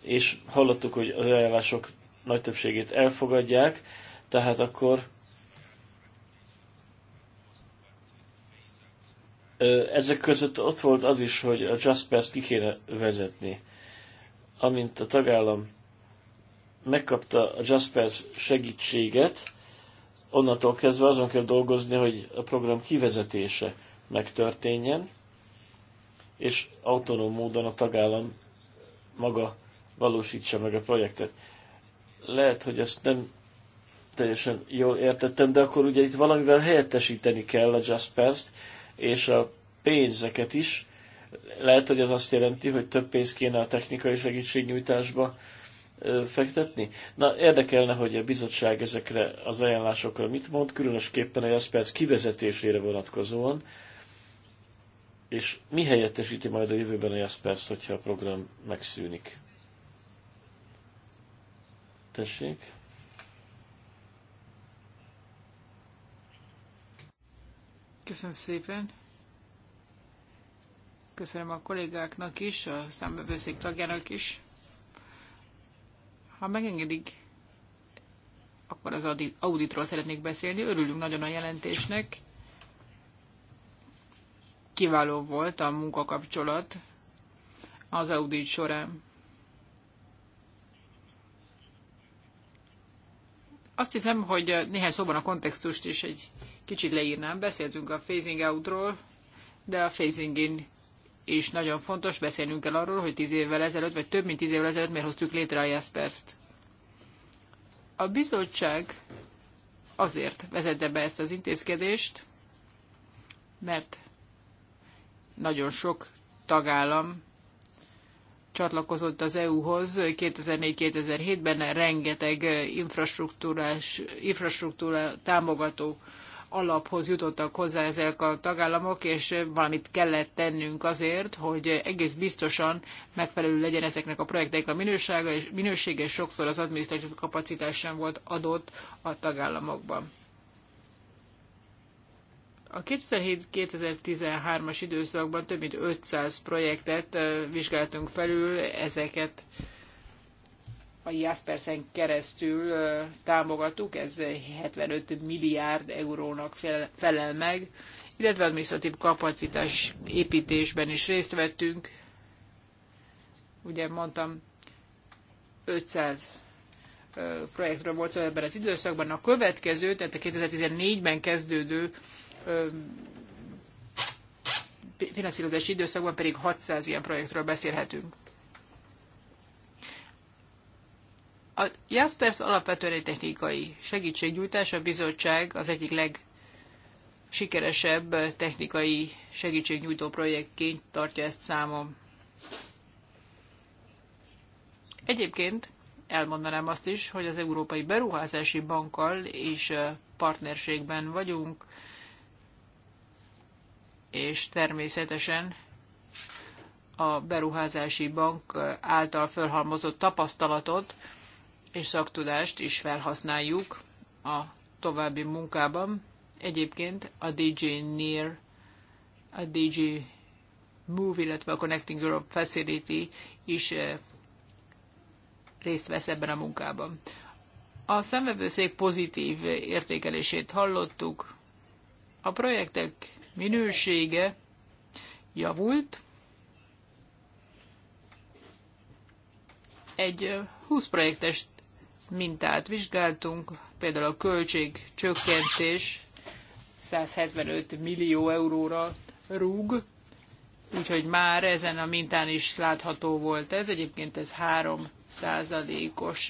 és hallottuk, hogy az ajánlások nagy többségét elfogadják, tehát akkor ezek között ott volt az is, hogy a Pass ki kéne vezetni. Amint a tagállam megkapta a Pass segítséget, onnantól kezdve azon kell dolgozni, hogy a program kivezetése megtörténjen, és autonóm módon a tagállam maga valósítsa meg a projektet. Lehet, hogy ezt nem teljesen jól értettem, de akkor ugye itt valamivel helyettesíteni kell a Jaspers-t, és a pénzeket is. Lehet, hogy ez azt jelenti, hogy több pénz kéne a technikai segítségnyújtásba, fektetni. Na, érdekelne, hogy a bizottság ezekre az ajánlásokra mit mond, különösképpen a Jaspers kivezetésére vonatkozóan, és mi helyettesíti majd a jövőben a Jaspers, hogyha a program megszűnik? Tessék. Köszönöm szépen. Köszönöm a kollégáknak is, a számbevőszék tagjának is ha megengedik, akkor az auditról szeretnék beszélni. Örülünk nagyon a jelentésnek. Kiváló volt a munkakapcsolat az audit során. Azt hiszem, hogy néhány szóban a kontextust is egy kicsit leírnám. Beszéltünk a phasing outról, de a phasing in és nagyon fontos, beszélnünk el arról, hogy tíz évvel ezelőtt, vagy több mint tíz évvel ezelőtt miért hoztuk létre a Jaspers-t. A bizottság azért vezette be ezt az intézkedést, mert nagyon sok tagállam csatlakozott az EU-hoz 2004-2007-ben, rengeteg infrastruktúrás, infrastruktúra támogató alaphoz jutottak hozzá ezek a tagállamok, és valamit kellett tennünk azért, hogy egész biztosan megfelelő legyen ezeknek a projekteknek a minősége, és, minősége, sokszor az adminisztratív kapacitás sem volt adott a tagállamokban. A 2007-2013-as időszakban több mint 500 projektet vizsgáltunk felül, ezeket a Jaspersen keresztül támogattuk, ez 75 milliárd eurónak felel meg, illetve administratív kapacitás építésben is részt vettünk. Ugye mondtam, 500 projektről volt szó ebben az időszakban. A következő, tehát a 2014-ben kezdődő finanszírozási időszakban pedig 600 ilyen projektről beszélhetünk. A Jaspers alapvetően egy technikai segítségnyújtás, a bizottság az egyik leg sikeresebb technikai segítségnyújtó projektként tartja ezt számom. Egyébként elmondanám azt is, hogy az Európai Beruházási Bankkal és partnerségben vagyunk, és természetesen a Beruházási Bank által fölhalmozott tapasztalatot és szaktudást is felhasználjuk a további munkában. Egyébként a DJ Near, a DJ Move, illetve a Connecting Europe Facility is eh, részt vesz ebben a munkában. A szemvevőszék pozitív értékelését hallottuk. A projektek minősége javult. Egy 20 eh, projektes mintát vizsgáltunk, például a költség csökkentés 175 millió euróra rúg, úgyhogy már ezen a mintán is látható volt ez. Egyébként ez 3 százalékos,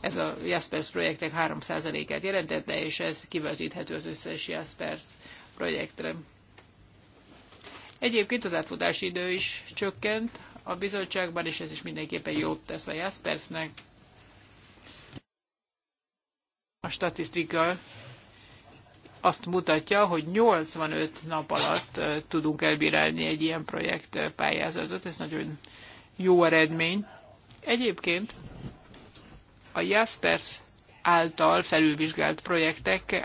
ez a Jaspers projektek 3 százalékát jelentette, és ez kivetíthető az összes Jaspers projektre. Egyébként az átfutási idő is csökkent a bizottságban, és ez is mindenképpen jót tesz a Jaspersnek a statisztika azt mutatja, hogy 85 nap alatt tudunk elbírálni egy ilyen projekt pályázatot. Ez nagyon jó eredmény. Egyébként a Jaspers által felülvizsgált projektek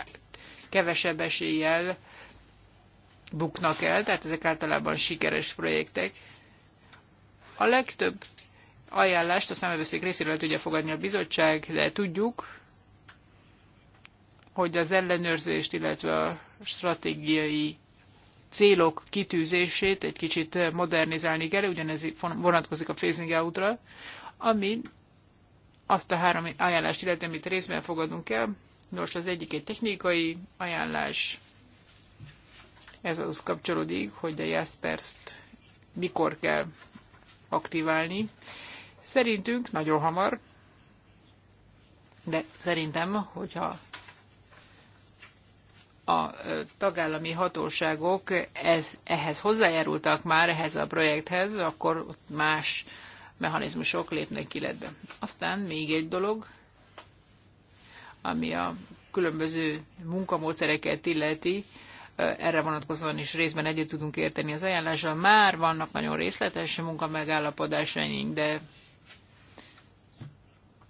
kevesebb eséllyel buknak el, tehát ezek általában sikeres projektek. A legtöbb ajánlást a számövőszék részéről tudja fogadni a bizottság, de tudjuk, hogy az ellenőrzést, illetve a stratégiai célok kitűzését egy kicsit modernizálni kell, ugyanez vonatkozik a phasing outra, ami azt a három ajánlást illetve amit részben fogadunk el. Nos, az egyik egy technikai ajánlás, ez az kapcsolódik, hogy a Jaspers-t mikor kell aktiválni. Szerintünk nagyon hamar, de szerintem, hogyha a tagállami hatóságok ez, ehhez hozzájárultak már, ehhez a projekthez, akkor más mechanizmusok lépnek illetve. Aztán még egy dolog, ami a különböző munkamódszereket illeti, erre vonatkozóan is részben együtt tudunk érteni az ajánlással. Már vannak nagyon részletes munkamegállapodásaink, de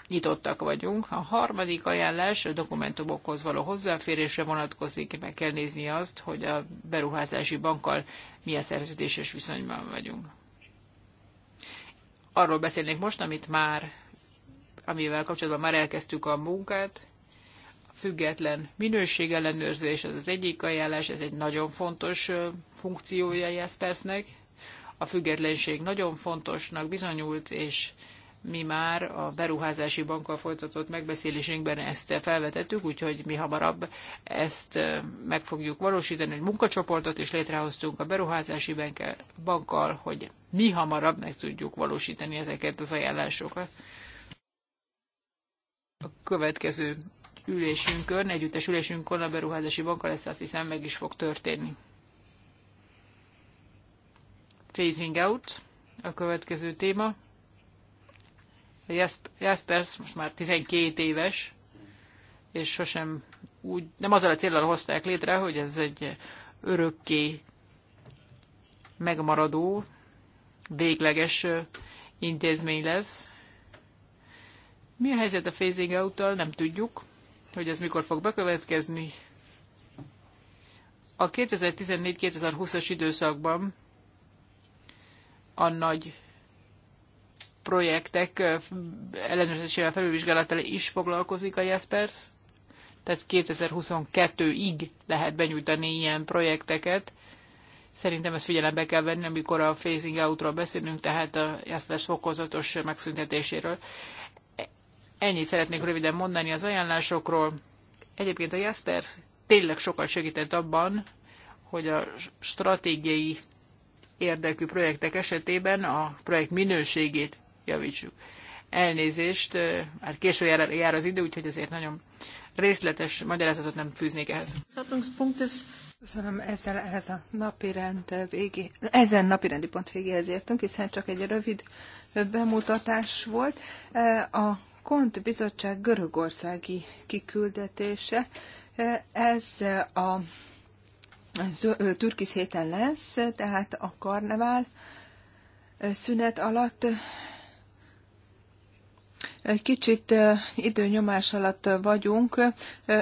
nyitottak vagyunk. A harmadik ajánlás a dokumentumokhoz való hozzáférésre vonatkozik, meg kell nézni azt, hogy a beruházási bankkal milyen szerződéses viszonyban vagyunk. Arról beszélnék most, amit már, amivel kapcsolatban már elkezdtük a munkát, független minőségellenőrzés, ez az egyik ajánlás, ez egy nagyon fontos funkciója Jespersnek. A függetlenség nagyon fontosnak bizonyult, és mi már a beruházási bankkal folytatott megbeszélésünkben ezt felvetettük, úgyhogy mi hamarabb ezt meg fogjuk valósítani, egy munkacsoportot is létrehoztunk a beruházási bankkal, hogy mi hamarabb meg tudjuk valósítani ezeket az ajánlásokat. A következő ülésünkön, együttes ülésünkön a beruházási bankkal ezt azt hiszem meg is fog történni. Phasing out a következő téma. Jaspers most már 12 éves, és sosem úgy, nem azzal a célral hozták létre, hogy ez egy örökké megmaradó, végleges intézmény lesz. Mi a helyzet a phasing out nem tudjuk, hogy ez mikor fog bekövetkezni. A 2014-2020-as időszakban a nagy projektek ellenőrzésével, felülvizsgálatával is foglalkozik a Jaspers, tehát 2022-ig lehet benyújtani ilyen projekteket. Szerintem ezt figyelembe kell venni, amikor a phasing outról beszélünk, tehát a Jaspers fokozatos megszüntetéséről. Ennyit szeretnék röviden mondani az ajánlásokról. Egyébként a Jaspers tényleg sokat segített abban, hogy a stratégiai érdekű projektek esetében a projekt minőségét javítsuk. Elnézést, már késő jár, jár az idő, úgyhogy ezért nagyon részletes magyarázatot nem fűznék ehhez. Köszönöm, ezzel ehhez a napi rend végé, ezen napi rendi pont végéhez értünk, hiszen csak egy rövid bemutatás volt. A Kont Bizottság görögországi kiküldetése, ez a türkisz héten lesz, tehát a karnevál szünet alatt egy kicsit időnyomás alatt vagyunk,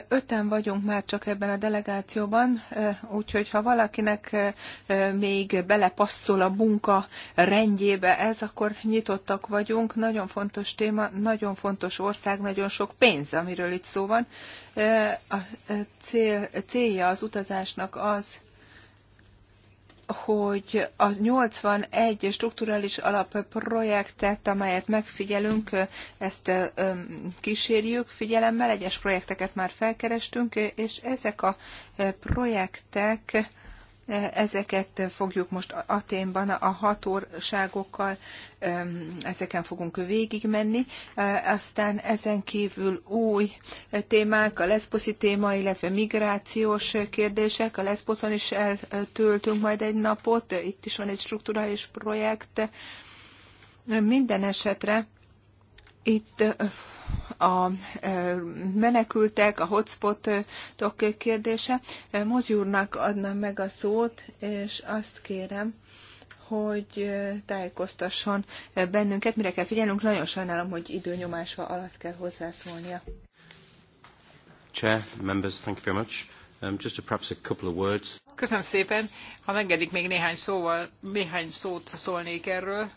öten vagyunk már csak ebben a delegációban, úgyhogy ha valakinek még belepasszol a munka rendjébe ez, akkor nyitottak vagyunk. Nagyon fontos téma, nagyon fontos ország, nagyon sok pénz, amiről itt szó van. A cél, célja az utazásnak az, hogy a 81 strukturális alapprojektet, amelyet megfigyelünk, ezt kísérjük figyelemmel, egyes projekteket már felkerestünk, és ezek a projektek Ezeket fogjuk most Aténban a hatóságokkal, ezeken fogunk végigmenni. Aztán ezen kívül új témák, a leszposzi téma, illetve migrációs kérdések. A leszposzon is eltöltünk majd egy napot, itt is van egy strukturális projekt. Minden esetre itt a menekültek, a hotspotok kérdése. Mozi úrnak adnám meg a szót, és azt kérem, hogy tájékoztasson bennünket, mire kell figyelnünk. Nagyon sajnálom, hogy időnyomásra alatt kell hozzászólnia. Chair, members, thank you very much. Um, just a, perhaps a couple of words. Köszönöm szépen. Ha megedik, még néhány, szóval, néhány szót szólnék erről.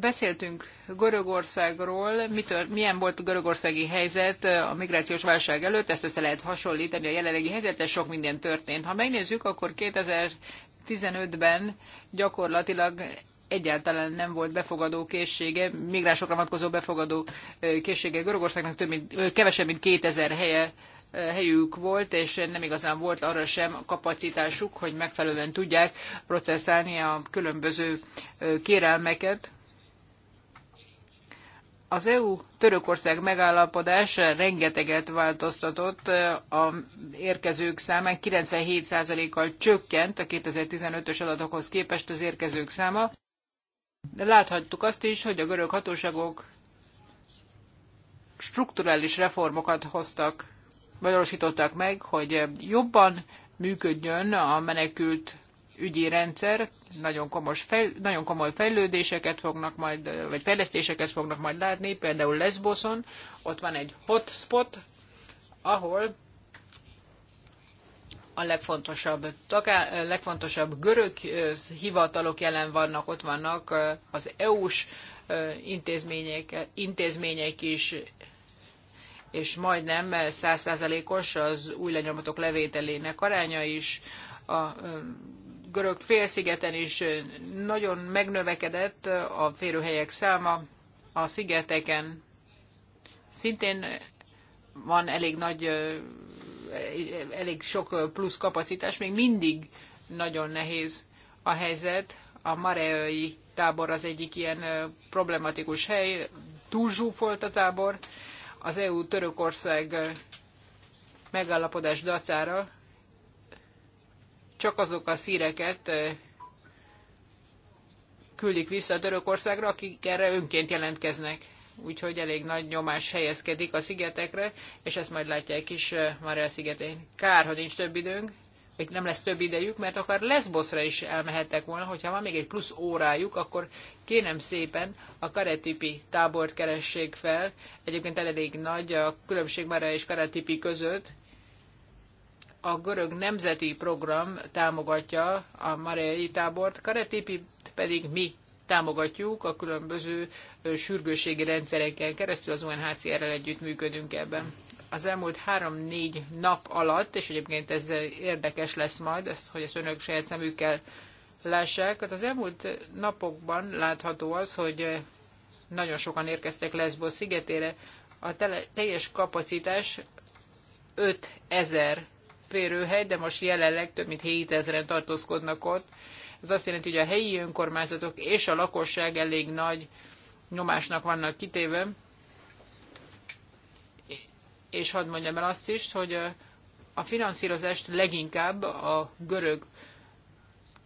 Beszéltünk Görögországról, mitől, milyen volt a görögországi helyzet a migrációs válság előtt, ezt össze lehet hasonlítani a jelenlegi helyzetre, sok minden történt. Ha megnézzük, akkor 2015-ben gyakorlatilag egyáltalán nem volt befogadó készsége, migránsokra vonatkozó befogadó készsége Görögországnak több mint, kevesebb, mint 2000 helye helyük volt, és nem igazán volt arra sem kapacitásuk, hogy megfelelően tudják processzálni a különböző kérelmeket. Az EU-Törökország megállapodás rengeteget változtatott a érkezők számán, 97%-kal csökkent a 2015-ös adatokhoz képest az érkezők száma. De láthattuk azt is, hogy a görög hatóságok strukturális reformokat hoztak, valósították meg, hogy jobban működjön a menekült ügyi rendszer nagyon, komos fel, nagyon komoly fejlődéseket fognak majd, vagy fejlesztéseket fognak majd látni, például Lesboson, ott van egy hotspot, ahol a legfontosabb, taká, legfontosabb görög hivatalok jelen vannak, ott vannak az EU-s intézmények, intézmények is, és majdnem százszázalékos az új lenyomatok levételének aránya is. A görög félszigeten is nagyon megnövekedett a férőhelyek száma, a szigeteken szintén van elég nagy, e, elég sok plusz kapacitás, még mindig nagyon nehéz a helyzet. A mareai tábor az egyik ilyen problematikus hely, túlzsúfolt a tábor. Az EU-Törökország megállapodás dacára csak azok a szíreket küldik vissza Törökországra, akik erre önként jelentkeznek. Úgyhogy elég nagy nyomás helyezkedik a szigetekre, és ezt majd látják is Marel szigetén. Kár, hogy nincs több időnk, vagy nem lesz több idejük, mert akár Lesboszra is elmehettek volna, hogyha van még egy plusz órájuk, akkor kérem szépen a karetipi tábort keressék fel. Egyébként elég nagy a különbség már és karetipi között, a görög nemzeti program támogatja a Marei tábort, Karetépit pedig mi támogatjuk a különböző sürgősségi rendszereken keresztül, az UNHCR-rel együtt működünk ebben. Az elmúlt három-négy nap alatt, és egyébként ez érdekes lesz majd, ez, hogy ezt önök saját szemükkel lássák, hát az elmúlt napokban látható az, hogy nagyon sokan érkeztek Lesbos szigetére, a tele, teljes kapacitás 5000 átférőhely, de most jelenleg több mint 7000-en tartózkodnak ott. Ez azt jelenti, hogy a helyi önkormányzatok és a lakosság elég nagy nyomásnak vannak kitéve. És hadd mondjam el azt is, hogy a finanszírozást leginkább a görög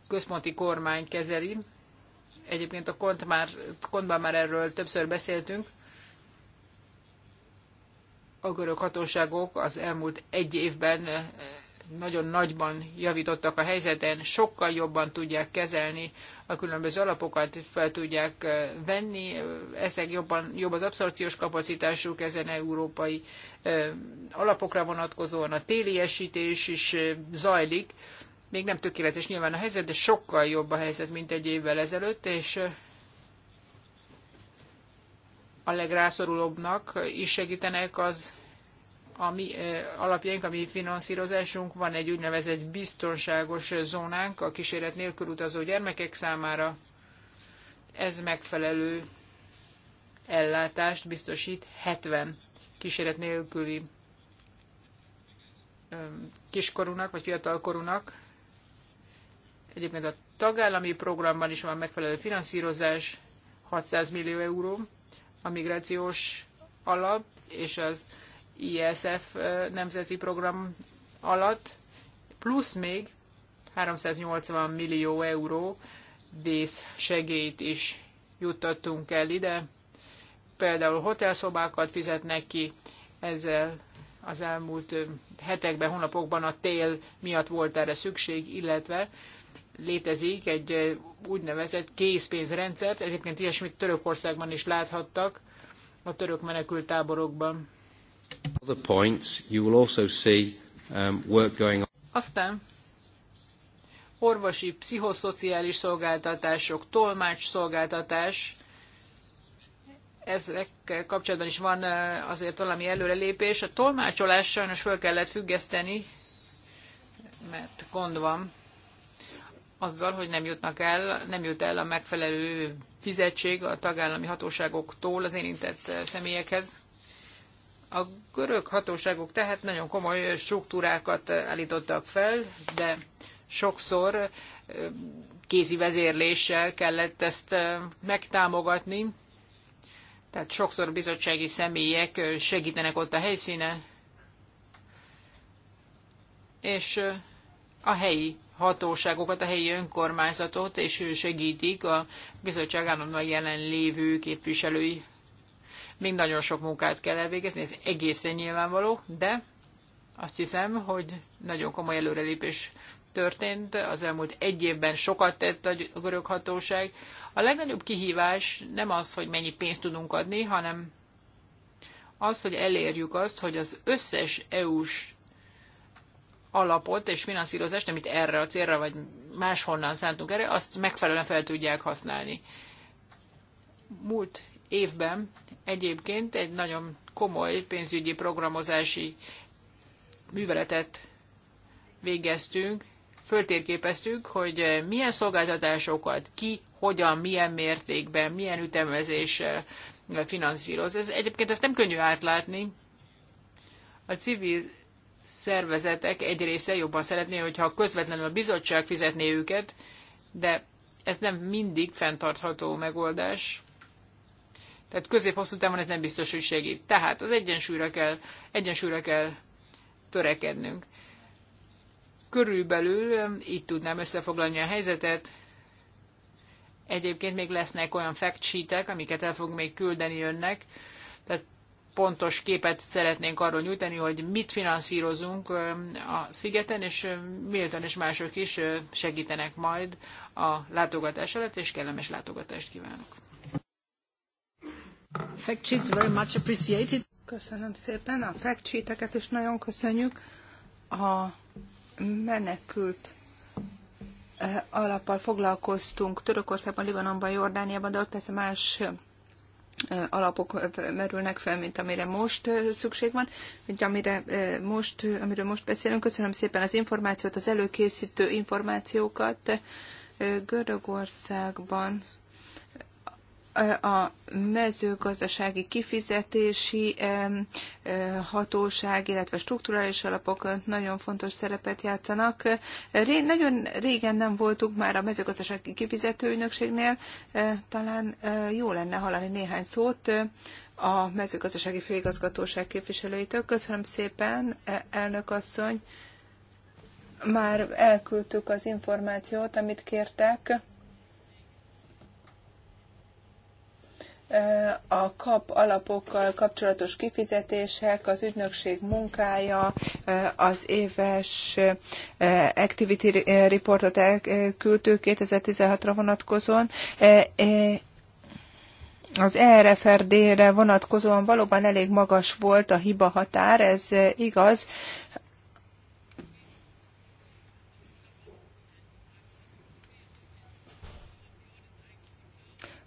központi kormány kezeli. Egyébként a kont már, kontban már erről többször beszéltünk. A görög hatóságok az elmúlt egy évben nagyon nagyban javítottak a helyzeten, sokkal jobban tudják kezelni a különböző alapokat, fel tudják venni, ezek jobban, jobb az abszorciós kapacitásuk ezen európai alapokra vonatkozóan, a téliesítés is zajlik, még nem tökéletes nyilván a helyzet, de sokkal jobb a helyzet, mint egy évvel ezelőtt, és a legrászorulóbbnak is segítenek az a mi alapjaink, a mi finanszírozásunk, van egy úgynevezett biztonságos zónánk a kíséret nélkül utazó gyermekek számára. Ez megfelelő ellátást biztosít 70 kíséret nélküli kiskorúnak vagy fiatalkorúnak. Egyébként a tagállami programban is van megfelelő finanszírozás, 600 millió euró, a migrációs alap és az ISF nemzeti program alatt, plusz még 380 millió euró vészsegélyt is juttattunk el ide. Például hotelszobákat fizetnek ki, ezzel az elmúlt hetekben, hónapokban a tél miatt volt erre szükség, illetve létezik egy úgynevezett készpénzrendszer. Egyébként ilyesmit Törökországban is láthattak a török menekültáborokban. Aztán orvosi, pszichoszociális szolgáltatások, tolmács szolgáltatás, ezekkel kapcsolatban is van uh, azért valami előrelépés. A tolmácsolás sajnos föl kellett függeszteni, mert gond van azzal, hogy nem jutnak el, nem jut el a megfelelő fizetség a tagállami hatóságoktól az érintett uh, személyekhez. A görög hatóságok tehát nagyon komoly struktúrákat állítottak fel, de sokszor kézi vezérléssel kellett ezt megtámogatni. Tehát sokszor bizottsági személyek segítenek ott a helyszínen, és a helyi hatóságokat, a helyi önkormányzatot, és segítik a bizottság állandóan jelenlévő képviselői. Még nagyon sok munkát kell elvégezni, ez egészen nyilvánvaló, de azt hiszem, hogy nagyon komoly előrelépés történt, az elmúlt egy évben sokat tett a görög hatóság. A legnagyobb kihívás nem az, hogy mennyi pénzt tudunk adni, hanem az, hogy elérjük azt, hogy az összes EU-s alapot és finanszírozást, amit erre a célra vagy máshonnan szántunk erre, azt megfelelően fel tudják használni. Múlt évben egyébként egy nagyon komoly pénzügyi programozási műveletet végeztünk, föltérképeztük, hogy milyen szolgáltatásokat, ki, hogyan, milyen mértékben, milyen ütemezéssel finanszíroz. Ez, egyébként ezt nem könnyű átlátni. A civil szervezetek egy része jobban szeretné, hogyha közvetlenül a bizottság fizetné őket, de ez nem mindig fenntartható megoldás. Tehát közép-hosszú távon ez nem biztos, hogy segít. Tehát az egyensúlyra kell, egyensúlyra kell törekednünk. Körülbelül így tudnám összefoglalni a helyzetet. Egyébként még lesznek olyan fact sheetek, amiket el fog még küldeni önnek. Tehát pontos képet szeretnénk arról nyújtani, hogy mit finanszírozunk a szigeten, és Milton és mások is segítenek majd a látogatás alatt, és kellemes látogatást kívánok. Fact sheets very much appreciated. Köszönöm szépen, a fact sheeteket is nagyon köszönjük. A menekült eh, alappal foglalkoztunk Törökországban, Libanonban, Jordániában, de ott persze más eh, alapok eh, merülnek fel, mint amire most szükség van, mint amire most, amiről most beszélünk. Köszönöm szépen az információt, az előkészítő információkat Görögországban a mezőgazdasági kifizetési hatóság, illetve strukturális alapok nagyon fontos szerepet játszanak. Ré, nagyon régen nem voltunk már a mezőgazdasági kifizetőügynökségnél, e, talán e, jó lenne hallani néhány szót e, a mezőgazdasági főigazgatóság képviselőitől. Köszönöm szépen, elnök asszony. Már elküldtük az információt, amit kértek. a kap alapokkal kapcsolatos kifizetések, az ügynökség munkája, az éves activity reportot elküldtük 2016-ra vonatkozóan, az ERFRD-re vonatkozóan valóban elég magas volt a hiba határ, ez igaz,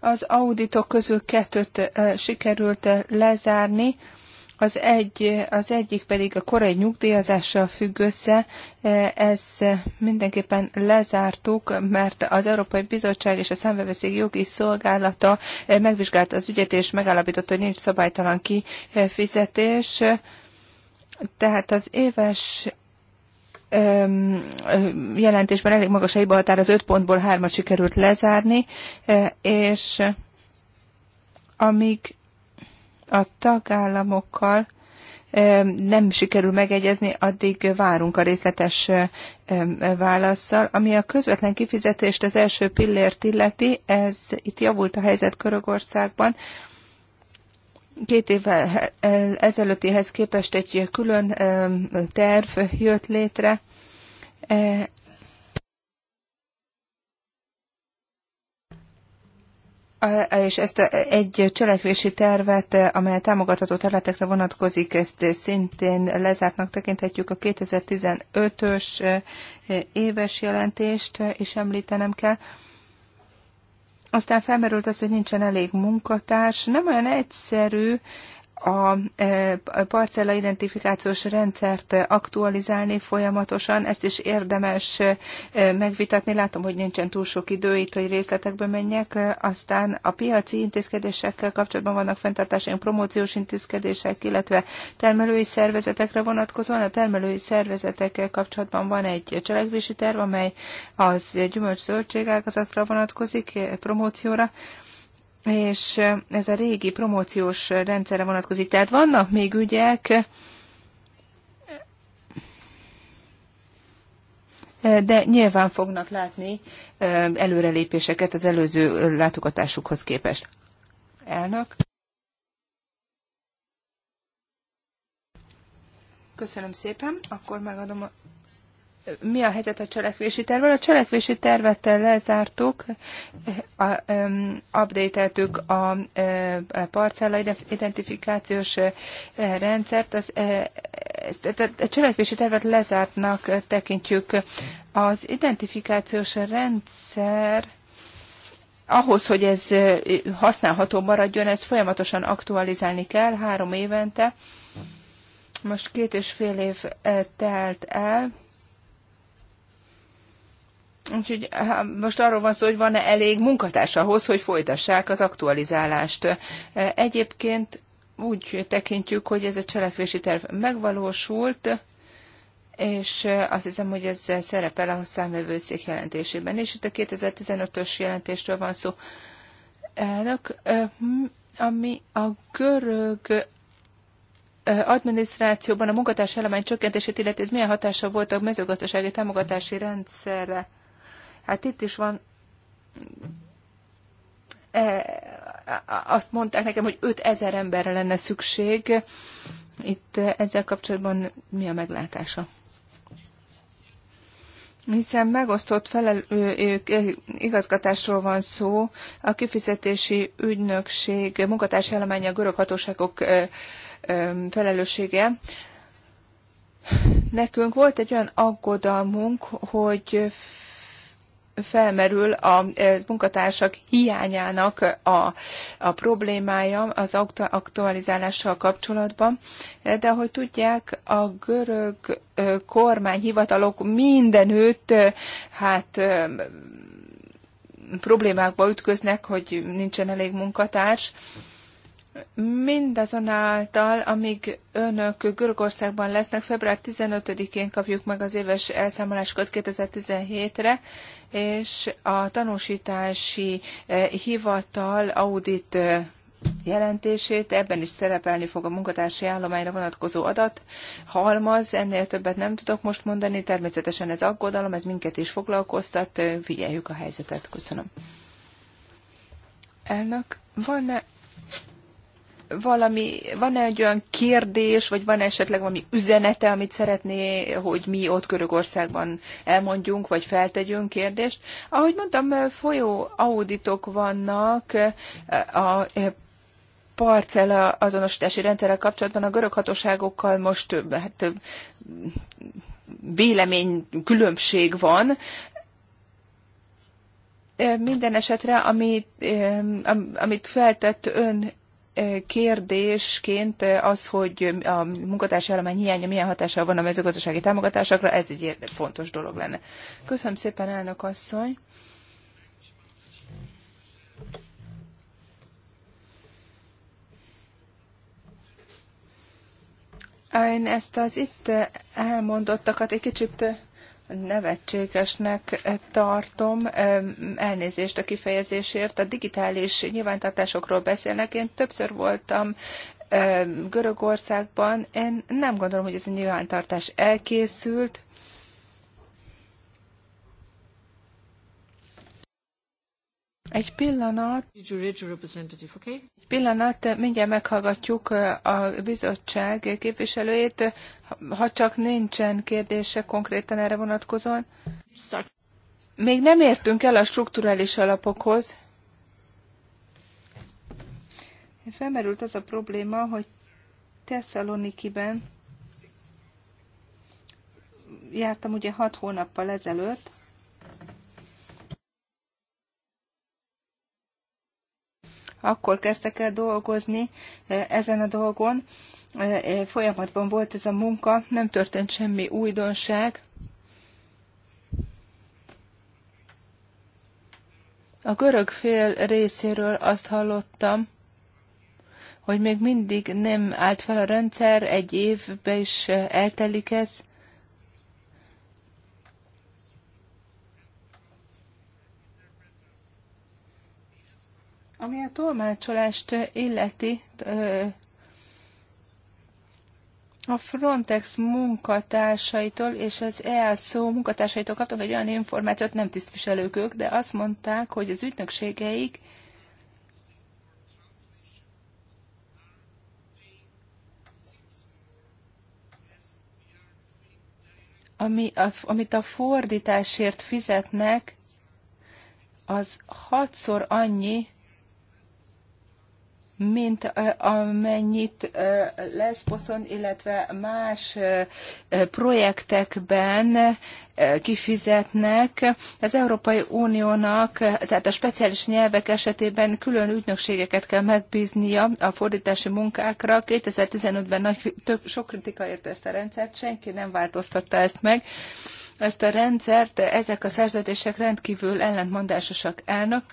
Az auditok közül kettőt eh, sikerült eh, lezárni, az, egy, az egyik pedig a korai nyugdíjazással függ össze, eh, ez mindenképpen lezártuk, mert az Európai Bizottság és a Számvevőszék jogi szolgálata megvizsgálta az ügyet, és megállapította, hogy nincs szabálytalan kifizetés. Tehát az éves jelentésben elég magas a hibahatár, az 5 pontból 3-at sikerült lezárni, és amíg a tagállamokkal nem sikerül megegyezni, addig várunk a részletes válaszsal. Ami a közvetlen kifizetést az első pillért illeti, ez itt javult a helyzet Körögországban, két évvel ezelőttihez képest egy külön terv jött létre. E, és ezt egy cselekvési tervet, amely támogatható területekre vonatkozik, ezt szintén lezártnak tekinthetjük a 2015-ös éves jelentést, és említenem kell. Aztán felmerült az, hogy nincsen elég munkatárs. Nem olyan egyszerű E, a parcella identifikációs rendszert aktualizálni folyamatosan, ezt is érdemes e, megvitatni. Látom, hogy nincsen túl sok idő itt, hogy részletekbe menjek. Aztán a piaci intézkedésekkel kapcsolatban vannak fenntartásaink, promóciós intézkedések, illetve termelői szervezetekre vonatkozóan. A termelői szervezetekkel kapcsolatban van egy cselekvési terv, amely az gyümölcs zöldségágazatra vonatkozik, promócióra és ez a régi promóciós rendszerre vonatkozik. Tehát vannak még ügyek, de nyilván fognak látni előrelépéseket az előző látogatásukhoz képest. Elnök. Köszönöm szépen, akkor megadom a mi a helyzet a cselekvési tervvel? A cselekvési tervet lezártuk, a, um, updateltük a, e, a parcella identifikációs e, rendszert, az, e, a cselekvési tervet lezártnak tekintjük. Az identifikációs rendszer ahhoz, hogy ez használható maradjon, ezt folyamatosan aktualizálni kell három évente. Most két és fél év telt el Úgyhogy most arról van szó, hogy van-e elég munkatárs ahhoz, hogy folytassák az aktualizálást. Egyébként úgy tekintjük, hogy ez a cselekvési terv megvalósult, és azt hiszem, hogy ez szerepel a számvevőszék jelentésében, és itt a 2015-ös jelentésről van szó. Elnök, ami a görög adminisztrációban a munkatárs elemány csökkentését illeti, ez milyen hatása volt a mezőgazdasági támogatási rendszerre? Hát itt is van e, azt mondták nekem, hogy 5000 emberre lenne szükség. Itt ezzel kapcsolatban mi a meglátása? Hiszen megosztott felel, igazgatásról van szó, a kifizetési ügynökség munkatársi állománya a görög hatóságok felelőssége. Nekünk volt egy olyan aggodalmunk, hogy felmerül a e, munkatársak hiányának a, a problémája az aktualizálással kapcsolatban, de ahogy tudják, a görög e, kormányhivatalok mindenütt e, hát problémákba ütköznek, hogy nincsen elég munkatárs. Mindazonáltal, amíg önök Görögországban lesznek, február 15-én kapjuk meg az éves elszámolásokat 2017-re, és a tanúsítási e, hivatal audit e, jelentését, ebben is szerepelni fog a munkatársi állományra vonatkozó adat. Halmaz, ennél többet nem tudok most mondani, természetesen ez aggodalom, ez minket is foglalkoztat, e, figyeljük a helyzetet. Köszönöm. Elnök, van-e valami, van -e egy olyan kérdés, vagy van -e esetleg valami üzenete, amit szeretné, hogy mi ott Görögországban elmondjunk, vagy feltegyünk kérdést? Ahogy mondtam, folyó auditok vannak a parcella azonosítási rendszerrel kapcsolatban a görög hatóságokkal most hát, vélemény különbség van, minden esetre, amit, amit feltett ön kérdésként az, hogy a munkatársi állomány hiánya milyen hatással van a mezőgazdasági támogatásokra, ez egy fontos dolog lenne. Köszönöm szépen, elnök asszony! Én ezt az itt elmondottakat egy kicsit nevetségesnek tartom, elnézést a kifejezésért, a digitális nyilvántartásokról beszélnek. Én többször voltam Görögországban, én nem gondolom, hogy ez a nyilvántartás elkészült, Egy pillanat. Egy pillanat, mindjárt meghallgatjuk a bizottság képviselőjét, ha csak nincsen kérdése konkrétan erre vonatkozóan. Még nem értünk el a strukturális alapokhoz. Felmerült az a probléma, hogy Tesszalonikiben jártam ugye hat hónappal ezelőtt, akkor kezdtek el dolgozni e, ezen a dolgon. E, e, folyamatban volt ez a munka, nem történt semmi újdonság. A görög fél részéről azt hallottam, hogy még mindig nem állt fel a rendszer, egy évbe is eltelik ez. Ami a tolmácsolást illeti, a Frontex munkatársaitól és az EASZO munkatársaitól kaptunk egy olyan információt, nem tisztviselők ők, de azt mondták, hogy az ügynökségeik ami, amit a fordításért fizetnek, az hatszor annyi, mint amennyit Lesboszon, illetve más projektekben kifizetnek. Az Európai Uniónak, tehát a speciális nyelvek esetében külön ügynökségeket kell megbíznia a fordítási munkákra. 2015-ben nagy, tök, sok kritika érte ezt a rendszert, senki nem változtatta ezt meg ezt a rendszert, ezek a szerződések rendkívül ellentmondásosak elnök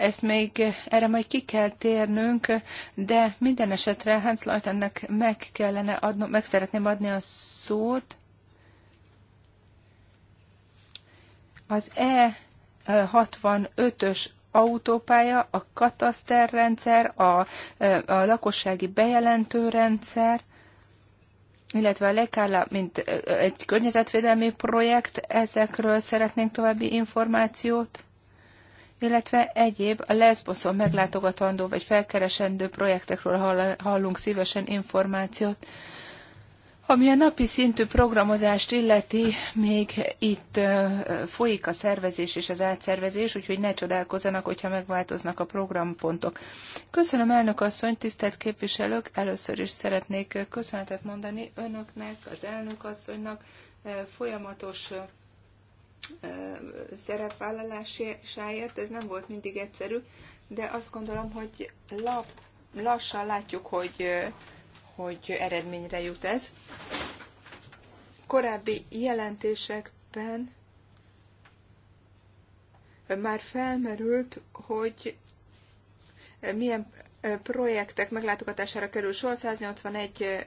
ezt még erre majd ki kell térnünk, de minden esetre Hans Leutennek meg kellene adnom, meg szeretném adni a szót. Az E65-ös autópálya, a kataszterrendszer, a, a lakossági bejelentőrendszer, illetve a Lekála, mint egy környezetvédelmi projekt, ezekről szeretnénk további információt illetve egyéb a Lesboszon meglátogatandó vagy felkeresendő projektekről hallunk szívesen információt. Ami a napi szintű programozást illeti, még itt folyik a szervezés és az átszervezés, úgyhogy ne csodálkozzanak, hogyha megváltoznak a programpontok. Köszönöm, elnök asszony, tisztelt képviselők! Először is szeretnék köszönetet mondani önöknek, az elnök asszonynak, folyamatos szerepvállalásáért. Ez nem volt mindig egyszerű, de azt gondolom, hogy lap, lassan látjuk, hogy, hogy eredményre jut ez. Korábbi jelentésekben már felmerült, hogy milyen projektek meglátogatására kerül sor, 181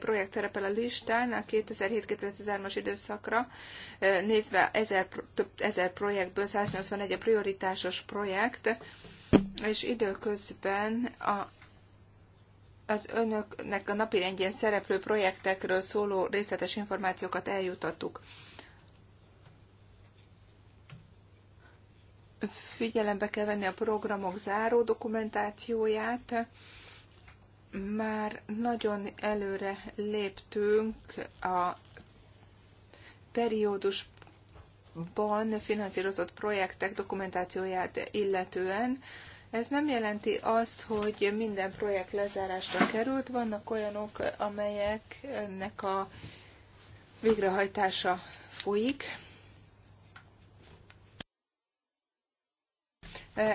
projekt szerepel a listán a 2007-2013-as időszakra. Nézve ezer, több ezer projektből 181 a prioritásos projekt, és időközben a az önöknek a rendjén szereplő projektekről szóló részletes információkat eljutattuk. figyelembe kell venni a programok záró dokumentációját. Már nagyon előre léptünk a periódusban finanszírozott projektek dokumentációját illetően. Ez nem jelenti azt, hogy minden projekt lezárásra került, vannak olyanok, amelyeknek a végrehajtása folyik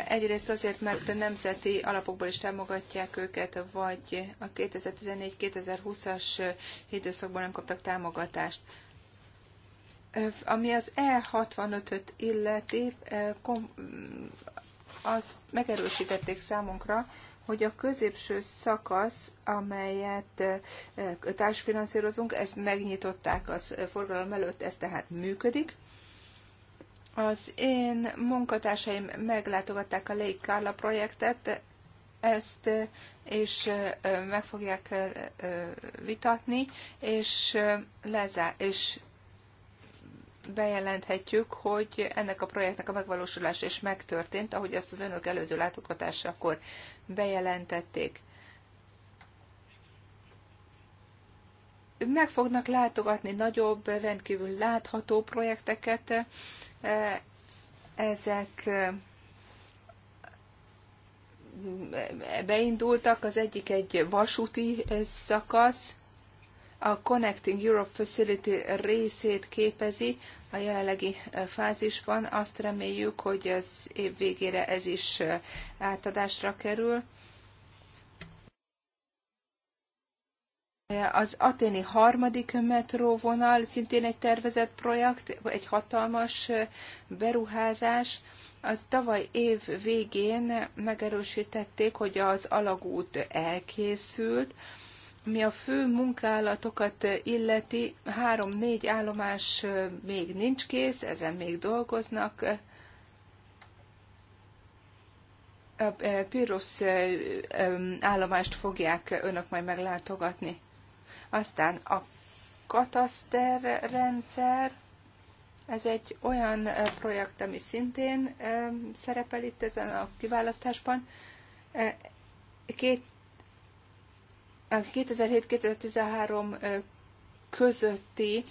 Egyrészt azért, mert a nemzeti alapokból is támogatják őket, vagy a 2014-2020-as időszakban nem kaptak támogatást. Ami az E65-öt illeti, azt megerősítették számunkra, hogy a középső szakasz, amelyet társfinanszírozunk, ezt megnyitották az forgalom előtt, ez tehát működik. Az én munkatársaim meglátogatták a Lake Carla projektet, ezt és meg fogják vitatni, és, lezá- és bejelenthetjük, hogy ennek a projektnek a megvalósulása is megtörtént, ahogy ezt az önök előző látogatásakor bejelentették. Meg fognak látogatni nagyobb, rendkívül látható projekteket, ezek beindultak, az egyik egy vasúti szakasz, a Connecting Europe Facility részét képezi a jelenlegi fázisban. Azt reméljük, hogy az év végére ez is átadásra kerül. Az aténi harmadik metróvonal szintén egy tervezett projekt, egy hatalmas beruházás. Az tavaly év végén megerősítették, hogy az alagút elkészült. Mi a fő munkálatokat illeti, három-négy állomás még nincs kész, ezen még dolgoznak. A Piros állomást fogják önök majd meglátogatni. Aztán a kataszter rendszer, ez egy olyan projekt, ami szintén szerepel itt ezen a kiválasztásban. Két, 2007-2013 közötti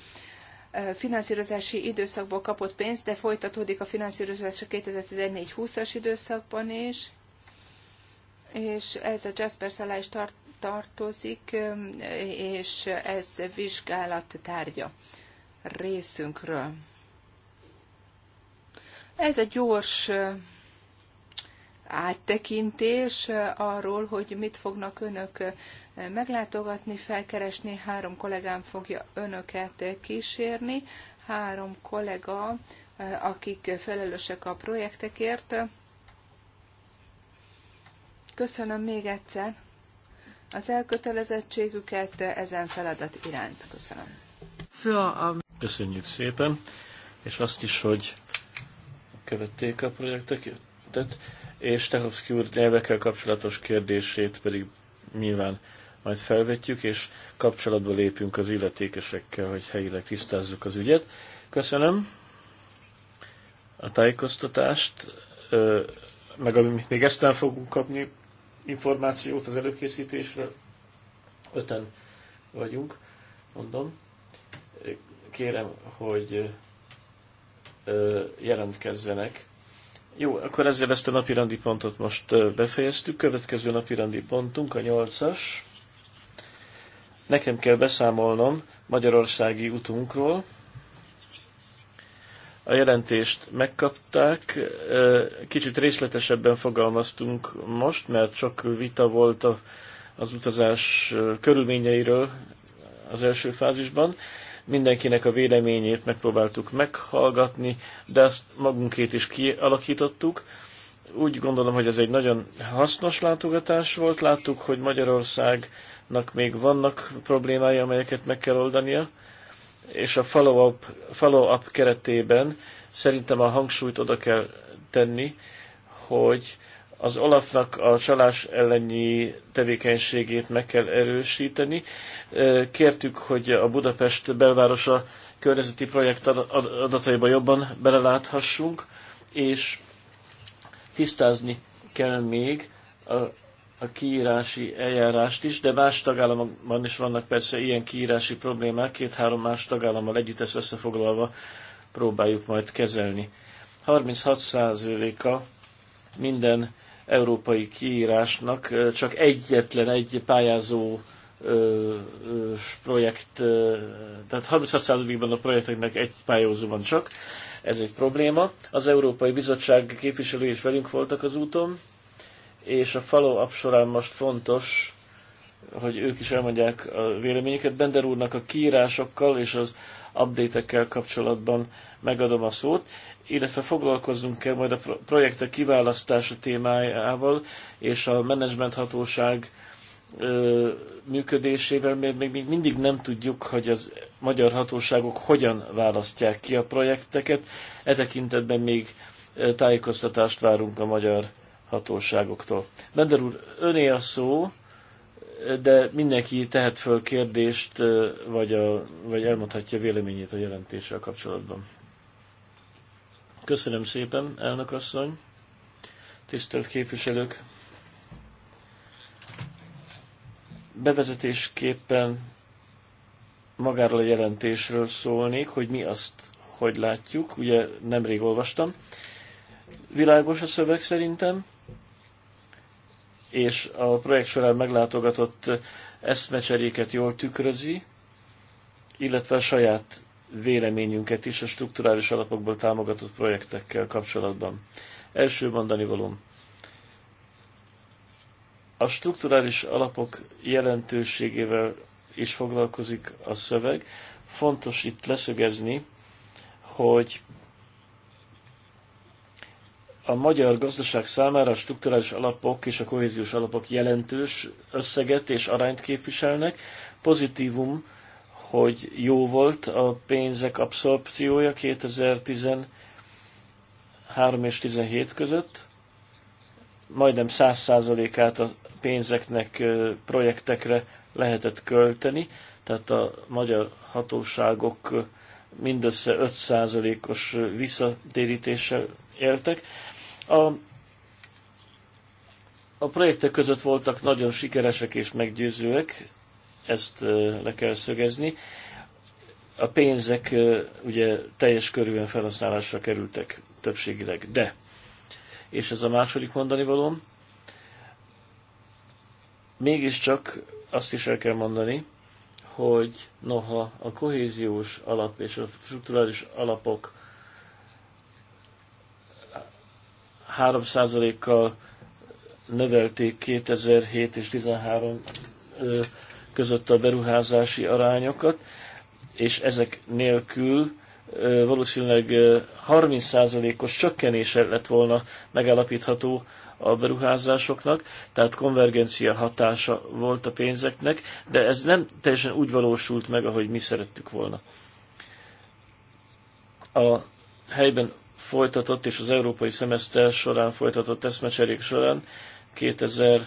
finanszírozási időszakból kapott pénzt, de folytatódik a finanszírozás a 2014-20-as időszakban is, és ez a Jasper Szalá is tart, tartozik, és ez vizsgálat tárgya részünkről. Ez egy gyors áttekintés arról, hogy mit fognak önök meglátogatni, felkeresni. Három kollégám fogja önöket kísérni. Három kollega, akik felelősek a projektekért. Köszönöm még egyszer az elkötelezettségüket ezen feladat iránt. Köszönöm. Um, Köszönjük szépen, és azt is, hogy követték a projektet, és Tehovszki úr nyelvekkel kapcsolatos kérdését pedig nyilván majd felvetjük, és kapcsolatba lépünk az illetékesekkel, hogy helyileg tisztázzuk az ügyet. Köszönöm a tájékoztatást, meg amit még ezt nem fogunk kapni, információt az előkészítésről. Öten vagyunk, mondom. Kérem, hogy jelentkezzenek. Jó, akkor ezzel ezt a rendi pontot most befejeztük. Következő rendi pontunk a nyolcas. Nekem kell beszámolnom Magyarországi utunkról. A jelentést megkapták, kicsit részletesebben fogalmaztunk most, mert sok vita volt az utazás körülményeiről az első fázisban. Mindenkinek a véleményét megpróbáltuk meghallgatni, de azt magunkét is kialakítottuk úgy gondolom, hogy ez egy nagyon hasznos látogatás volt. Láttuk, hogy Magyarországnak még vannak problémái, amelyeket meg kell oldania és a follow-up follow -up keretében szerintem a hangsúlyt oda kell tenni, hogy az Olafnak a csalás elleni tevékenységét meg kell erősíteni. Kértük, hogy a Budapest belvárosa környezeti projekt adataiba jobban beleláthassunk, és tisztázni kell még a a kiírási eljárást is, de más tagállamokban is vannak persze ilyen kiírási problémák, két-három más tagállammal együtt ezt összefoglalva próbáljuk majd kezelni. 36%-a minden európai kiírásnak csak egyetlen egy pályázó projekt, tehát 36%-ban a projekteknek egy pályázó van csak, ez egy probléma. Az Európai Bizottság képviselői is velünk voltak az úton, és a follow-up során most fontos, hogy ők is elmondják a véleményüket. Bender úrnak a kiírásokkal és az update-ekkel kapcsolatban megadom a szót, illetve foglalkozzunk kell majd a projektek kiválasztása témájával és a menedzsment hatóság működésével, mert még, még mindig nem tudjuk, hogy az magyar hatóságok hogyan választják ki a projekteket. E tekintetben még tájékoztatást várunk a magyar hatóságoktól. Bender úr, öné a szó, de mindenki tehet föl kérdést, vagy, a, vagy elmondhatja véleményét a jelentéssel kapcsolatban. Köszönöm szépen, elnök asszony, tisztelt képviselők! Bevezetésképpen magáról a jelentésről szólnék, hogy mi azt hogy látjuk, ugye nemrég olvastam. Világos a szöveg szerintem, és a projekt során meglátogatott eszmecseréket jól tükrözi, illetve a saját véleményünket is a strukturális alapokból támogatott projektekkel kapcsolatban. Első mondani valóm. A strukturális alapok jelentőségével is foglalkozik a szöveg. Fontos itt leszögezni, hogy a magyar gazdaság számára a strukturális alapok és a kohéziós alapok jelentős összeget és arányt képviselnek. Pozitívum, hogy jó volt a pénzek abszorpciója 2013 és 2017 között. Majdnem 100%-át a pénzeknek projektekre lehetett költeni, tehát a magyar hatóságok mindössze 5%-os visszatérítéssel éltek. A, a projektek között voltak nagyon sikeresek és meggyőzőek, ezt le kell szögezni. A pénzek ugye teljes körülön felhasználásra kerültek többségileg, de, és ez a második mondani valóm, mégiscsak azt is el kell mondani, hogy noha a kohéziós alap és a strukturális alapok 3%-kal növelték 2007 és 2013 között a beruházási arányokat, és ezek nélkül valószínűleg 30%-os csökkenése lett volna megállapítható a beruházásoknak, tehát konvergencia hatása volt a pénzeknek, de ez nem teljesen úgy valósult meg, ahogy mi szerettük volna. A helyben folytatott és az európai szemeszter során folytatott eszmecserék során 2020-ig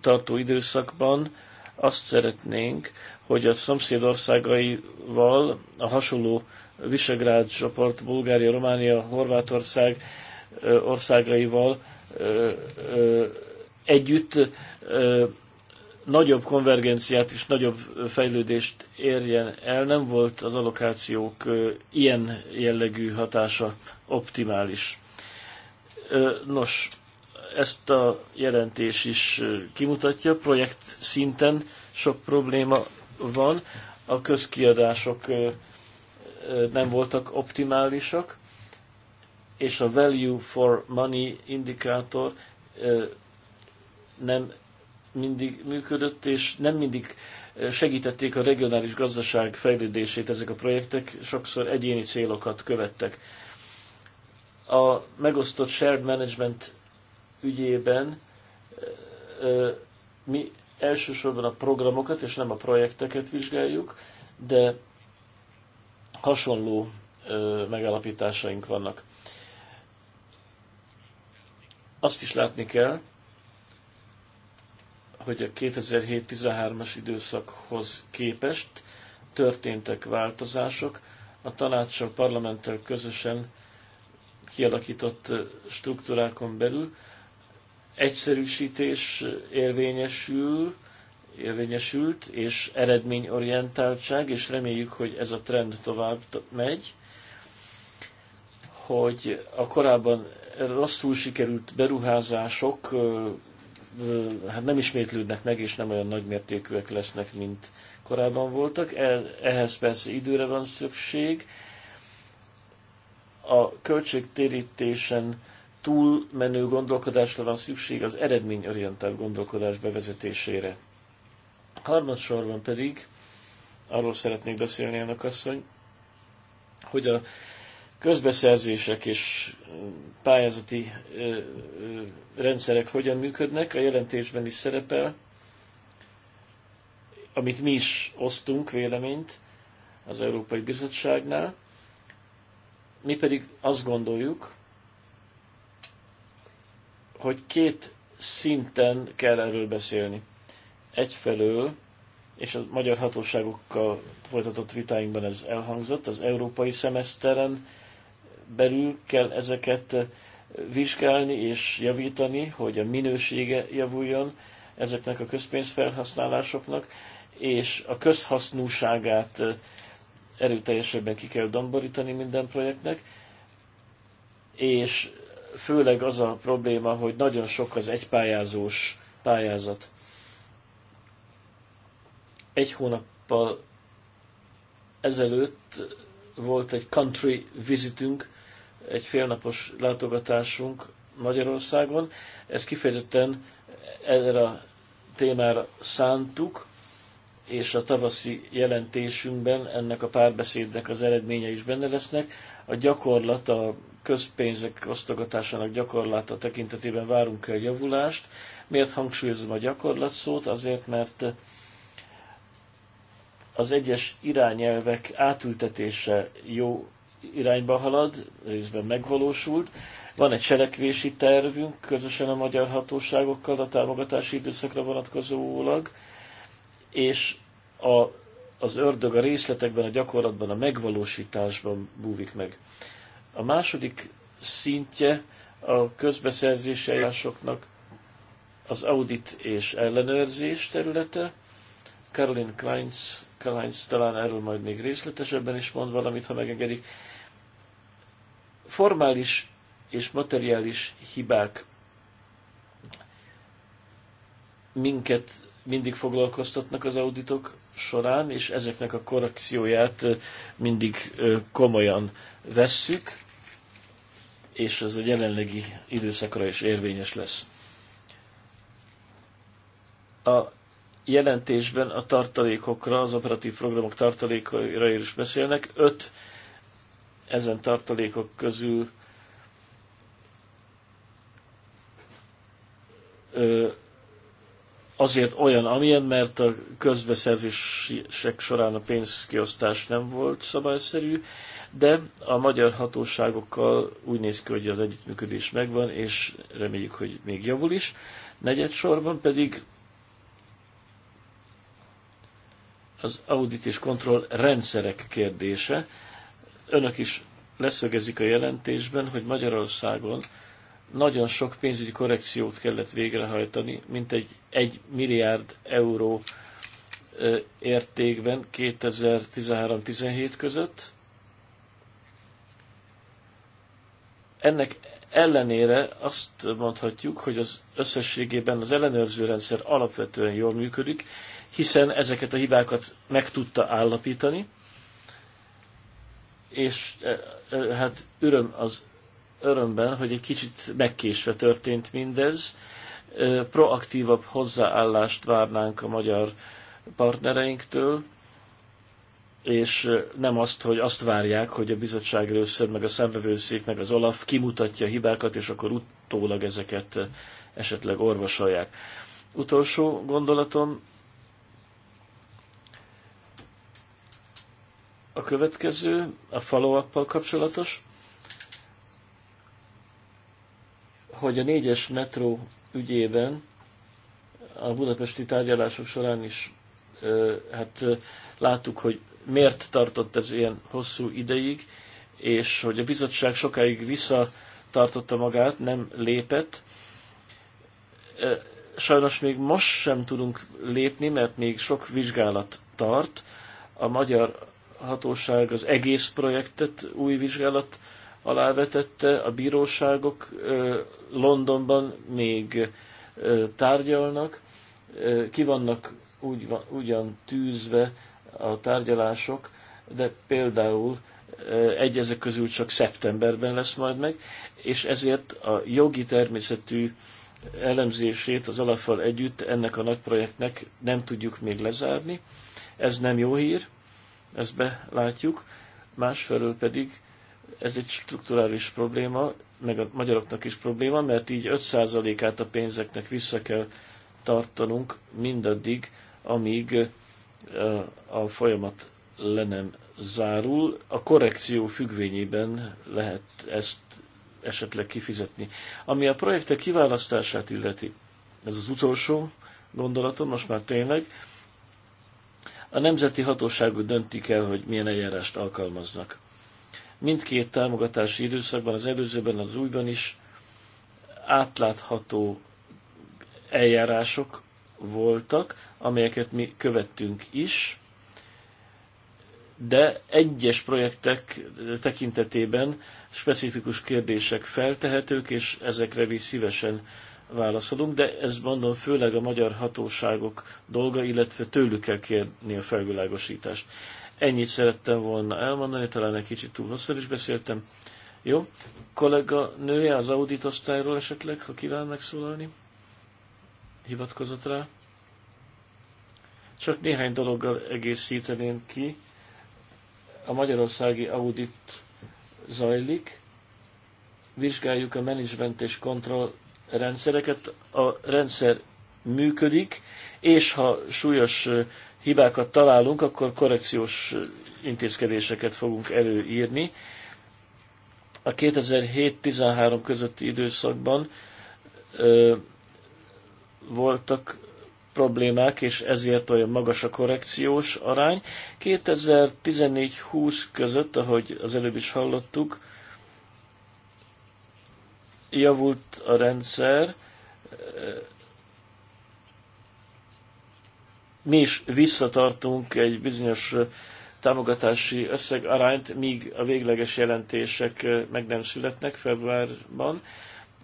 tartó időszakban azt szeretnénk, hogy a szomszédországaival a hasonló Visegrád csoport, Bulgária, Románia, Horvátország országaival együtt nagyobb konvergenciát és nagyobb fejlődést érjen el, nem volt az allokációk ilyen jellegű hatása optimális. Nos, ezt a jelentés is kimutatja, projekt szinten sok probléma van, a közkiadások nem voltak optimálisak, és a value for money indikátor nem mindig működött, és nem mindig eh, segítették a regionális gazdaság fejlődését ezek a projektek, sokszor egyéni célokat követtek. A megosztott shared management ügyében eh, eh, mi elsősorban a programokat és nem a projekteket vizsgáljuk, de hasonló megállapításaink vannak. Azt is látni kell, hogy a 2007-13-as időszakhoz képest történtek változások. A a parlamenttel közösen kialakított struktúrákon belül egyszerűsítés érvényesül, érvényesült, és eredményorientáltság, és reméljük, hogy ez a trend tovább megy, hogy a korábban rosszul sikerült beruházások hát nem ismétlődnek meg, és nem olyan nagymértékűek lesznek, mint korábban voltak. Ehhez persze időre van szükség. A költségtérítésen túlmenő gondolkodásra van szükség az eredményorientált gondolkodás bevezetésére. Harmadsorban pedig arról szeretnék beszélni ennek asszony, hogy a közbeszerzések és pályázati rendszerek hogyan működnek, a jelentésben is szerepel, amit mi is osztunk véleményt az Európai Bizottságnál. Mi pedig azt gondoljuk, hogy két szinten kell erről beszélni. Egyfelől, és a magyar hatóságokkal folytatott vitáinkban ez elhangzott, az európai szemeszteren belül kell ezeket eh, vizsgálni és javítani, hogy a minősége javuljon ezeknek a közpénzfelhasználásoknak, és a közhasznúságát eh, erőteljesebben ki kell domborítani minden projektnek, és főleg az a probléma, hogy nagyon sok az egypályázós pályázat. Egy hónappal ezelőtt volt egy country visitünk, egy félnapos látogatásunk Magyarországon. Ezt kifejezetten erre a témára szántuk, és a tavaszi jelentésünkben ennek a párbeszédnek az eredménye is benne lesznek. A gyakorlat, a közpénzek osztogatásának gyakorlata tekintetében várunk el javulást. Miért hangsúlyozom a gyakorlat szót? Azért, mert az egyes irányelvek átültetése jó irányba halad, részben megvalósult. Van egy cselekvési tervünk közösen a magyar hatóságokkal a támogatási időszakra vonatkozólag, és a, az ördög a részletekben, a gyakorlatban, a megvalósításban búvik meg. A második szintje a közbeszerzési eljárásoknak az audit és ellenőrzés területe, Caroline Kleins, Kleins talán erről majd még részletesebben is mond valamit, ha megengedik. Formális és materiális hibák minket mindig foglalkoztatnak az auditok során, és ezeknek a korrekcióját mindig komolyan vesszük, és ez a jelenlegi időszakra is érvényes lesz. A jelentésben a tartalékokra, az operatív programok tartalékaira is beszélnek. Öt ezen tartalékok közül azért olyan, amilyen, mert a közbeszerzések során a pénzkiosztás nem volt szabályszerű, de a magyar hatóságokkal úgy néz ki, hogy az együttműködés megvan, és reméljük, hogy még javul is. Negyed sorban pedig az audit és kontroll rendszerek kérdése. Önök is leszögezik a jelentésben, hogy Magyarországon nagyon sok pénzügyi korrekciót kellett végrehajtani, mint egy 1 milliárd euró értékben 2013-17 között. Ennek ellenére azt mondhatjuk, hogy az összességében az ellenőrző rendszer alapvetően jól működik, hiszen ezeket a hibákat meg tudta állapítani, és e, e, hát öröm az örömben, hogy egy kicsit megkésve történt mindez. E, proaktívabb hozzáállást várnánk a magyar partnereinktől, és nem azt, hogy azt várják, hogy a bizottság először, meg a szembevőszék, meg az OLAF kimutatja a hibákat, és akkor utólag ezeket esetleg orvosolják. Utolsó gondolatom, A következő a follow kapcsolatos, hogy a négyes metró ügyében a budapesti tárgyalások során is hát láttuk, hogy miért tartott ez ilyen hosszú ideig, és hogy a bizottság sokáig visszatartotta magát, nem lépett. Sajnos még most sem tudunk lépni, mert még sok vizsgálat tart. A magyar hatóság az egész projektet új vizsgálat alávetette, a bíróságok Londonban még tárgyalnak, ki vannak úgy, ugyan tűzve a tárgyalások, de például egy ezek közül csak szeptemberben lesz majd meg, és ezért a jogi természetű elemzését az alapfal együtt ennek a nagy projektnek nem tudjuk még lezárni. Ez nem jó hír, ezt belátjuk, másfelől pedig ez egy strukturális probléma, meg a magyaroknak is probléma, mert így 5%-át a pénzeknek vissza kell tartanunk mindaddig, amíg a folyamat le nem zárul. A korrekció függvényében lehet ezt esetleg kifizetni. Ami a projektek kiválasztását illeti, ez az utolsó gondolatom, most már tényleg, a nemzeti hatóságok döntik el, hogy milyen eljárást alkalmaznak. Mindkét támogatási időszakban, az előzőben, az újban is átlátható eljárások voltak, amelyeket mi követtünk is, de egyes projektek tekintetében specifikus kérdések feltehetők, és ezekre mi szívesen válaszolunk, de ez mondom főleg a magyar hatóságok dolga, illetve tőlük kell kérni a felvilágosítást. Ennyit szerettem volna elmondani, talán egy kicsit túl hosszan is beszéltem. Jó, kollega nője az audit osztályról esetleg, ha kíván megszólalni, hivatkozott rá. Csak néhány dologgal egészíteném ki. A magyarországi audit zajlik, vizsgáljuk a menedzsment és kontroll rendszereket, a rendszer működik, és ha súlyos hibákat találunk, akkor korrekciós intézkedéseket fogunk előírni. A 2007-13 közötti időszakban ö, voltak problémák, és ezért olyan magas a korrekciós arány. 2014-20 között, ahogy az előbb is hallottuk, javult a rendszer, mi is visszatartunk egy bizonyos támogatási összeg arányt, míg a végleges jelentések meg nem születnek februárban.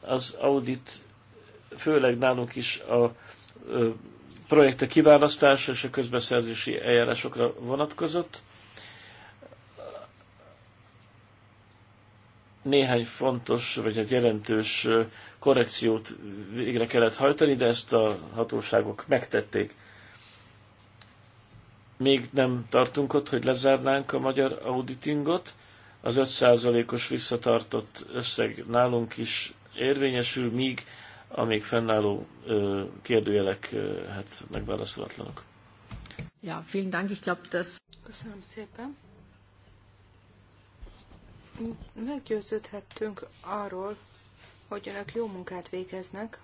Az audit főleg nálunk is a projektek kiválasztása és a közbeszerzési eljárásokra vonatkozott. néhány fontos, vagy egy hát jelentős korrekciót végre kellett hajtani, de ezt a hatóságok megtették. Még nem tartunk ott, hogy lezárnánk a magyar auditingot. Az 5%-os visszatartott összeg nálunk is érvényesül, míg a még fennálló kérdőjelek hát megválaszolatlanok. Ja, vielen Dank, ich glaube, das... Köszönöm szépen meggyőződhettünk arról, hogy önök jó munkát végeznek,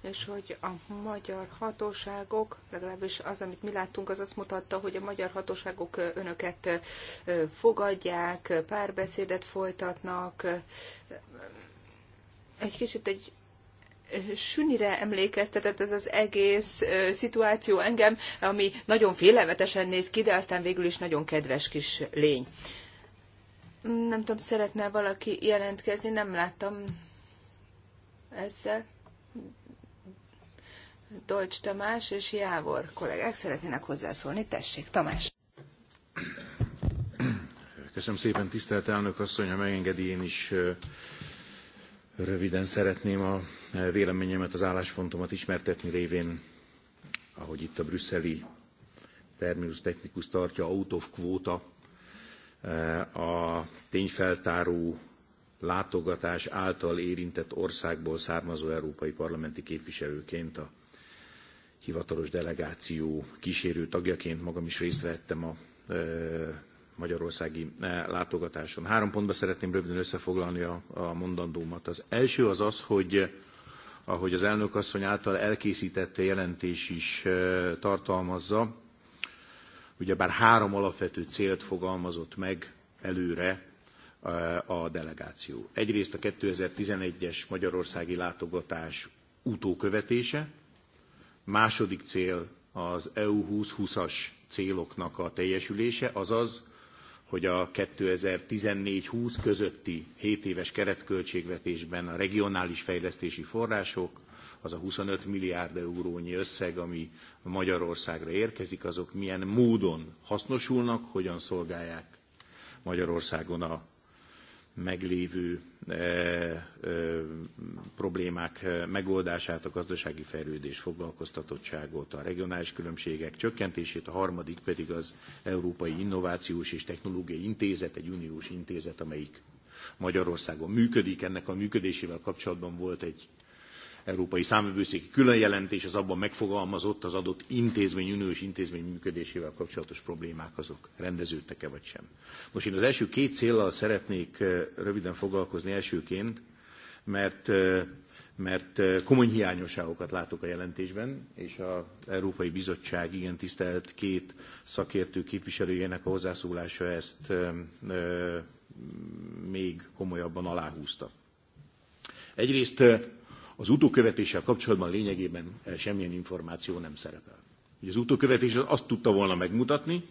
és hogy a magyar hatóságok, legalábbis az, amit mi láttunk, az azt mutatta, hogy a magyar hatóságok önöket fogadják, párbeszédet folytatnak. Egy kicsit egy sünire emlékeztetett ez az egész szituáció engem, ami nagyon félelmetesen néz ki, de aztán végül is nagyon kedves kis lény. Nem tudom, szeretne valaki jelentkezni, nem láttam ezzel. Dolcs Tamás és Jávor kollégák szeretnének hozzászólni. Tessék, Tamás! Köszönöm szépen, tisztelt elnök asszony, ha megengedi, én is röviden szeretném a véleményemet, az álláspontomat ismertetni révén, ahogy itt a brüsszeli terminus technikus tartja, out of quota a tényfeltáró látogatás által érintett országból származó európai parlamenti képviselőként a hivatalos delegáció kísérő tagjaként magam is részt vettem a e, magyarországi e, látogatáson. Három pontba szeretném röviden összefoglalni a, a mondandómat. Az első az az, hogy e, ahogy az elnök asszony által elkészített jelentés is tartalmazza, ugyebár három alapvető célt fogalmazott meg előre e, a delegáció. Egyrészt a 2011-es magyarországi látogatás utókövetése, második cél az EU 2020-as céloknak a teljesülése, azaz, hogy a 2014-20 közötti 7 éves keretköltségvetésben a regionális fejlesztési források az a 25 milliárd eurónyi összeg, ami Magyarországra érkezik, azok milyen módon hasznosulnak, hogyan szolgálják Magyarországon a meglévő e, e, problémák megoldását, a gazdasági fejlődés, foglalkoztatottságot, a regionális különbségek csökkentését, a harmadik pedig az Európai Innovációs és Technológiai Intézet, egy uniós intézet, amelyik Magyarországon működik. Ennek a működésével kapcsolatban volt egy Európai Számvevőszéki különjelentés, az abban megfogalmazott az adott intézmény, uniós intézmény működésével kapcsolatos problémák azok rendeződtek-e vagy sem. Most én az első két céllal szeretnék röviden foglalkozni elsőként, mert mert komoly hiányosságokat látok a jelentésben, és az Európai Bizottság igen tisztelt két szakértő képviselőjének a hozzászólása ezt még komolyabban aláhúzta. Egyrészt az utókövetéssel kapcsolatban lényegében eh, semmilyen információ nem szerepel. Ugye az utókövetés az azt tudta volna megmutatni,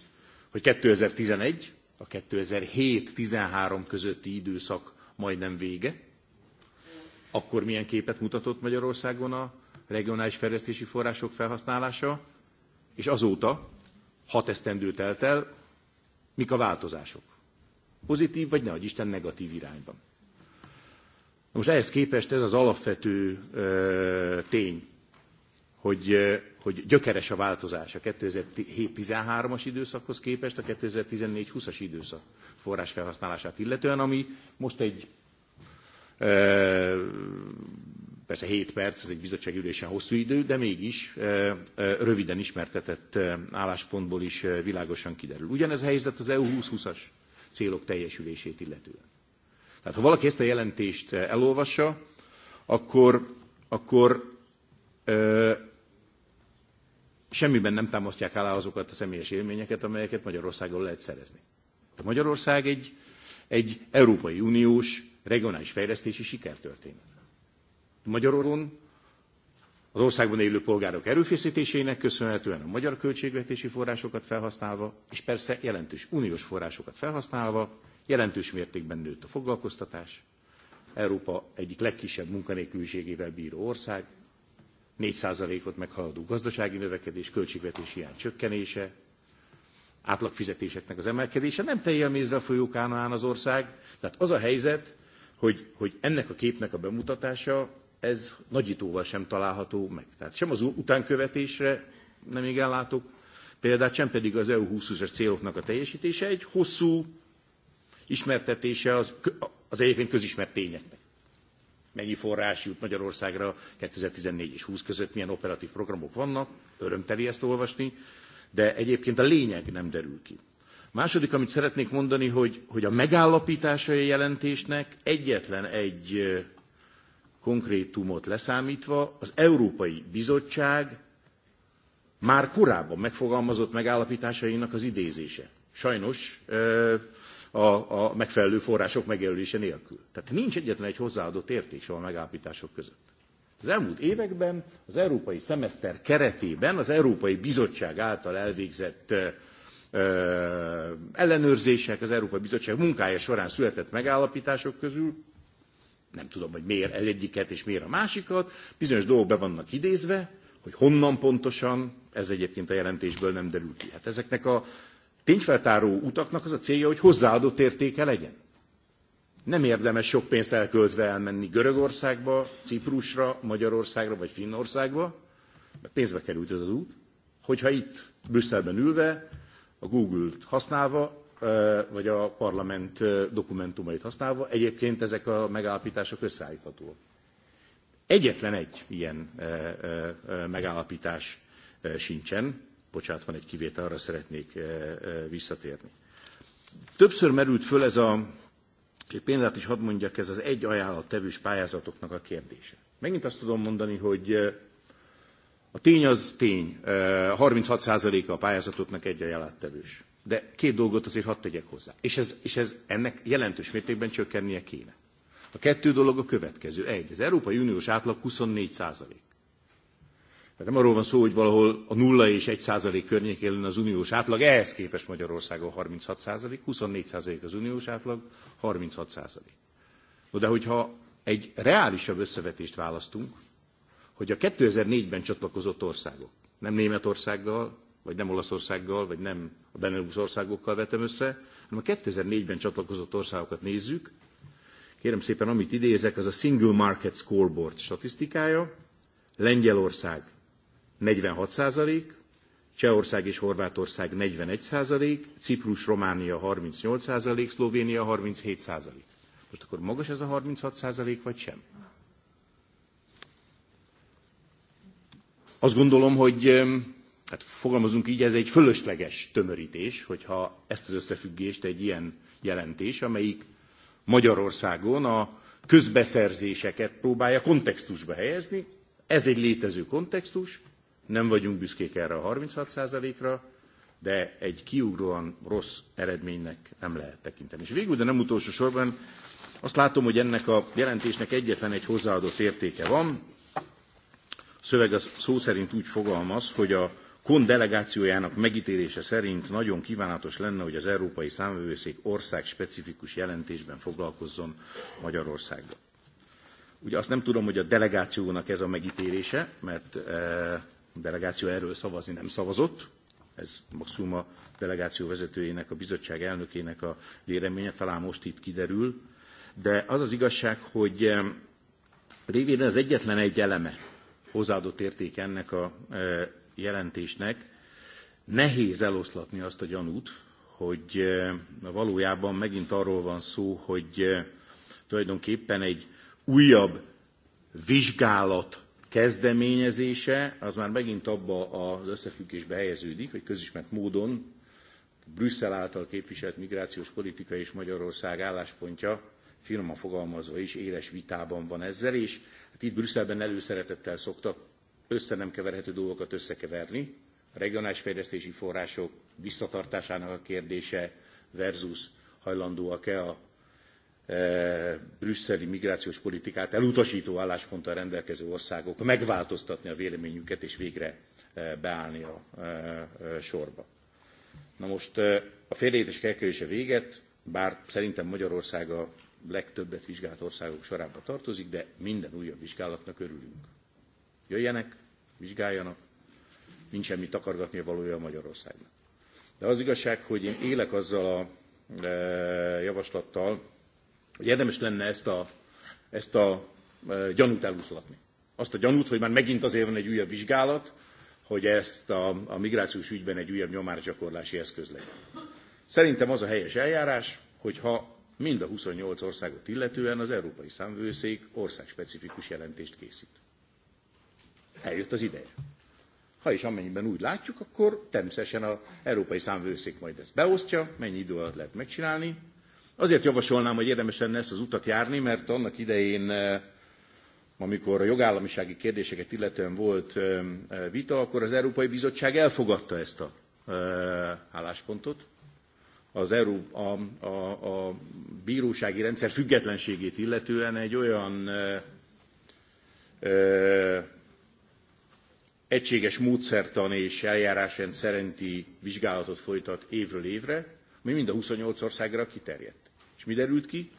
hogy 2011 a 2007-13 közötti időszak majdnem vége, akkor milyen képet mutatott Magyarországon a regionális fejlesztési források felhasználása, és azóta, hat esztendő telt el, mik a változások? Pozitív vagy ne, Isten negatív irányban. Most ehhez képest ez az alapvető ö, tény, hogy, hogy gyökeres a változás a 2007-13-as időszakhoz képest a 2014-20-as időszak forrásfelhasználását illetően, ami most egy persze 7 perc, ez egy bizottsági ülésen hosszú idő, de mégis röviden ismertetett álláspontból is világosan kiderül. Ugyanez a helyzet az EU 2020-as célok teljesülését illetően. Tehát ha valaki ezt a jelentést eh, elolvassa, akkor, akkor ö, semmiben nem támasztják alá azokat a személyes élményeket, amelyeket Magyarországon lehet szerezni. Magyarország egy, egy Európai Uniós regionális fejlesztési sikertörténet. Magyaroron az országban élő polgárok erőfeszítésének köszönhetően a magyar költségvetési forrásokat felhasználva, és persze jelentős uniós forrásokat felhasználva Jelentős mértékben nőtt a foglalkoztatás. Európa egyik legkisebb munkanélküliségével bíró ország, 4%-ot meghaladó gazdasági növekedés, költségvetési hiány csökkenése, átlagfizetéseknek az emelkedése, nem teljel mézre folyó Kánaán az ország. Tehát az a helyzet, hogy, hogy ennek a képnek a bemutatása, ez nagyítóval sem található meg. Tehát sem az utánkövetésre nem igen látok Például sem pedig az EU 2020-as céloknak a teljesítése egy hosszú ismertetése az, az egyébként közismert tényeknek. Mennyi forrás jut Magyarországra 2014 és 20 között, milyen operatív programok vannak, örömteli ezt olvasni, de egyébként a lényeg nem derül ki. Második, amit szeretnék mondani, hogy, hogy a megállapítása a jelentésnek egyetlen egy konkrétumot leszámítva, az Európai Bizottság már korábban megfogalmazott megállapításainak az idézése. Sajnos a, a megfelelő források megjelölése nélkül. Tehát nincs egyetlen egy hozzáadott érték sem a megállapítások között. Az elmúlt években az európai szemeszter keretében az Európai Bizottság által elvégzett ö, ellenőrzések, az Európai Bizottság munkája során született megállapítások közül, nem tudom, hogy miért egyiket és miért a másikat, bizonyos dolgok be vannak idézve, hogy honnan pontosan, ez egyébként a jelentésből nem derül ki. Hát ezeknek a tényfeltáró utaknak az a célja, hogy hozzáadott értéke legyen. Nem érdemes sok pénzt elköltve elmenni Görögországba, Ciprusra, Magyarországra vagy Finnországba, mert pénzbe került ez az út, hogyha itt Brüsszelben ülve, a Google-t használva, vagy a parlament dokumentumait használva, egyébként ezek a megállapítások összeállíthatóak. Egyetlen egy ilyen megállapítás sincsen, bocsánat, van egy kivétel, arra szeretnék eh, eh, visszatérni. Többször merült föl ez a, egy példát is hadd mondjak, ez az egy tevős pályázatoknak a kérdése. Megint azt tudom mondani, hogy eh, a tény az tény, 36%-a a pályázatoknak egy tevős. De két dolgot azért hadd tegyek hozzá. És, ez, és ez ennek jelentős mértékben csökkennie kéne. A kettő dolog a következő. Egy, az Európai Uniós átlag 24 százalék. Tehát nem arról van szó, hogy valahol a 0 és 1 százalék környékén lenne az uniós átlag, ehhez képest Magyarországon 36 százalék, 24 százalék az uniós átlag, 36 százalék. No, de hogyha egy reálisabb összevetést választunk, hogy a 2004-ben csatlakozott országok, nem Németországgal, vagy nem Olaszországgal, vagy nem a Benelux országokkal vetem össze, hanem a 2004-ben csatlakozott országokat nézzük, kérem szépen, amit idézek, az a Single Market Scoreboard statisztikája, Lengyelország 46 százalék, Csehország és Horvátország 41 százalék, Ciprus, Románia 38 százalék, Szlovénia 37 százalék. Most akkor magas ez a 36 százalék, vagy sem? Azt gondolom, hogy hát fogalmazunk így, ez egy fölösleges tömörítés, hogyha ezt az összefüggést egy ilyen jelentés, amelyik Magyarországon a közbeszerzéseket próbálja kontextusba helyezni, ez egy létező kontextus, nem vagyunk büszkék erre a 36%-ra, de egy kiugróan rossz eredménynek nem lehet tekinteni. És végül, de nem utolsó sorban, azt látom, hogy ennek a jelentésnek egyetlen egy hozzáadott értéke van. A szöveg az szó szerint úgy fogalmaz, hogy a KON delegációjának megítélése szerint nagyon kívánatos lenne, hogy az Európai Számvevőszék ország specifikus jelentésben foglalkozzon Magyarországgal. Ugye azt nem tudom, hogy a delegációnak ez a megítélése, mert eh, a delegáció erről szavazni nem szavazott, ez maximum a delegáció vezetőjének, a bizottság elnökének a véleménye, talán most itt kiderül, de az az igazság, hogy eh, révén az egyetlen egy eleme hozzáadott érték ennek a eh, jelentésnek, nehéz eloszlatni azt a gyanút, hogy eh, valójában megint arról van szó, hogy tulajdonképpen egy újabb vizsgálat kezdeményezése az már megint abba az összefüggésbe helyeződik, hogy közismert módon Brüsszel által képviselt migrációs politika és Magyarország álláspontja, finoman fogalmazva is, éles vitában van ezzel, és hát itt Brüsszelben előszeretettel szoktak össze nem keverhető dolgokat összekeverni, a regionális fejlesztési források visszatartásának a kérdése versus hajlandóak-e a E, brüsszeli migrációs politikát elutasító állásponttal rendelkező országok megváltoztatni a véleményüket és végre e, beállni a e, sorba. Na most a félreértések elkerülése véget, bár szerintem Magyarország a legtöbbet vizsgált országok sorába tartozik, de minden újabb vizsgálatnak örülünk. Jöjjenek, vizsgáljanak, nincs semmi takargatni valója a Magyarországnak. De az igazság, hogy én élek azzal a javaslattal, hogy érdemes lenne ezt a, ezt a e, gyanút eloszlatni. Azt a gyanút, hogy már megint azért van egy újabb vizsgálat, hogy ezt a, a migrációs ügyben egy újabb nyomásgyakorlási eszköz legyen. Szerintem az a helyes eljárás, hogyha mind a 28 országot illetően az Európai Számvőszék országspecifikus jelentést készít. Eljött az ideje. Ha is amennyiben úgy látjuk, akkor természetesen az Európai Számvőszék majd ezt beosztja, mennyi idő alatt lehet megcsinálni, Azért javasolnám, hogy érdemes lenne ezt az utat járni, mert annak idején, eh, amikor a jogállamisági kérdéseket illetően volt eh, eh, vita, akkor az Európai Bizottság elfogadta ezt a álláspontot, az Euró, a, a, a bírósági rendszer függetlenségét illetően egy olyan egységes módszertan és eljárásrend szerinti vizsgálatot folytat évről évre, ami mind a 28 országra kiterjedt. És mi derült ki?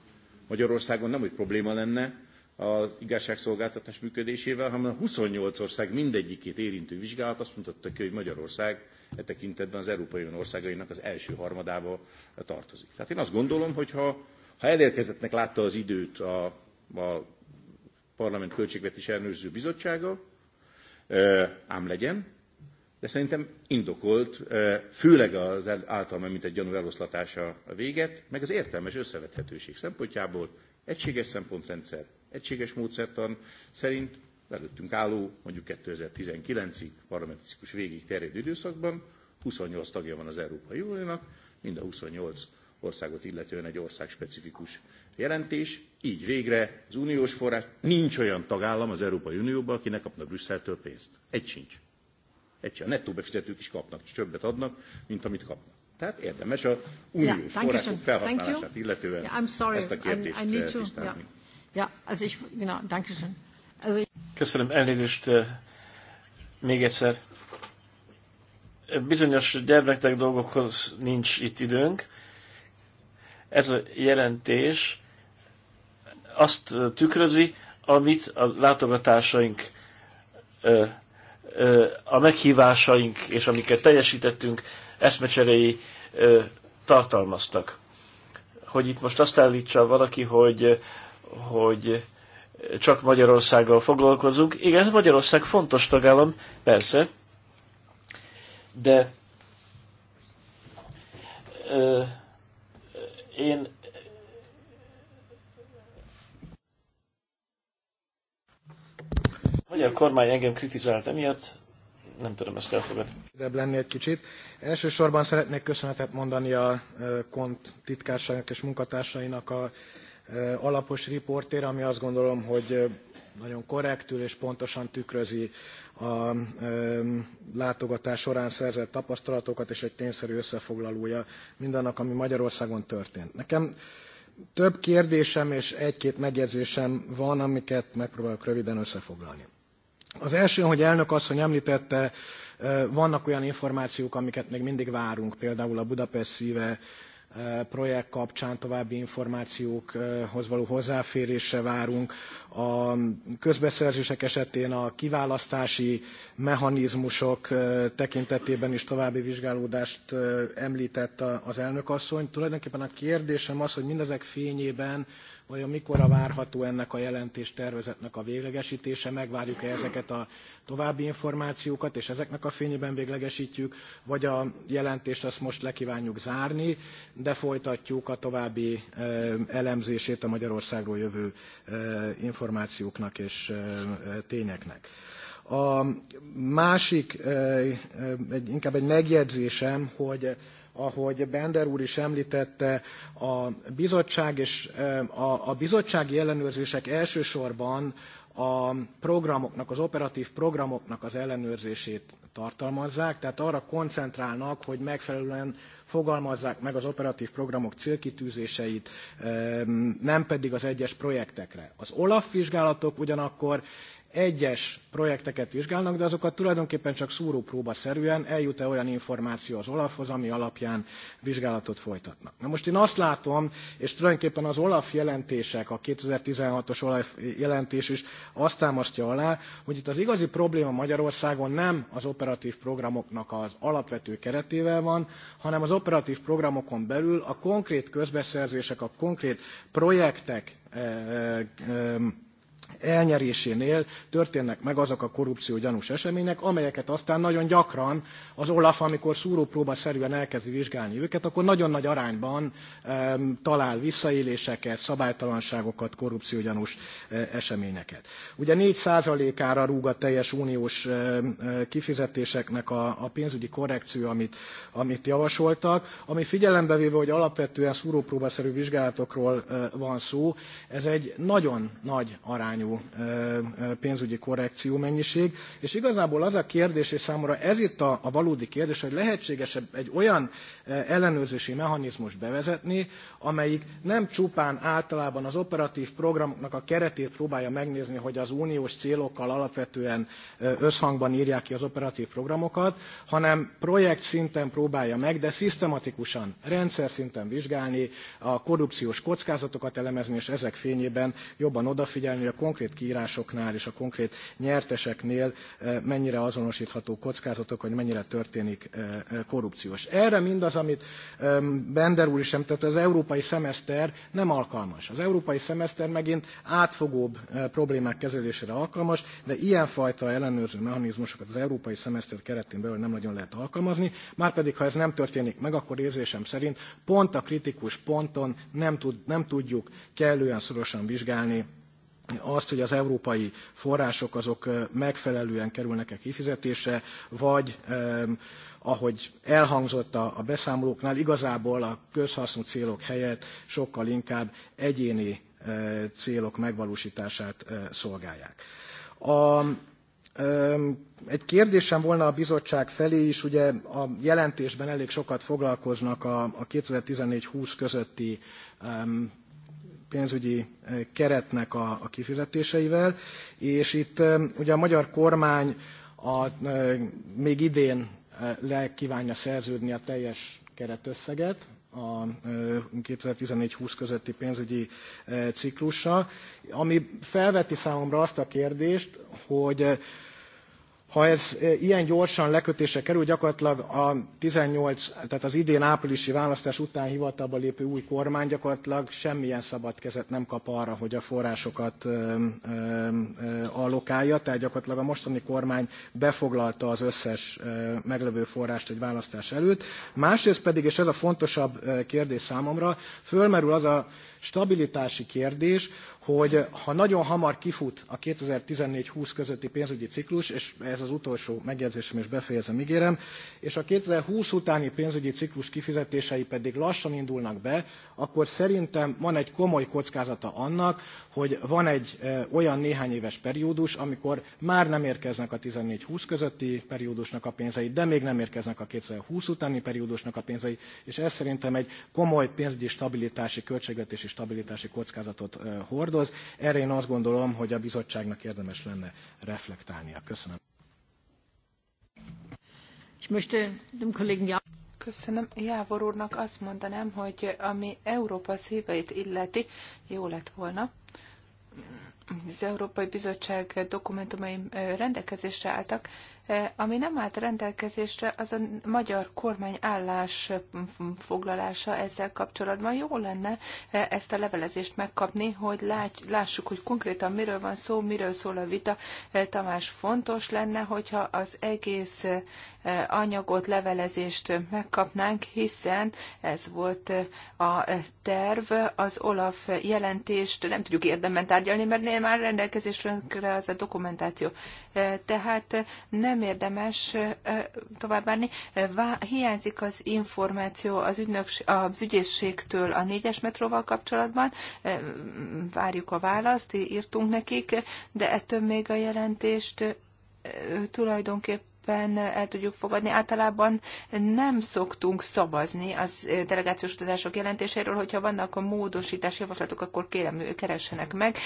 Magyarországon nem, hogy probléma lenne az igazságszolgáltatás működésével, hanem a 28 ország mindegyikét érintő vizsgálat azt mutatta ki, hogy Magyarország e tekintetben az Európai Unió országainak az első harmadába tartozik. Tehát én azt gondolom, hogy ha, ha elérkezettnek látta az időt a, a Parlament Költségvetés Ellenőrző Bizottsága, ám legyen, de szerintem indokolt, főleg az általam egy gyanú eloszlatása a véget, meg az értelmes összevethetőség szempontjából egységes szempontrendszer, egységes módszertan szerint előttünk álló, mondjuk 2019-ig, parlamentisztikus végig terjedő időszakban 28 tagja van az Európai Uniónak, mind a 28 országot illetően egy országspecifikus jelentés. Így végre az uniós forrás, nincs olyan tagállam az Európai Unióban, aki ne kapna Brüsszeltől pénzt. Egy sincs. Egy, a nettó befizetők is kapnak, és többet adnak, mint amit kapnak. Tehát érdemes a uniós yeah, források felhasználását illetően yeah, I'm sorry. ezt a kérdést tisztázni. Köszönöm, elnézést eh, még egyszer. Eh, bizonyos gyermektek dolgokhoz nincs itt időnk. Ez a jelentés azt eh, tükrözi, amit a látogatásaink a meghívásaink és amiket teljesítettünk eszmecseréi tartalmaztak. Hogy itt most azt állítsa valaki, hogy, hogy csak Magyarországgal foglalkozunk. Igen, Magyarország fontos tagállam, persze, de ö, én magyar kormány engem kritizált emiatt, nem tudom ezt elfogadni. Idebb lenni egy kicsit. Elsősorban szeretnék köszönetet mondani a KONT titkárságnak és munkatársainak a alapos riportér, ami azt gondolom, hogy nagyon korrektül és pontosan tükrözi a látogatás során szerzett tapasztalatokat, és egy tényszerű összefoglalója mindannak, ami Magyarországon történt. Nekem több kérdésem és egy-két megjegyzésem van, amiket megpróbálok röviden összefoglalni. Az első, hogy elnök asszony említette, vannak olyan információk, amiket még mindig várunk, például a Budapest szíve projekt kapcsán további információkhoz való hozzáférésre várunk. A közbeszerzések esetén a kiválasztási mechanizmusok tekintetében is további vizsgálódást említett az elnök asszony. Tulajdonképpen a kérdésem az, hogy mindezek fényében Vajon mikorra várható ennek a jelentés tervezetnek a véglegesítése? Megvárjuk-e ezeket a további információkat, és ezeknek a fényében véglegesítjük, vagy a jelentést azt most lekívánjuk zárni, de folytatjuk a további elemzését a Magyarországról jövő információknak és tényeknek. A másik, inkább egy megjegyzésem, hogy ahogy Bender úr is említette, a bizottság és a, bizottsági ellenőrzések elsősorban a programoknak, az operatív programoknak az ellenőrzését tartalmazzák, tehát arra koncentrálnak, hogy megfelelően fogalmazzák meg az operatív programok célkitűzéseit, nem pedig az egyes projektekre. Az OLAF vizsgálatok ugyanakkor egyes projekteket vizsgálnak, de azokat tulajdonképpen csak próba szerűen eljut-e olyan információ az Olafhoz, ami alapján vizsgálatot folytatnak. Na most én azt látom, és tulajdonképpen az Olaf jelentések, a 2016-os Olaf jelentés is azt támasztja alá, hogy itt az igazi probléma Magyarországon nem az operatív programoknak az alapvető keretével van, hanem az operatív programokon belül a konkrét közbeszerzések, a konkrét projektek eh, eh, elnyerésénél történnek meg azok a korrupció gyanús események, amelyeket aztán nagyon gyakran az Olaf, amikor szúrópróbaszerűen elkezdi vizsgálni őket, akkor nagyon nagy arányban um, talál visszaéléseket, szabálytalanságokat, korrupció gyanús e, eseményeket. Ugye 4%-ára rúg a teljes uniós e, kifizetéseknek a, a pénzügyi korrekció, amit, amit javasoltak, ami figyelembe véve, hogy alapvetően szúrópróbaszerű vizsgálatokról e, van szó, ez egy nagyon nagy arány irányú pénzügyi korrekció mennyiség. És igazából az a kérdés, és számomra ez itt a, a valódi kérdés, hogy lehetségesebb egy olyan ellenőrzési mechanizmust bevezetni, amelyik nem csupán általában az operatív programoknak a keretét próbálja megnézni, hogy az uniós célokkal alapvetően összhangban írják ki az operatív programokat, hanem projekt szinten próbálja meg, de szisztematikusan, rendszer szinten vizsgálni, a korrupciós kockázatokat elemezni, és ezek fényében jobban odafigyelni, hogy a konkrét kiírásoknál és a konkrét nyerteseknél eh, mennyire azonosítható kockázatok, hogy mennyire történik eh, eh, korrupciós. Erre mindaz, amit Bender úr is említett, az európai szemeszter nem alkalmas. Az európai szemeszter megint átfogóbb problémák kezelésére alkalmas, de ilyenfajta ellenőrző mechanizmusokat az európai szemeszter keretén belül nem nagyon lehet alkalmazni, márpedig ha ez nem történik meg, akkor érzésem szerint pont a kritikus ponton nem, tud, nem tudjuk kellően szorosan vizsgálni azt, hogy az európai források azok megfelelően kerülnek-e kifizetésre, vagy ahogy elhangzott a beszámolóknál, igazából a közhasznú célok helyett sokkal inkább egyéni célok megvalósítását szolgálják. A, egy kérdésem volna a bizottság felé is, ugye a jelentésben elég sokat foglalkoznak a 2014-20 közötti pénzügyi eh, keretnek a, a kifizetéseivel, és itt eh, ugye a magyar kormány a, eh, még idén le kívánja szerződni a teljes keretösszeget, a 2014-20 közötti pénzügyi ciklussal, ami felveti számomra azt a kérdést, hogy ha ez e, ilyen gyorsan lekötése kerül, gyakorlatilag a 18, tehát az idén áprilisi választás után hivatalba lépő új kormány gyakorlatilag semmilyen szabad kezet nem kap arra, hogy a forrásokat ö, e, ö, e, allokálja, tehát gyakorlatilag a mostani kormány befoglalta az összes ö, meglevő forrást egy választás előtt. Másrészt pedig, és ez a fontosabb kérdés számomra, fölmerül az a stabilitási kérdés, hogy ha nagyon hamar kifut a 2014-20 közötti pénzügyi ciklus, és ez az utolsó megjegyzésem, és befejezem, ígérem, és a 2020 utáni pénzügyi ciklus kifizetései pedig lassan indulnak be, akkor szerintem van egy komoly kockázata annak, hogy van egy olyan néhány éves periódus, amikor már nem érkeznek a 14-20 közötti periódusnak a pénzei, de még nem érkeznek a 2020 utáni periódusnak a pénzei, és ez szerintem egy komoly pénzügyi stabilitási, költségvetési stabilitási kockázatot hordoz igaz. Erre én azt gondolom, hogy a bizottságnak érdemes lenne reflektálnia. Köszönöm. Köszönöm. Jávor úrnak azt mondanám, hogy ami Európa szíveit illeti, jó lett volna. Az Európai Bizottság dokumentumai rendelkezésre álltak, E, ami nem állt rendelkezésre, az a magyar kormány állás foglalása ezzel kapcsolatban. Jó lenne e, ezt a levelezést megkapni, hogy lássuk, hogy konkrétan miről van szó, miről szól a vita. E, Tamás, fontos lenne, hogyha az egész anyagot, levelezést megkapnánk, hiszen ez volt a terv. Az Olaf jelentést nem tudjuk érdemben tárgyalni, mert már rendelkezésre az a dokumentáció. Tehát nem érdemes továbbárni. Hiányzik az információ az, ügynöks, az ügyészségtől a négyes metróval kapcsolatban. Várjuk a választ, írtunk nekik, de ettől még a jelentést tulajdonképpen mindenképpen el tudjuk fogadni. Általában nem szoktunk szavazni az delegációs utazások jelentéséről, hogyha vannak a módosítási javaslatok, akkor kérem, keressenek meg.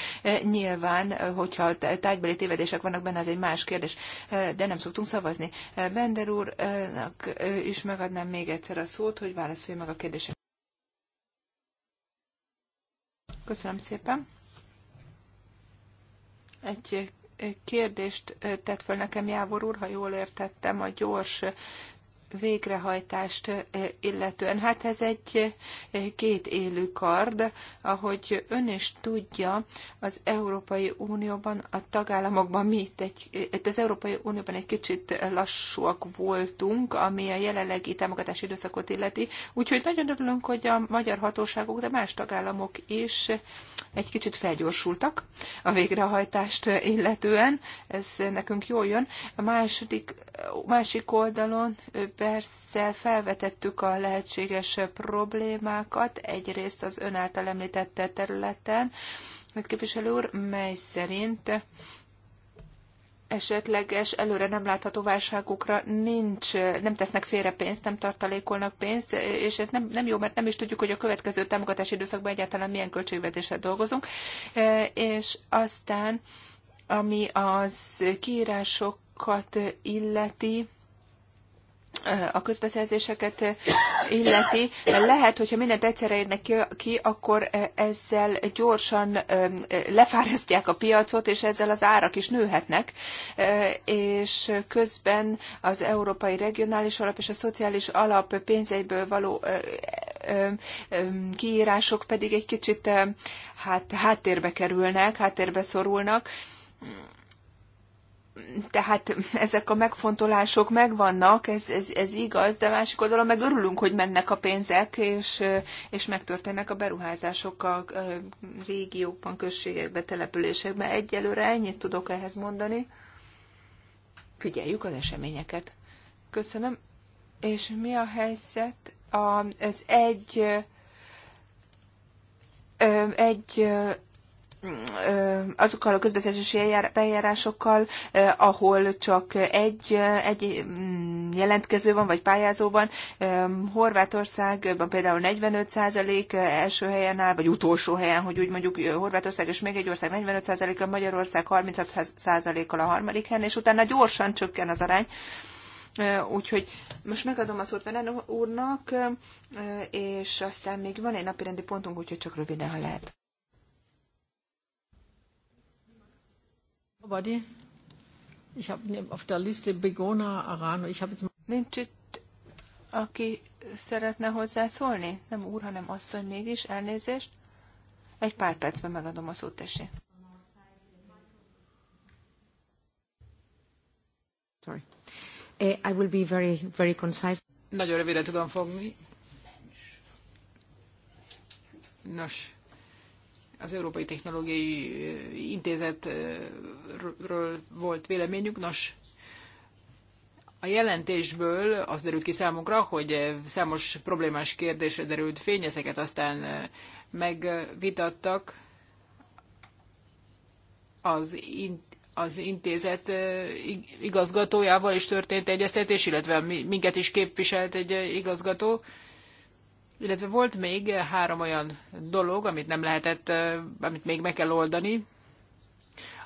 Nyilván, hogyha tárgybeli tévedések vannak benne, az egy más kérdés, de nem szoktunk szavazni. Bender úrnak is megadnám még egyszer a szót, hogy válaszolj meg a kérdéseket. Köszönöm szépen. Egy kérdést eh, tett föl nekem Jávor úr, ha jól értettem, a gyors eh, végrehajtást illetően. Hát ez egy két élő kard, ahogy ön is tudja, az Európai Unióban, a tagállamokban mi itt, egy, itt az Európai Unióban egy kicsit lassúak voltunk, ami a jelenlegi támogatási időszakot illeti, úgyhogy nagyon örülünk, hogy a magyar hatóságok, de más tagállamok is egy kicsit felgyorsultak a végrehajtást illetően. Ez nekünk jól jön. A második, másik oldalon Persze felvetettük a lehetséges problémákat, egyrészt az ön által említette területen, képviselő úr, mely szerint esetleges előre nem látható válságokra nincs, nem tesznek félre pénzt, nem tartalékolnak pénzt, és ez nem, nem jó, mert nem is tudjuk, hogy a következő támogatási időszakban egyáltalán milyen költségvetéssel dolgozunk, e, és aztán ami az kiírásokat illeti, a közbeszerzéseket illeti. Lehet, hogyha mindent egyszerre érnek ki, akkor e, ezzel gyorsan e, lefárasztják a piacot, és ezzel az árak is nőhetnek, e, és közben az Európai Regionális Alap és a Szociális Alap pénzeiből való kiírások pedig egy kicsit hát, háttérbe kerülnek, háttérbe szorulnak tehát ezek a megfontolások megvannak, ez, ez, ez igaz, de másik oldalon meg örülünk, hogy mennek a pénzek, és, és megtörténnek a beruházások a, régiókban, községekben, településekben. Egyelőre ennyit tudok ehhez mondani. Figyeljük az eseményeket. Köszönöm. És mi a helyzet? A, ez egy egy azokkal a közbeszerzési eljárásokkal, ahol csak egy, egy mm, jelentkező van, vagy pályázó van. Horvátországban például 45% első helyen áll, vagy utolsó helyen, hogy úgy mondjuk Horvátország és még egy ország 45%-kal, Magyarország 36%-kal a harmadik helyen, és utána gyorsan csökken az arány. Úgyhogy most megadom a szót Venen úrnak, és aztán még van egy napirendi pontunk, úgyhogy csak röviden, ha lehet. Nobody. Ich habe auf der Liste Begona Arano. Ich habe jetzt Nincs itt, aki szeretne hozzászólni? Nem úr, hanem asszony mégis, elnézést. Egy pár percben megadom a szót, tessék. Sorry. Eh, I will be very, very concise. Nagyon rövidre tudom fogni. Nos, az Európai Technológiai Intézetről volt véleményük. Nos, a jelentésből az derült ki számunkra, hogy számos problémás kérdésre derült fény, ezeket aztán megvitattak az, in, az intézet igazgatójával is történt egyeztetés, illetve minket is képviselt egy igazgató illetve volt még három olyan dolog, amit nem lehetett, amit még meg kell oldani.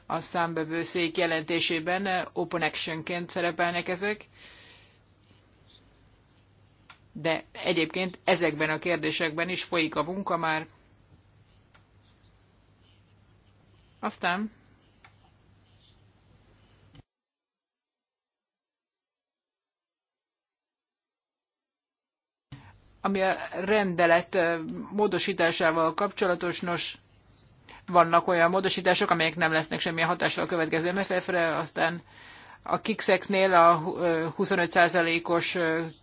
A számbevőszék jelentésében open actionként szerepelnek ezek, de egyébként ezekben a kérdésekben is folyik a munka már. Aztán ami a rendelet módosításával kapcsolatos, nos, vannak olyan módosítások, amelyek nem lesznek semmilyen hatással a következő MFF-re, aztán a Kixexnél a 25%-os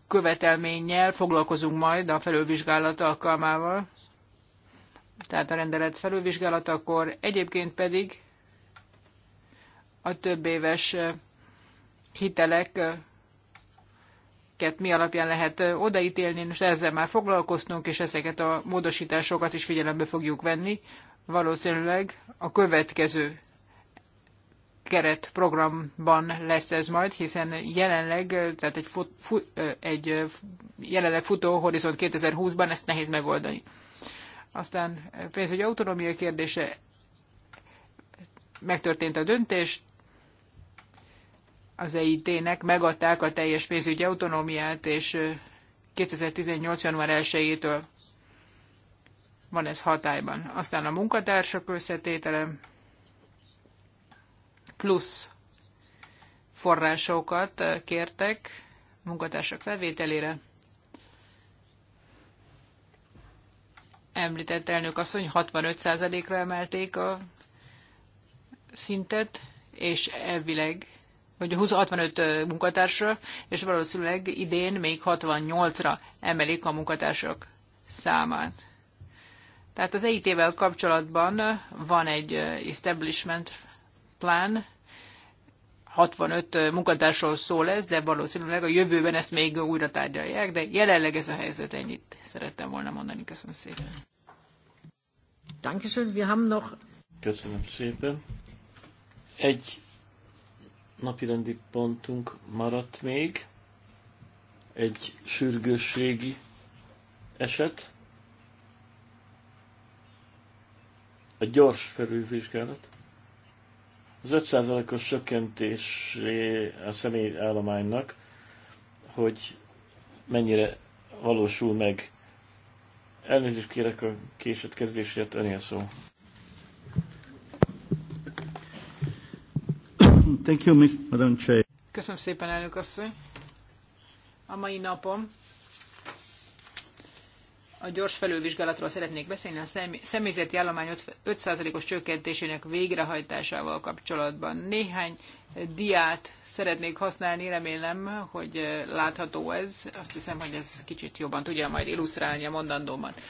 követelménnyel foglalkozunk majd a felülvizsgálat alkalmával, tehát a rendelet felülvizsgálatakor, egyébként pedig a több éves hitelek mi alapján lehet odaítélni, és ezzel már foglalkoztunk, és ezeket a módosításokat is figyelembe fogjuk venni. Valószínűleg a következő keretprogramban lesz ez majd, hiszen jelenleg, tehát egy, fut, fu, egy jelenleg futó Horizont 2020-ban ezt nehéz megoldani. Aztán pénzügyi autonómia kérdése, megtörtént a döntés, az EIT-nek megadták a teljes pénzügyi autonómiát, és 2018. január 1-től van ez hatályban. Aztán a munkatársak összetétele plusz forrásokat kértek munkatársak felvételére. Említett elnök asszony 65%-ra emelték a szintet, és elvileg hogy 65 munkatársra, és valószínűleg idén még 68-ra emelik a munkatársak számát. Tehát az EIT-vel kapcsolatban van egy establishment plan, 65 munkatársról szól ez, de valószínűleg a jövőben ezt még újra tárgyalják, de jelenleg ez a helyzet, ennyit szerettem volna mondani. Köszönöm szépen. Dankeschön, wir haben noch... Köszönöm szépen. Egy napirendi pontunk maradt még. Egy sürgősségi eset. A gyors felülvizsgálat. Az 5%-os csökkentés a személyállománynak, hogy mennyire valósul meg. Elnézést kérek a késett kezdésért, önél szó. Thank you, Madam Chair. Köszönöm szépen, elnök asszony. A mai napom a gyors felülvizsgálatról szeretnék beszélni a személyzeti állomány 5%-os csökkentésének végrehajtásával kapcsolatban. Néhány diát szeretnék használni, remélem, hogy látható ez. Azt hiszem, hogy ez kicsit jobban tudja majd illusztrálni a mondandómat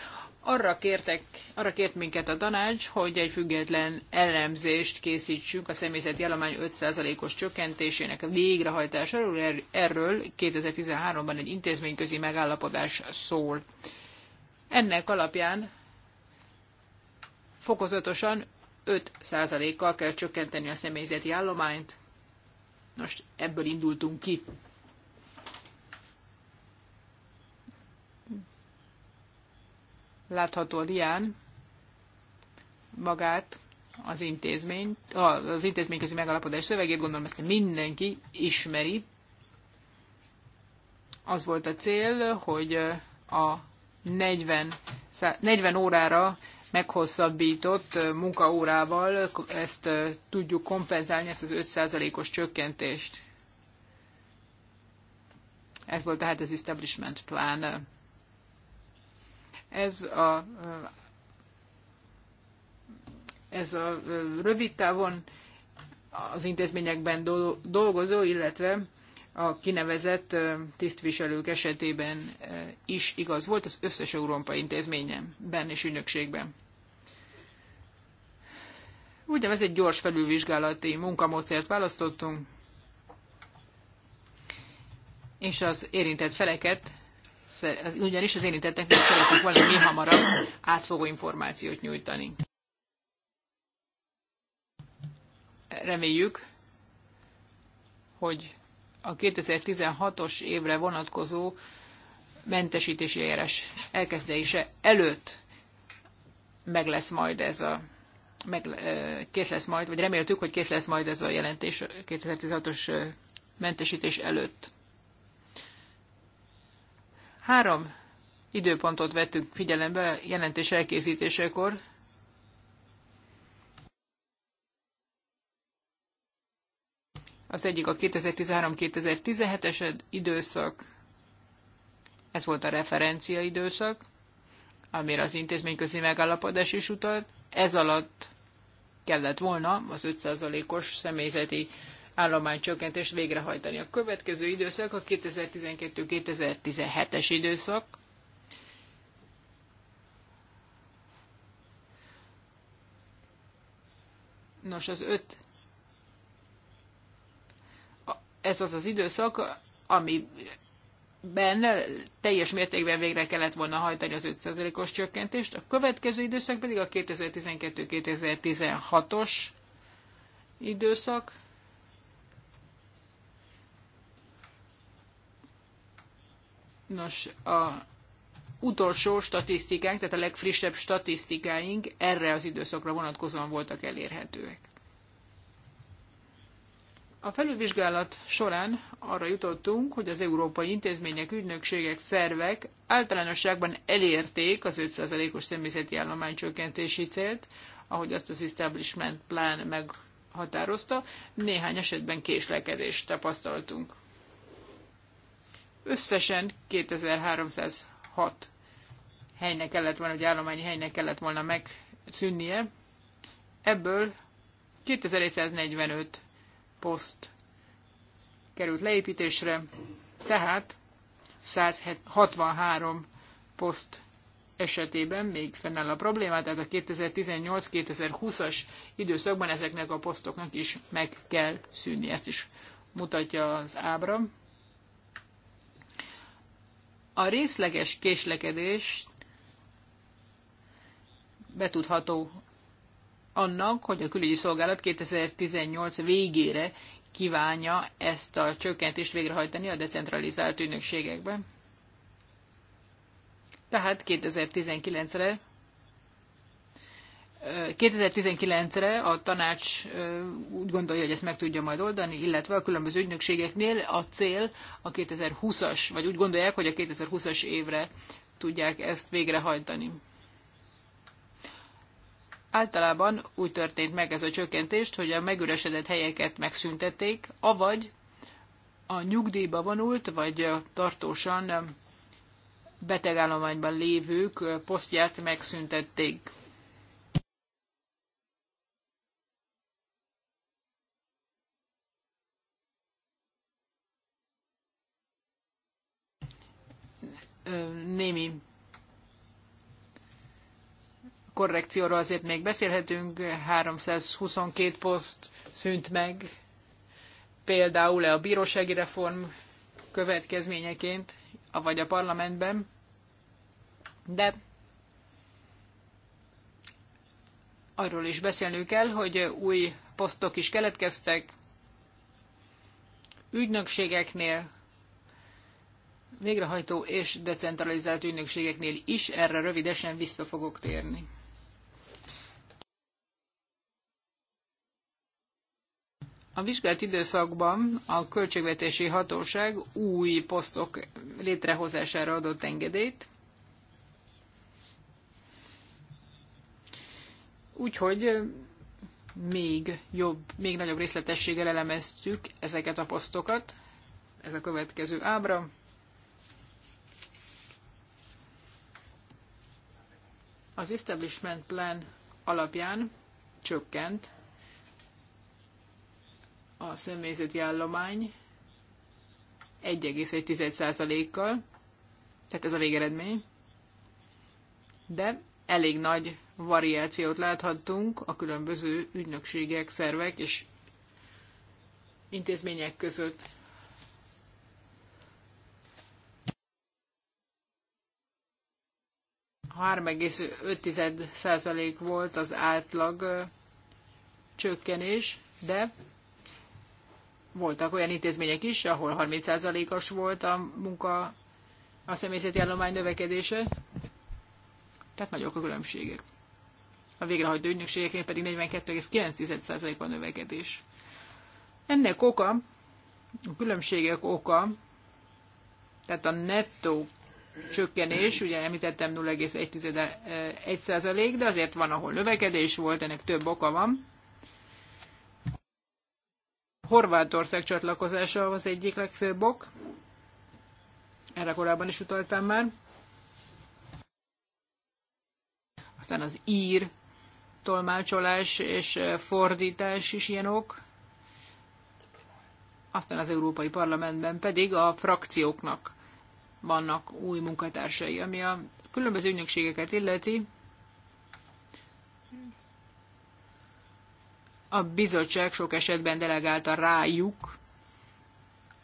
arra, kértek, arra kért minket a tanács, hogy egy független elemzést készítsünk a személyzeti állomány 5%-os csökkentésének a végrehajtásáról. Er-, erről 2013-ban egy intézményközi megállapodás szól. Ennek alapján fokozatosan 5%-kal kell csökkenteni a személyzeti állományt. Most ebből indultunk ki. látható a dián magát az intézmény, az intézményközi megalapodás szövegét, gondolom ezt mindenki ismeri. Az volt a cél, hogy a 40, 40 órára meghosszabbított munkaórával ezt tudjuk kompenzálni, ezt az 5%-os csökkentést. Ez volt tehát az establishment plan ez a, ez a rövid távon az intézményekben dolgozó, illetve a kinevezett tisztviselők esetében is igaz volt az összes európai intézményben és ügynökségben. egy gyors felülvizsgálati munkamódszert választottunk, és az érintett feleket ugyanis az még szeretnék volna mi hamarabb átfogó információt nyújtani. Reméljük, hogy a 2016-os évre vonatkozó mentesítési eljárás elkezdése előtt meg lesz majd ez a meg, kész lesz majd, vagy reméltük, hogy kész lesz majd ez a jelentés 2016-os mentesítés előtt. Három időpontot vettünk figyelembe a jelentés elkészítésekor. Az egyik a 2013-2017-es időszak, ez volt a referencia időszak, amire az intézményközi megállapodás is utalt. Ez alatt kellett volna az 5%-os személyzeti állománycsökkentést végrehajtani. A következő időszak a 2012-2017-es időszak. Nos, az öt ez az az időszak, ami benne teljes mértékben végre kellett volna hajtani az 5%-os csökkentést, a következő időszak pedig a 2012-2016-os időszak. Nos, a utolsó statisztikánk, tehát a legfrissebb statisztikáink erre az időszakra vonatkozóan voltak elérhetőek. A felülvizsgálat során arra jutottunk, hogy az európai intézmények, ügynökségek, szervek általánosságban elérték az 5%-os személyzeti állomány csökkentési célt, ahogy azt az establishment plan meghatározta, néhány esetben késlekedést tapasztaltunk. Összesen 2306 helynek kellett volna, vagy állományi helynek kellett volna megszűnnie. Ebből 2145 poszt került leépítésre, tehát 163 poszt esetében még fennáll a probléma, tehát a 2018-2020-as időszakban ezeknek a posztoknak is meg kell szűnni. Ezt is mutatja az ábra. A részleges késlekedés betudható annak, hogy a külügyi szolgálat 2018 végére kívánja ezt a csökkentést végrehajtani a decentralizált ügynökségekben. Tehát 2019-re 2019-re a tanács úgy gondolja, hogy ezt meg tudja majd oldani, illetve a különböző ügynökségeknél a cél a 2020-as, vagy úgy gondolják, hogy a 2020-as évre tudják ezt végrehajtani. Általában úgy történt meg ez a csökkentést, hogy a megüresedett helyeket megszüntették, avagy a nyugdíjba vonult, vagy tartósan betegállományban lévők posztját megszüntették. némi korrekcióról azért még beszélhetünk. 322 poszt szűnt meg, például a bírósági reform következményeként, vagy a parlamentben, de arról is beszélnünk kell, hogy új posztok is keletkeztek, ügynökségeknél, végrehajtó és decentralizált ügynökségeknél is erre rövidesen vissza fogok térni. A vizsgált időszakban a költségvetési hatóság új posztok létrehozására adott engedélyt, úgyhogy még jobb, még nagyobb részletességgel elemeztük ezeket a posztokat. Ez a következő ábra. az establishment plan alapján csökkent a személyzeti állomány 1,1%-kal, tehát ez a végeredmény, de elég nagy variációt láthattunk a különböző ügynökségek, szervek és intézmények között. 3,5% volt az átlag csökkenés, de voltak olyan intézmények is, ahol 30%-as volt a munka, a személyzeti állomány növekedése, tehát nagyok a különbségek. A végrehajtó ügynökségeknél pedig 42,9% a növekedés. Ennek oka, a különbségek oka, tehát a nettó csökkenés, ugye említettem 0,1 eh, de azért van, ahol növekedés volt, ennek több oka van. Horvátország csatlakozása az egyik legfőbb ok. Erre korábban is utaltam már. Aztán az ír tolmácsolás és eh, fordítás is ilyen ok. Aztán az Európai Parlamentben pedig a frakcióknak vannak új munkatársai. Ami a különböző ügynökségeket illeti, a bizottság sok esetben delegálta rájuk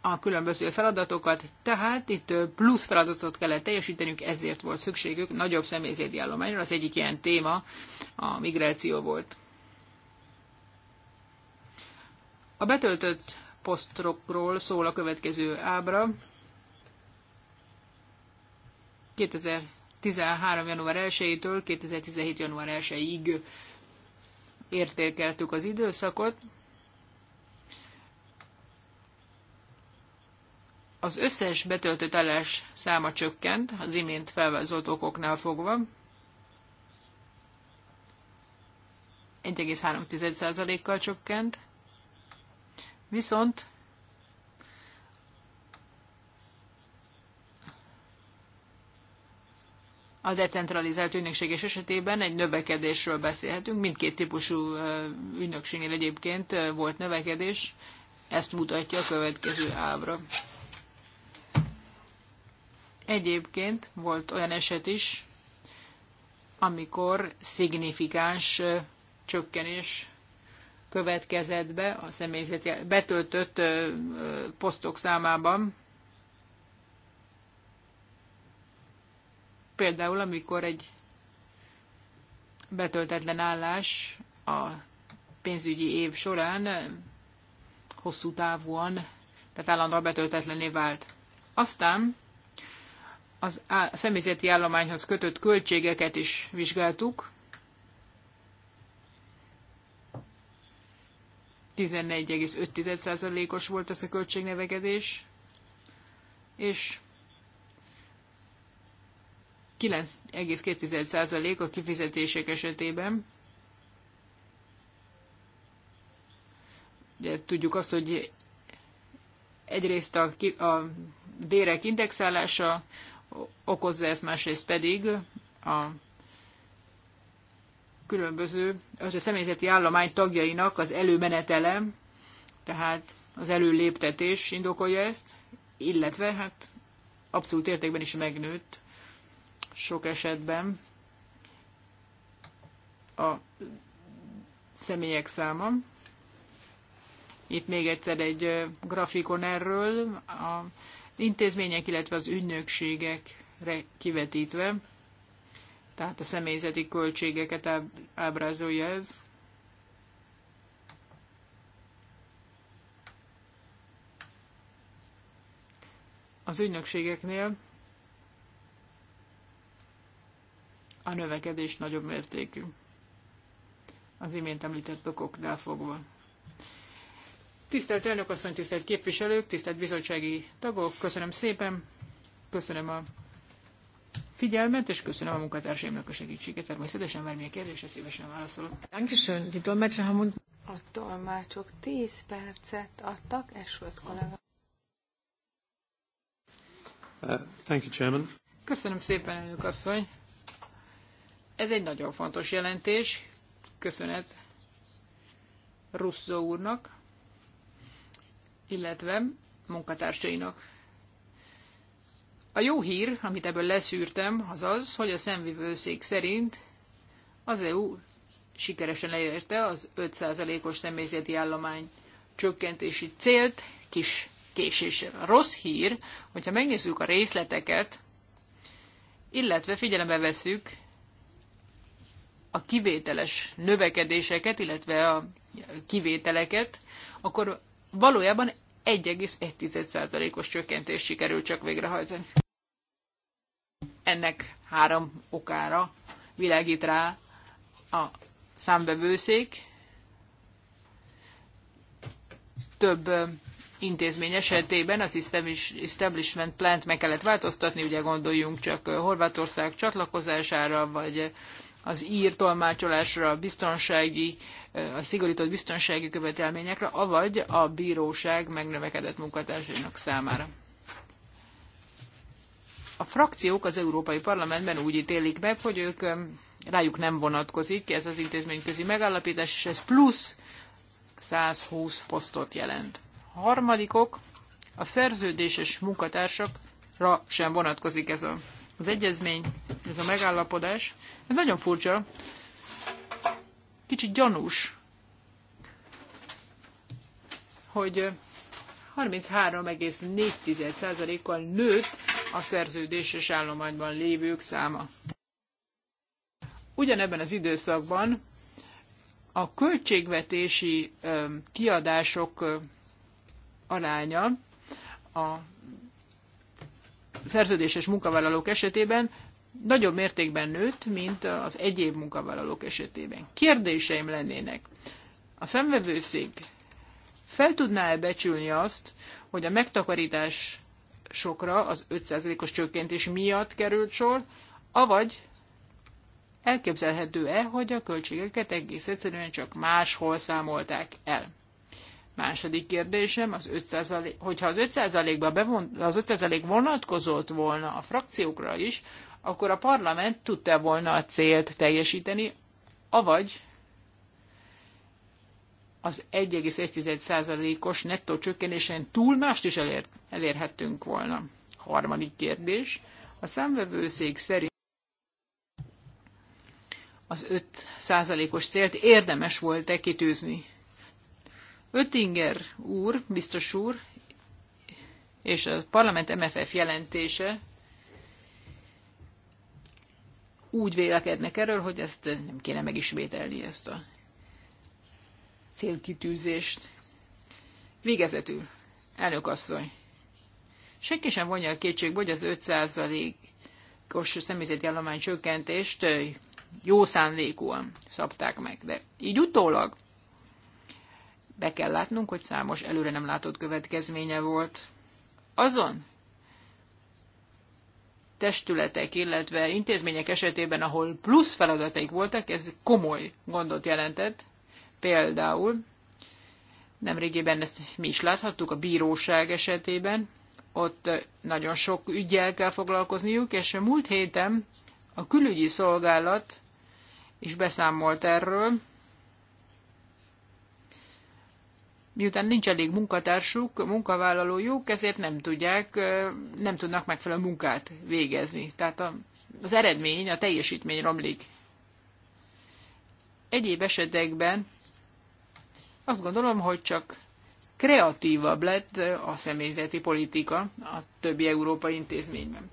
a különböző feladatokat, tehát itt plusz feladatot kellett teljesíteniük, ezért volt szükségük nagyobb személyzeti állományra. Az egyik ilyen téma a migráció volt. A betöltött posztokról szól a következő ábra. 2013. január 1-től 2017. január 1-ig értékeltük az időszakot. Az összes betöltött állás száma csökkent, az imént felvázolt okoknál fogva. 1,3%-kal csökkent, viszont a decentralizált ügynökséges esetében egy növekedésről beszélhetünk. Mindkét típusú ügynökségnél egyébként volt növekedés, ezt mutatja a következő ábra. Egyébként volt olyan eset is, amikor szignifikáns csökkenés következett be a személyzet betöltött posztok számában, Például, amikor egy betöltetlen állás a pénzügyi év során eh, hosszú távúan, tehát állandóan betöltetlené vált. Aztán az á- személyzeti állományhoz kötött költségeket is vizsgáltuk. 145 os volt ez a költségnevekedés, és 9,2% a kifizetések esetében. Ugye, tudjuk azt, hogy egyrészt a, a bérek indexálása okozza ezt, másrészt pedig a különböző, az a személyzeti állomány tagjainak az előmenetele, tehát az előléptetés indokolja ezt, illetve hát abszolút értékben is megnőtt sok esetben a személyek száma. Itt még egyszer egy grafikon erről, a intézmények, illetve az ügynökségekre kivetítve, tehát a személyzeti költségeket ábrázolja ez. Az ügynökségeknél a növekedés nagyobb mértékű. Az imént említett okoknál fogva. Tisztelt elnök asszony, tisztelt képviselők, tisztelt bizottsági tagok, köszönöm szépen, köszönöm a figyelmet, és köszönöm a munkatársaimnak a segítséget. Természetesen bármilyen kérdésre szívesen válaszolok. Dankeschön, die Dolmetscher haben uns... A tolmácsok 10 percet adtak, és kollega. Uh, thank you, Chairman. Köszönöm szépen, elnök asszony. Ez egy nagyon fontos jelentés. Köszönet Russzó úrnak, illetve munkatársainak. A jó hír, amit ebből leszűrtem, az az, hogy a szemvivőszék szerint az EU sikeresen elérte az 5%-os személyzeti állomány csökkentési célt kis késéssel. A rossz hír, hogyha megnézzük a részleteket, illetve figyelembe veszük a kivételes növekedéseket, illetve a kivételeket, akkor valójában 1,1%-os csökkentést sikerült csak végrehajtani. Ennek három okára világít rá a számbevőszék. Több intézmény esetében az establishment plant meg kellett változtatni, ugye gondoljunk csak Horvátország csatlakozására, vagy az ír tolmácsolásra, a biztonsági, a szigorított biztonsági követelményekre, avagy a bíróság megnövekedett munkatársainak számára. A frakciók az Európai Parlamentben úgy ítélik meg, hogy ők rájuk nem vonatkozik ez az intézményközi megállapítás, és ez plusz 120 posztot jelent. A harmadikok, a szerződéses munkatársakra sem vonatkozik ez a az egyezmény, ez a megállapodás, ez nagyon furcsa, kicsit gyanús, hogy 33,4%-kal nőtt a szerződéses állományban lévők száma. Ugyanebben az időszakban a költségvetési kiadások aránya a szerződéses munkavállalók esetében nagyobb mértékben nőtt, mint az egyéb munkavállalók esetében. Kérdéseim lennének. A szemvevőszék fel tudná-e becsülni azt, hogy a megtakarítás sokra az 5%-os csökkentés miatt került sor, avagy elképzelhető-e, hogy a költségeket egész egyszerűen csak máshol számolták el? Második kérdésem, az 5%, hogyha az 5%-ba az 5% vonatkozott volna a frakciókra is, akkor a parlament tudta volna a célt teljesíteni, avagy az 1,1%-os nettó csökkenésen túl mást is elér, elérhettünk volna. Harmadik kérdés. A számvevőszék szerint az 5%-os célt érdemes volt-e kitűzni? Öttinger úr, biztos úr, és a parlament MFF jelentése úgy vélekednek erről, hogy ezt nem kéne megismételni, ezt a célkitűzést. Végezetül, elnök asszony, senki sem vonja a kétségbe, hogy az 5%-os személyzeti állomány csökkentést jó szándékúan szabták meg, de így utólag be kell látnunk, hogy számos előre nem látott következménye volt. Azon testületek, illetve intézmények esetében, ahol plusz feladataik voltak, ez komoly gondot jelentett. Például nemrégiben ezt mi is láthattuk a bíróság esetében, ott nagyon sok ügyel kell foglalkozniuk, és a múlt héten a külügyi szolgálat is beszámolt erről, miután nincs elég munkatársuk, munkavállalójuk, ezért nem tudják, nem tudnak megfelelő munkát végezni. Tehát a, az eredmény, a teljesítmény romlik. Egyéb esetekben azt gondolom, hogy csak kreatívabb lett a személyzeti politika a többi európai intézményben.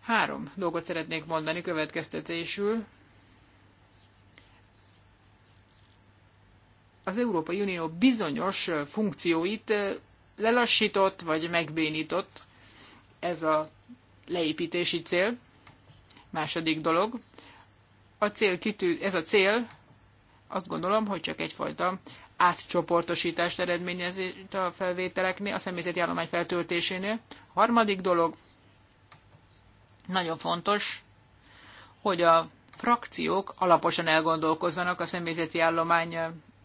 Három dolgot szeretnék mondani következtetésül. az Európai Unió bizonyos funkcióit lelassított vagy megbénított ez a leépítési cél. Második dolog, a cél kitű, ez a cél azt gondolom, hogy csak egyfajta átcsoportosítást eredményez a felvételeknél, a személyzeti állomány feltöltésénél. Harmadik dolog, nagyon fontos, hogy a frakciók alaposan elgondolkozzanak a személyzeti állomány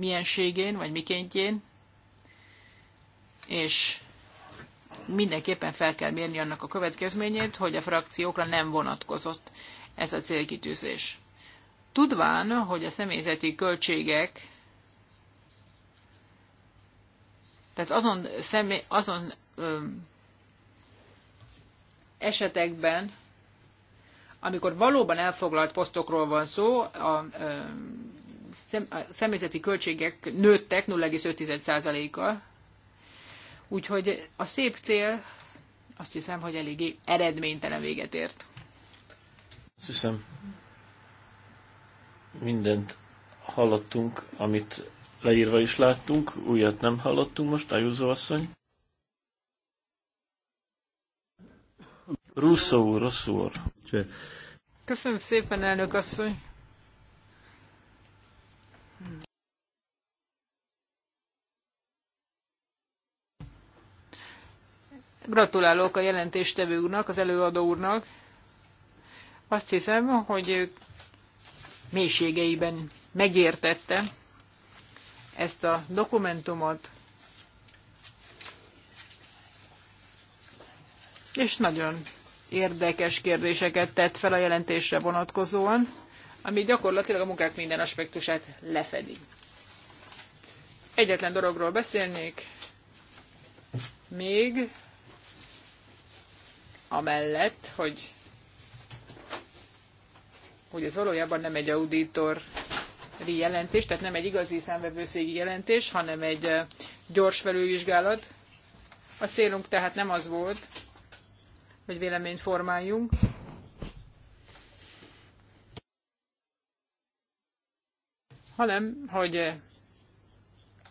mienségén, vagy mikéntjén, és mindenképpen fel kell mérni annak a következményét, hogy a frakciókra nem vonatkozott ez a célkitűzés. Tudván, hogy a személyzeti költségek, tehát azon, személy, azon ö, esetekben, amikor valóban elfoglalt posztokról van szó, a ö, személyzeti költségek nőttek 0,5%-kal, úgyhogy a szép cél azt hiszem, hogy eléggé eredménytelen véget ért. Azt hiszem, mindent hallottunk, amit leírva is láttunk, újat nem hallottunk most, Ajúzó asszony. Russo úr, Russo Köszönöm szépen, elnök asszony. Gratulálok a jelentéstevő úrnak, az előadó úrnak. Azt hiszem, hogy mélységeiben megértette ezt a dokumentumot, és nagyon érdekes kérdéseket tett fel a jelentésre vonatkozóan, ami gyakorlatilag a munkák minden aspektusát lefedi. Egyetlen dologról beszélnék, még amellett, hogy, hogy ez valójában nem egy auditori jelentés, tehát nem egy igazi számvevőszégi jelentés, hanem egy eh, gyors felülvizsgálat. A célunk tehát nem az volt, hogy véleményt formáljunk, hanem hogy eh,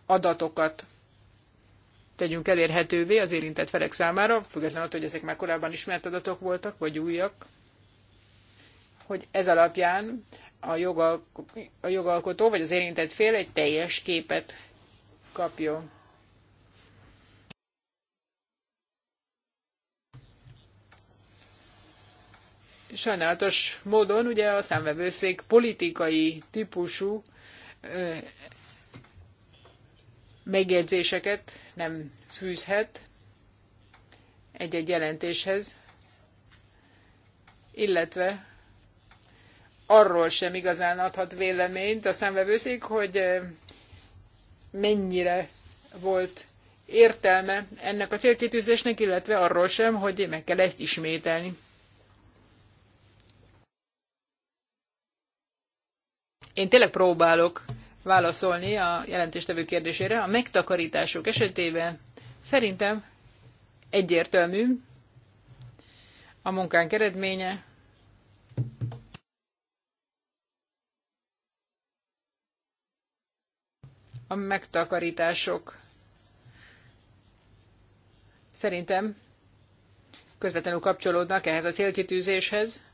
adatokat tegyünk elérhetővé az érintett felek számára, függetlenül attól, hogy ezek már korábban ismert adatok voltak, vagy újak, hogy ez alapján a, jogalk- a jogalkotó vagy az érintett fél egy teljes képet kapjon. Sajnálatos módon ugye a számvevőszék politikai típusú megjegyzéseket nem fűzhet egy-egy jelentéshez, illetve arról sem igazán adhat véleményt a számvevőszék, hogy eh, mennyire volt értelme ennek a célkitűzésnek, illetve arról sem, hogy meg kell ezt ismételni. Én tényleg próbálok válaszolni a jelentéstevő kérdésére. A megtakarítások esetében szerintem egyértelmű a munkánk eredménye. A megtakarítások szerintem közvetlenül kapcsolódnak ehhez a célkitűzéshez,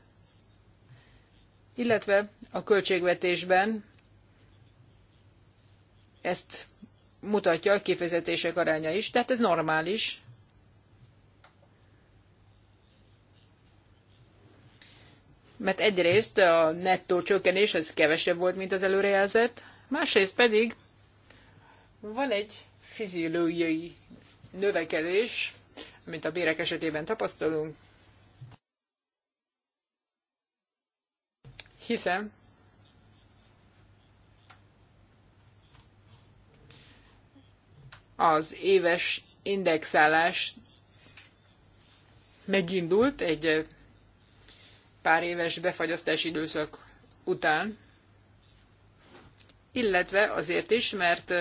illetve a költségvetésben ezt mutatja a kifizetések aránya is, tehát ez normális. Mert egyrészt a nettó csökkenés az kevesebb volt, mint az előrejelzett, másrészt pedig van egy fiziológiai növekedés, amit a bérek esetében tapasztalunk, hiszen az éves indexálás megindult egy pár éves befagyasztási időszak után, illetve azért is, mert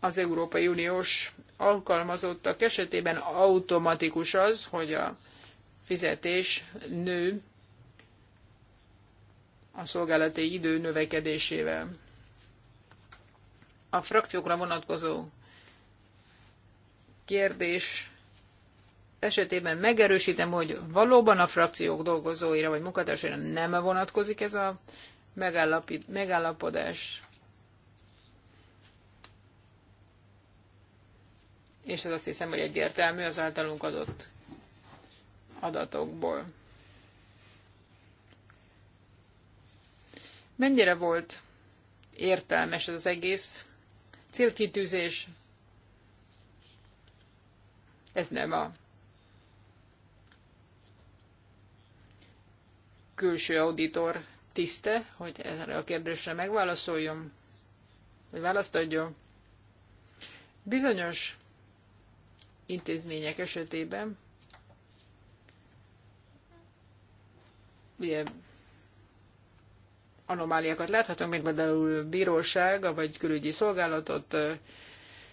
az Európai Uniós alkalmazottak esetében automatikus az, hogy a fizetés nő a szolgálati idő növekedésével a frakciókra vonatkozó kérdés esetében megerősítem, hogy valóban a frakciók dolgozóira vagy munkatársaira nem vonatkozik ez a megállapodás. És ez azt hiszem, hogy egyértelmű az általunk adott adatokból. Mennyire volt értelmes ez az egész célkitűzés. Ez nem a külső auditor tiszte, hogy erre a kérdésre megválaszoljon, vagy választ adjon. Bizonyos intézmények esetében ugye anomáliákat láthatunk, mint például bíróság, vagy külügyi szolgálatot,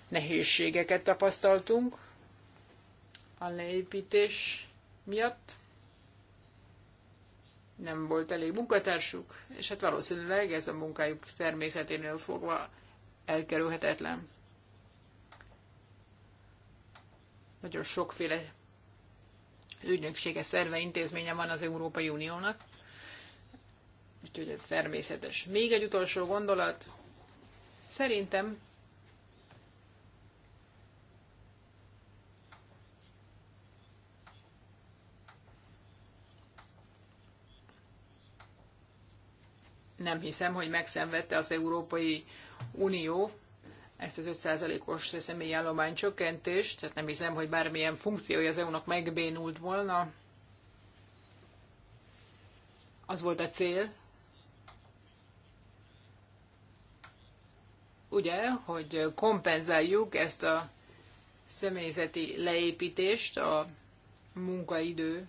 nehézségeket tapasztaltunk a leépítés miatt. Nem volt elég munkatársuk, és hát valószínűleg ez a munkájuk természeténél fogva elkerülhetetlen. Nagyon sokféle ügynöksége, szerve, intézménye van az Európai Uniónak. Úgyhogy ez természetes. Még egy utolsó gondolat. Szerintem nem hiszem, hogy megszenvedte az Európai Unió ezt az 5%-os állomány csökkentést, tehát nem hiszem, hogy bármilyen funkciója az EU-nak megbénult volna. Az volt a cél, ugye, hogy kompenzáljuk ezt a személyzeti leépítést a munkaidő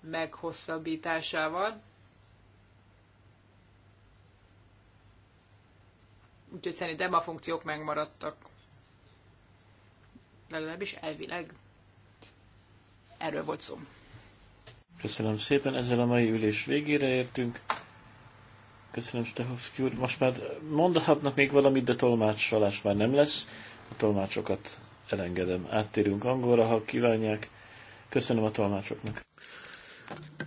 meghosszabbításával. Úgyhogy szerintem a funkciók megmaradtak. Legalábbis elvileg. Erről volt szó. Köszönöm szépen, ezzel a mai ülés végére értünk. Köszönöm, Stehovszki úr. Most már mondhatnak még valamit, de tolmácsolás már nem lesz. A tolmácsokat elengedem. Áttérünk angolra, ha kívánják. Köszönöm a tolmácsoknak.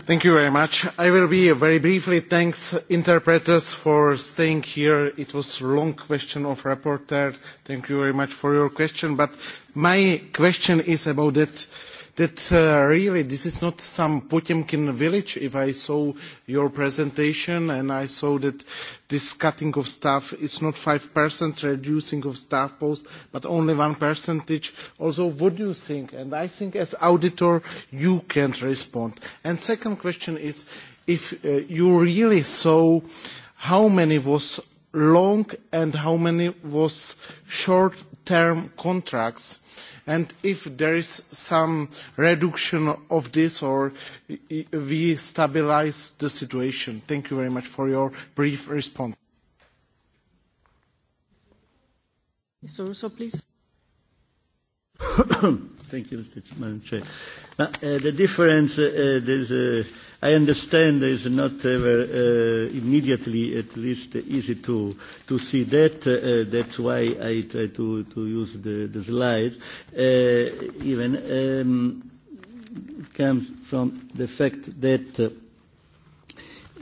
Thank you very much. I will be very briefly. Thanks interpreters for staying here. It was a long question of reporter. Thank you very much for your question. But my question is about that that uh, really this is not some Potemkin village. If I saw your presentation and I saw that this cutting of staff is not 5% reducing of staff posts, but only percentage. Also, what do you think? And I think as auditor, you can respond. And second question is, if uh, you really saw how many was long and how many was short-term contracts, and if there is some reduction of this or we stabilize the situation. Thank you very much for your brief response. Mr. Russo, please. [COUGHS] Thank you, Madam Chair. Uh, the difference, uh, uh there's a I understand it's not ever uh, immediately, at least, easy to, to see that. Uh, that's why I try to, to use the, the slide. Uh, even um, comes from the fact that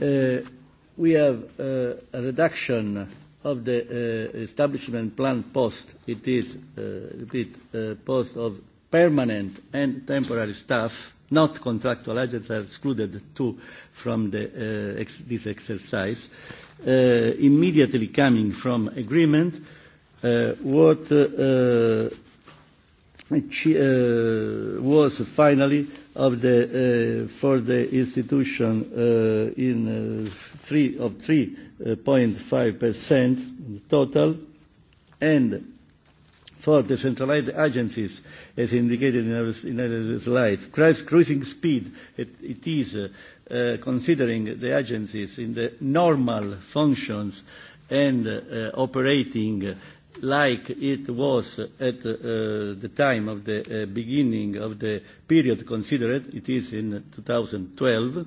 uh, we have uh, a reduction of the uh, establishment plan post. It is, uh, repeat, uh, post of permanent and temporary staff not contractual agents are excluded too from the, uh, ex this exercise. Uh, immediately coming from agreement, uh, what uh, uh, uh was finally of the uh, for the institution uh, in uh, three of 3.5% uh, total and for decentralized agencies, as indicated in our, in our slides. Cruising speed, it, it is uh, uh, considering the agencies in the normal functions and uh, operating like it was at uh, the time of the uh, beginning of the period considered, it is in 2012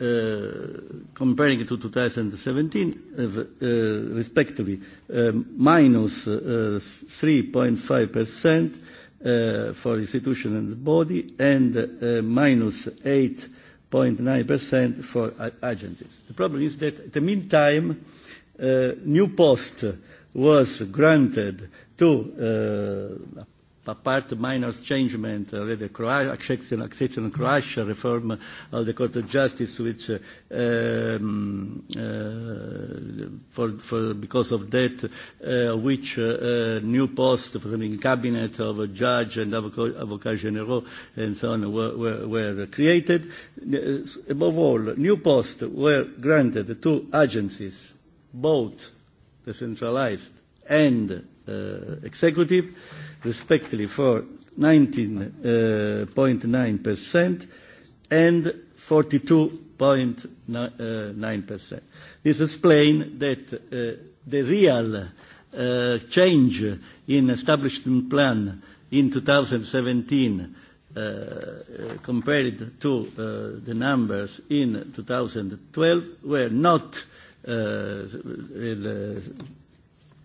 uh, comparing it to 2017, uh, uh, respectively, uh, minus uh, 3.5% uh, for institution and body and uh, minus 8.9% for agencies. The problem is that in the meantime, uh, new post was granted to uh, part minor changement uh, the Croatia, accession, Croatia reform uh, of the Court of Justice, which uh, um, uh, for, for, because of that, uh, which uh, uh, new post for the cabinet of a judge and avocat general and so on were, were, were created. Uh, above all, new posts were granted to agencies, both decentralized and uh, executive. Uh, respectively for 19.9% uh, and 42.9%. Uh, This explains that uh, the real uh, change in establishment plan in 2017 Uh, compared to uh, the numbers in 2012 were not uh,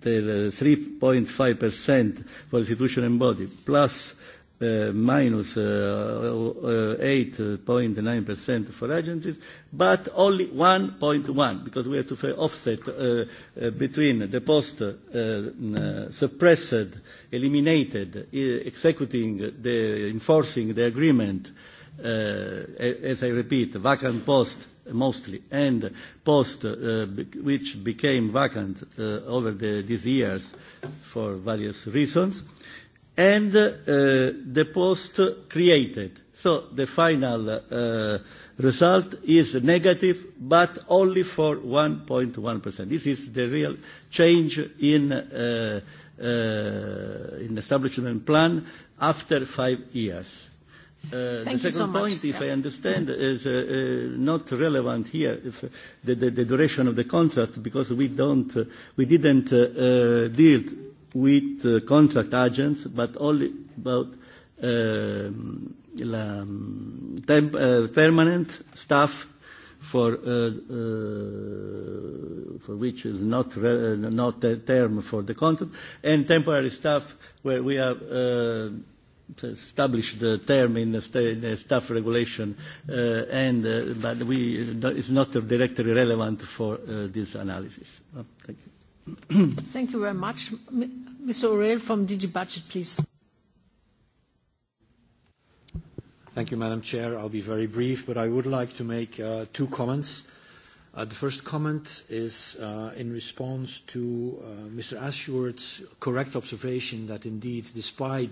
the 3.5% for institutional and body, plus uh, minus 8.9% uh, uh, for agencies, but only 1.1, because we have to offset uh, uh, between the post uh, uh, suppressed, eliminated, uh, executing the enforcing the agreement, Uh, as I repeat, vacant post mostly, and post, uh, which became vacant uh, over the, these years for various reasons, and uh, the post created. So the final uh, result is negative, but only for 1.1%. This is the real change in, uh, uh, in establishment plan after five years Uh, Thank the second you so point, much. if yeah. I understand, is uh, uh, not relevant here, if uh, the, the, the duration of the contract, because we don't, uh, we didn't uh, uh, deal with uh, contract agents, but only about uh, la, um, temp, uh, permanent staff for uh, uh, for which is not re, uh, not a term for the contract, and temporary staff where we have. Uh, established the term in the, st the staff regulation, uh, and uh, but we it's not directly relevant for uh, this analysis. Uh, thank you. [COUGHS] thank you very much, Mr. O'Reilly from DG Budget, please. Thank you, Madam Chair. I'll be very brief, but I would like to make uh, two comments. Uh, the first comment is uh, in response to uh, Mr. Ashworth's correct observation that indeed, despite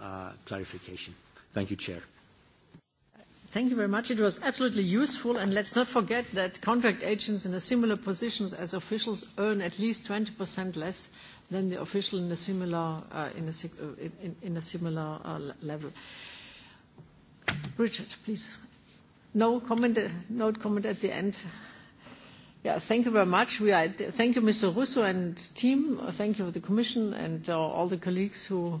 Uh, clarification. Thank you, Chair. Thank you very much. It was absolutely useful. let's not forget that contract agents in a similar positions as officials earn at least 20% less than the official in a similar, uh, uh, in a, similar level. Richard, please. No comment, no comment at the end. Yeah, thank you very much. thank you, Mr. Russo and team. Thank you, the Commission and all the colleagues who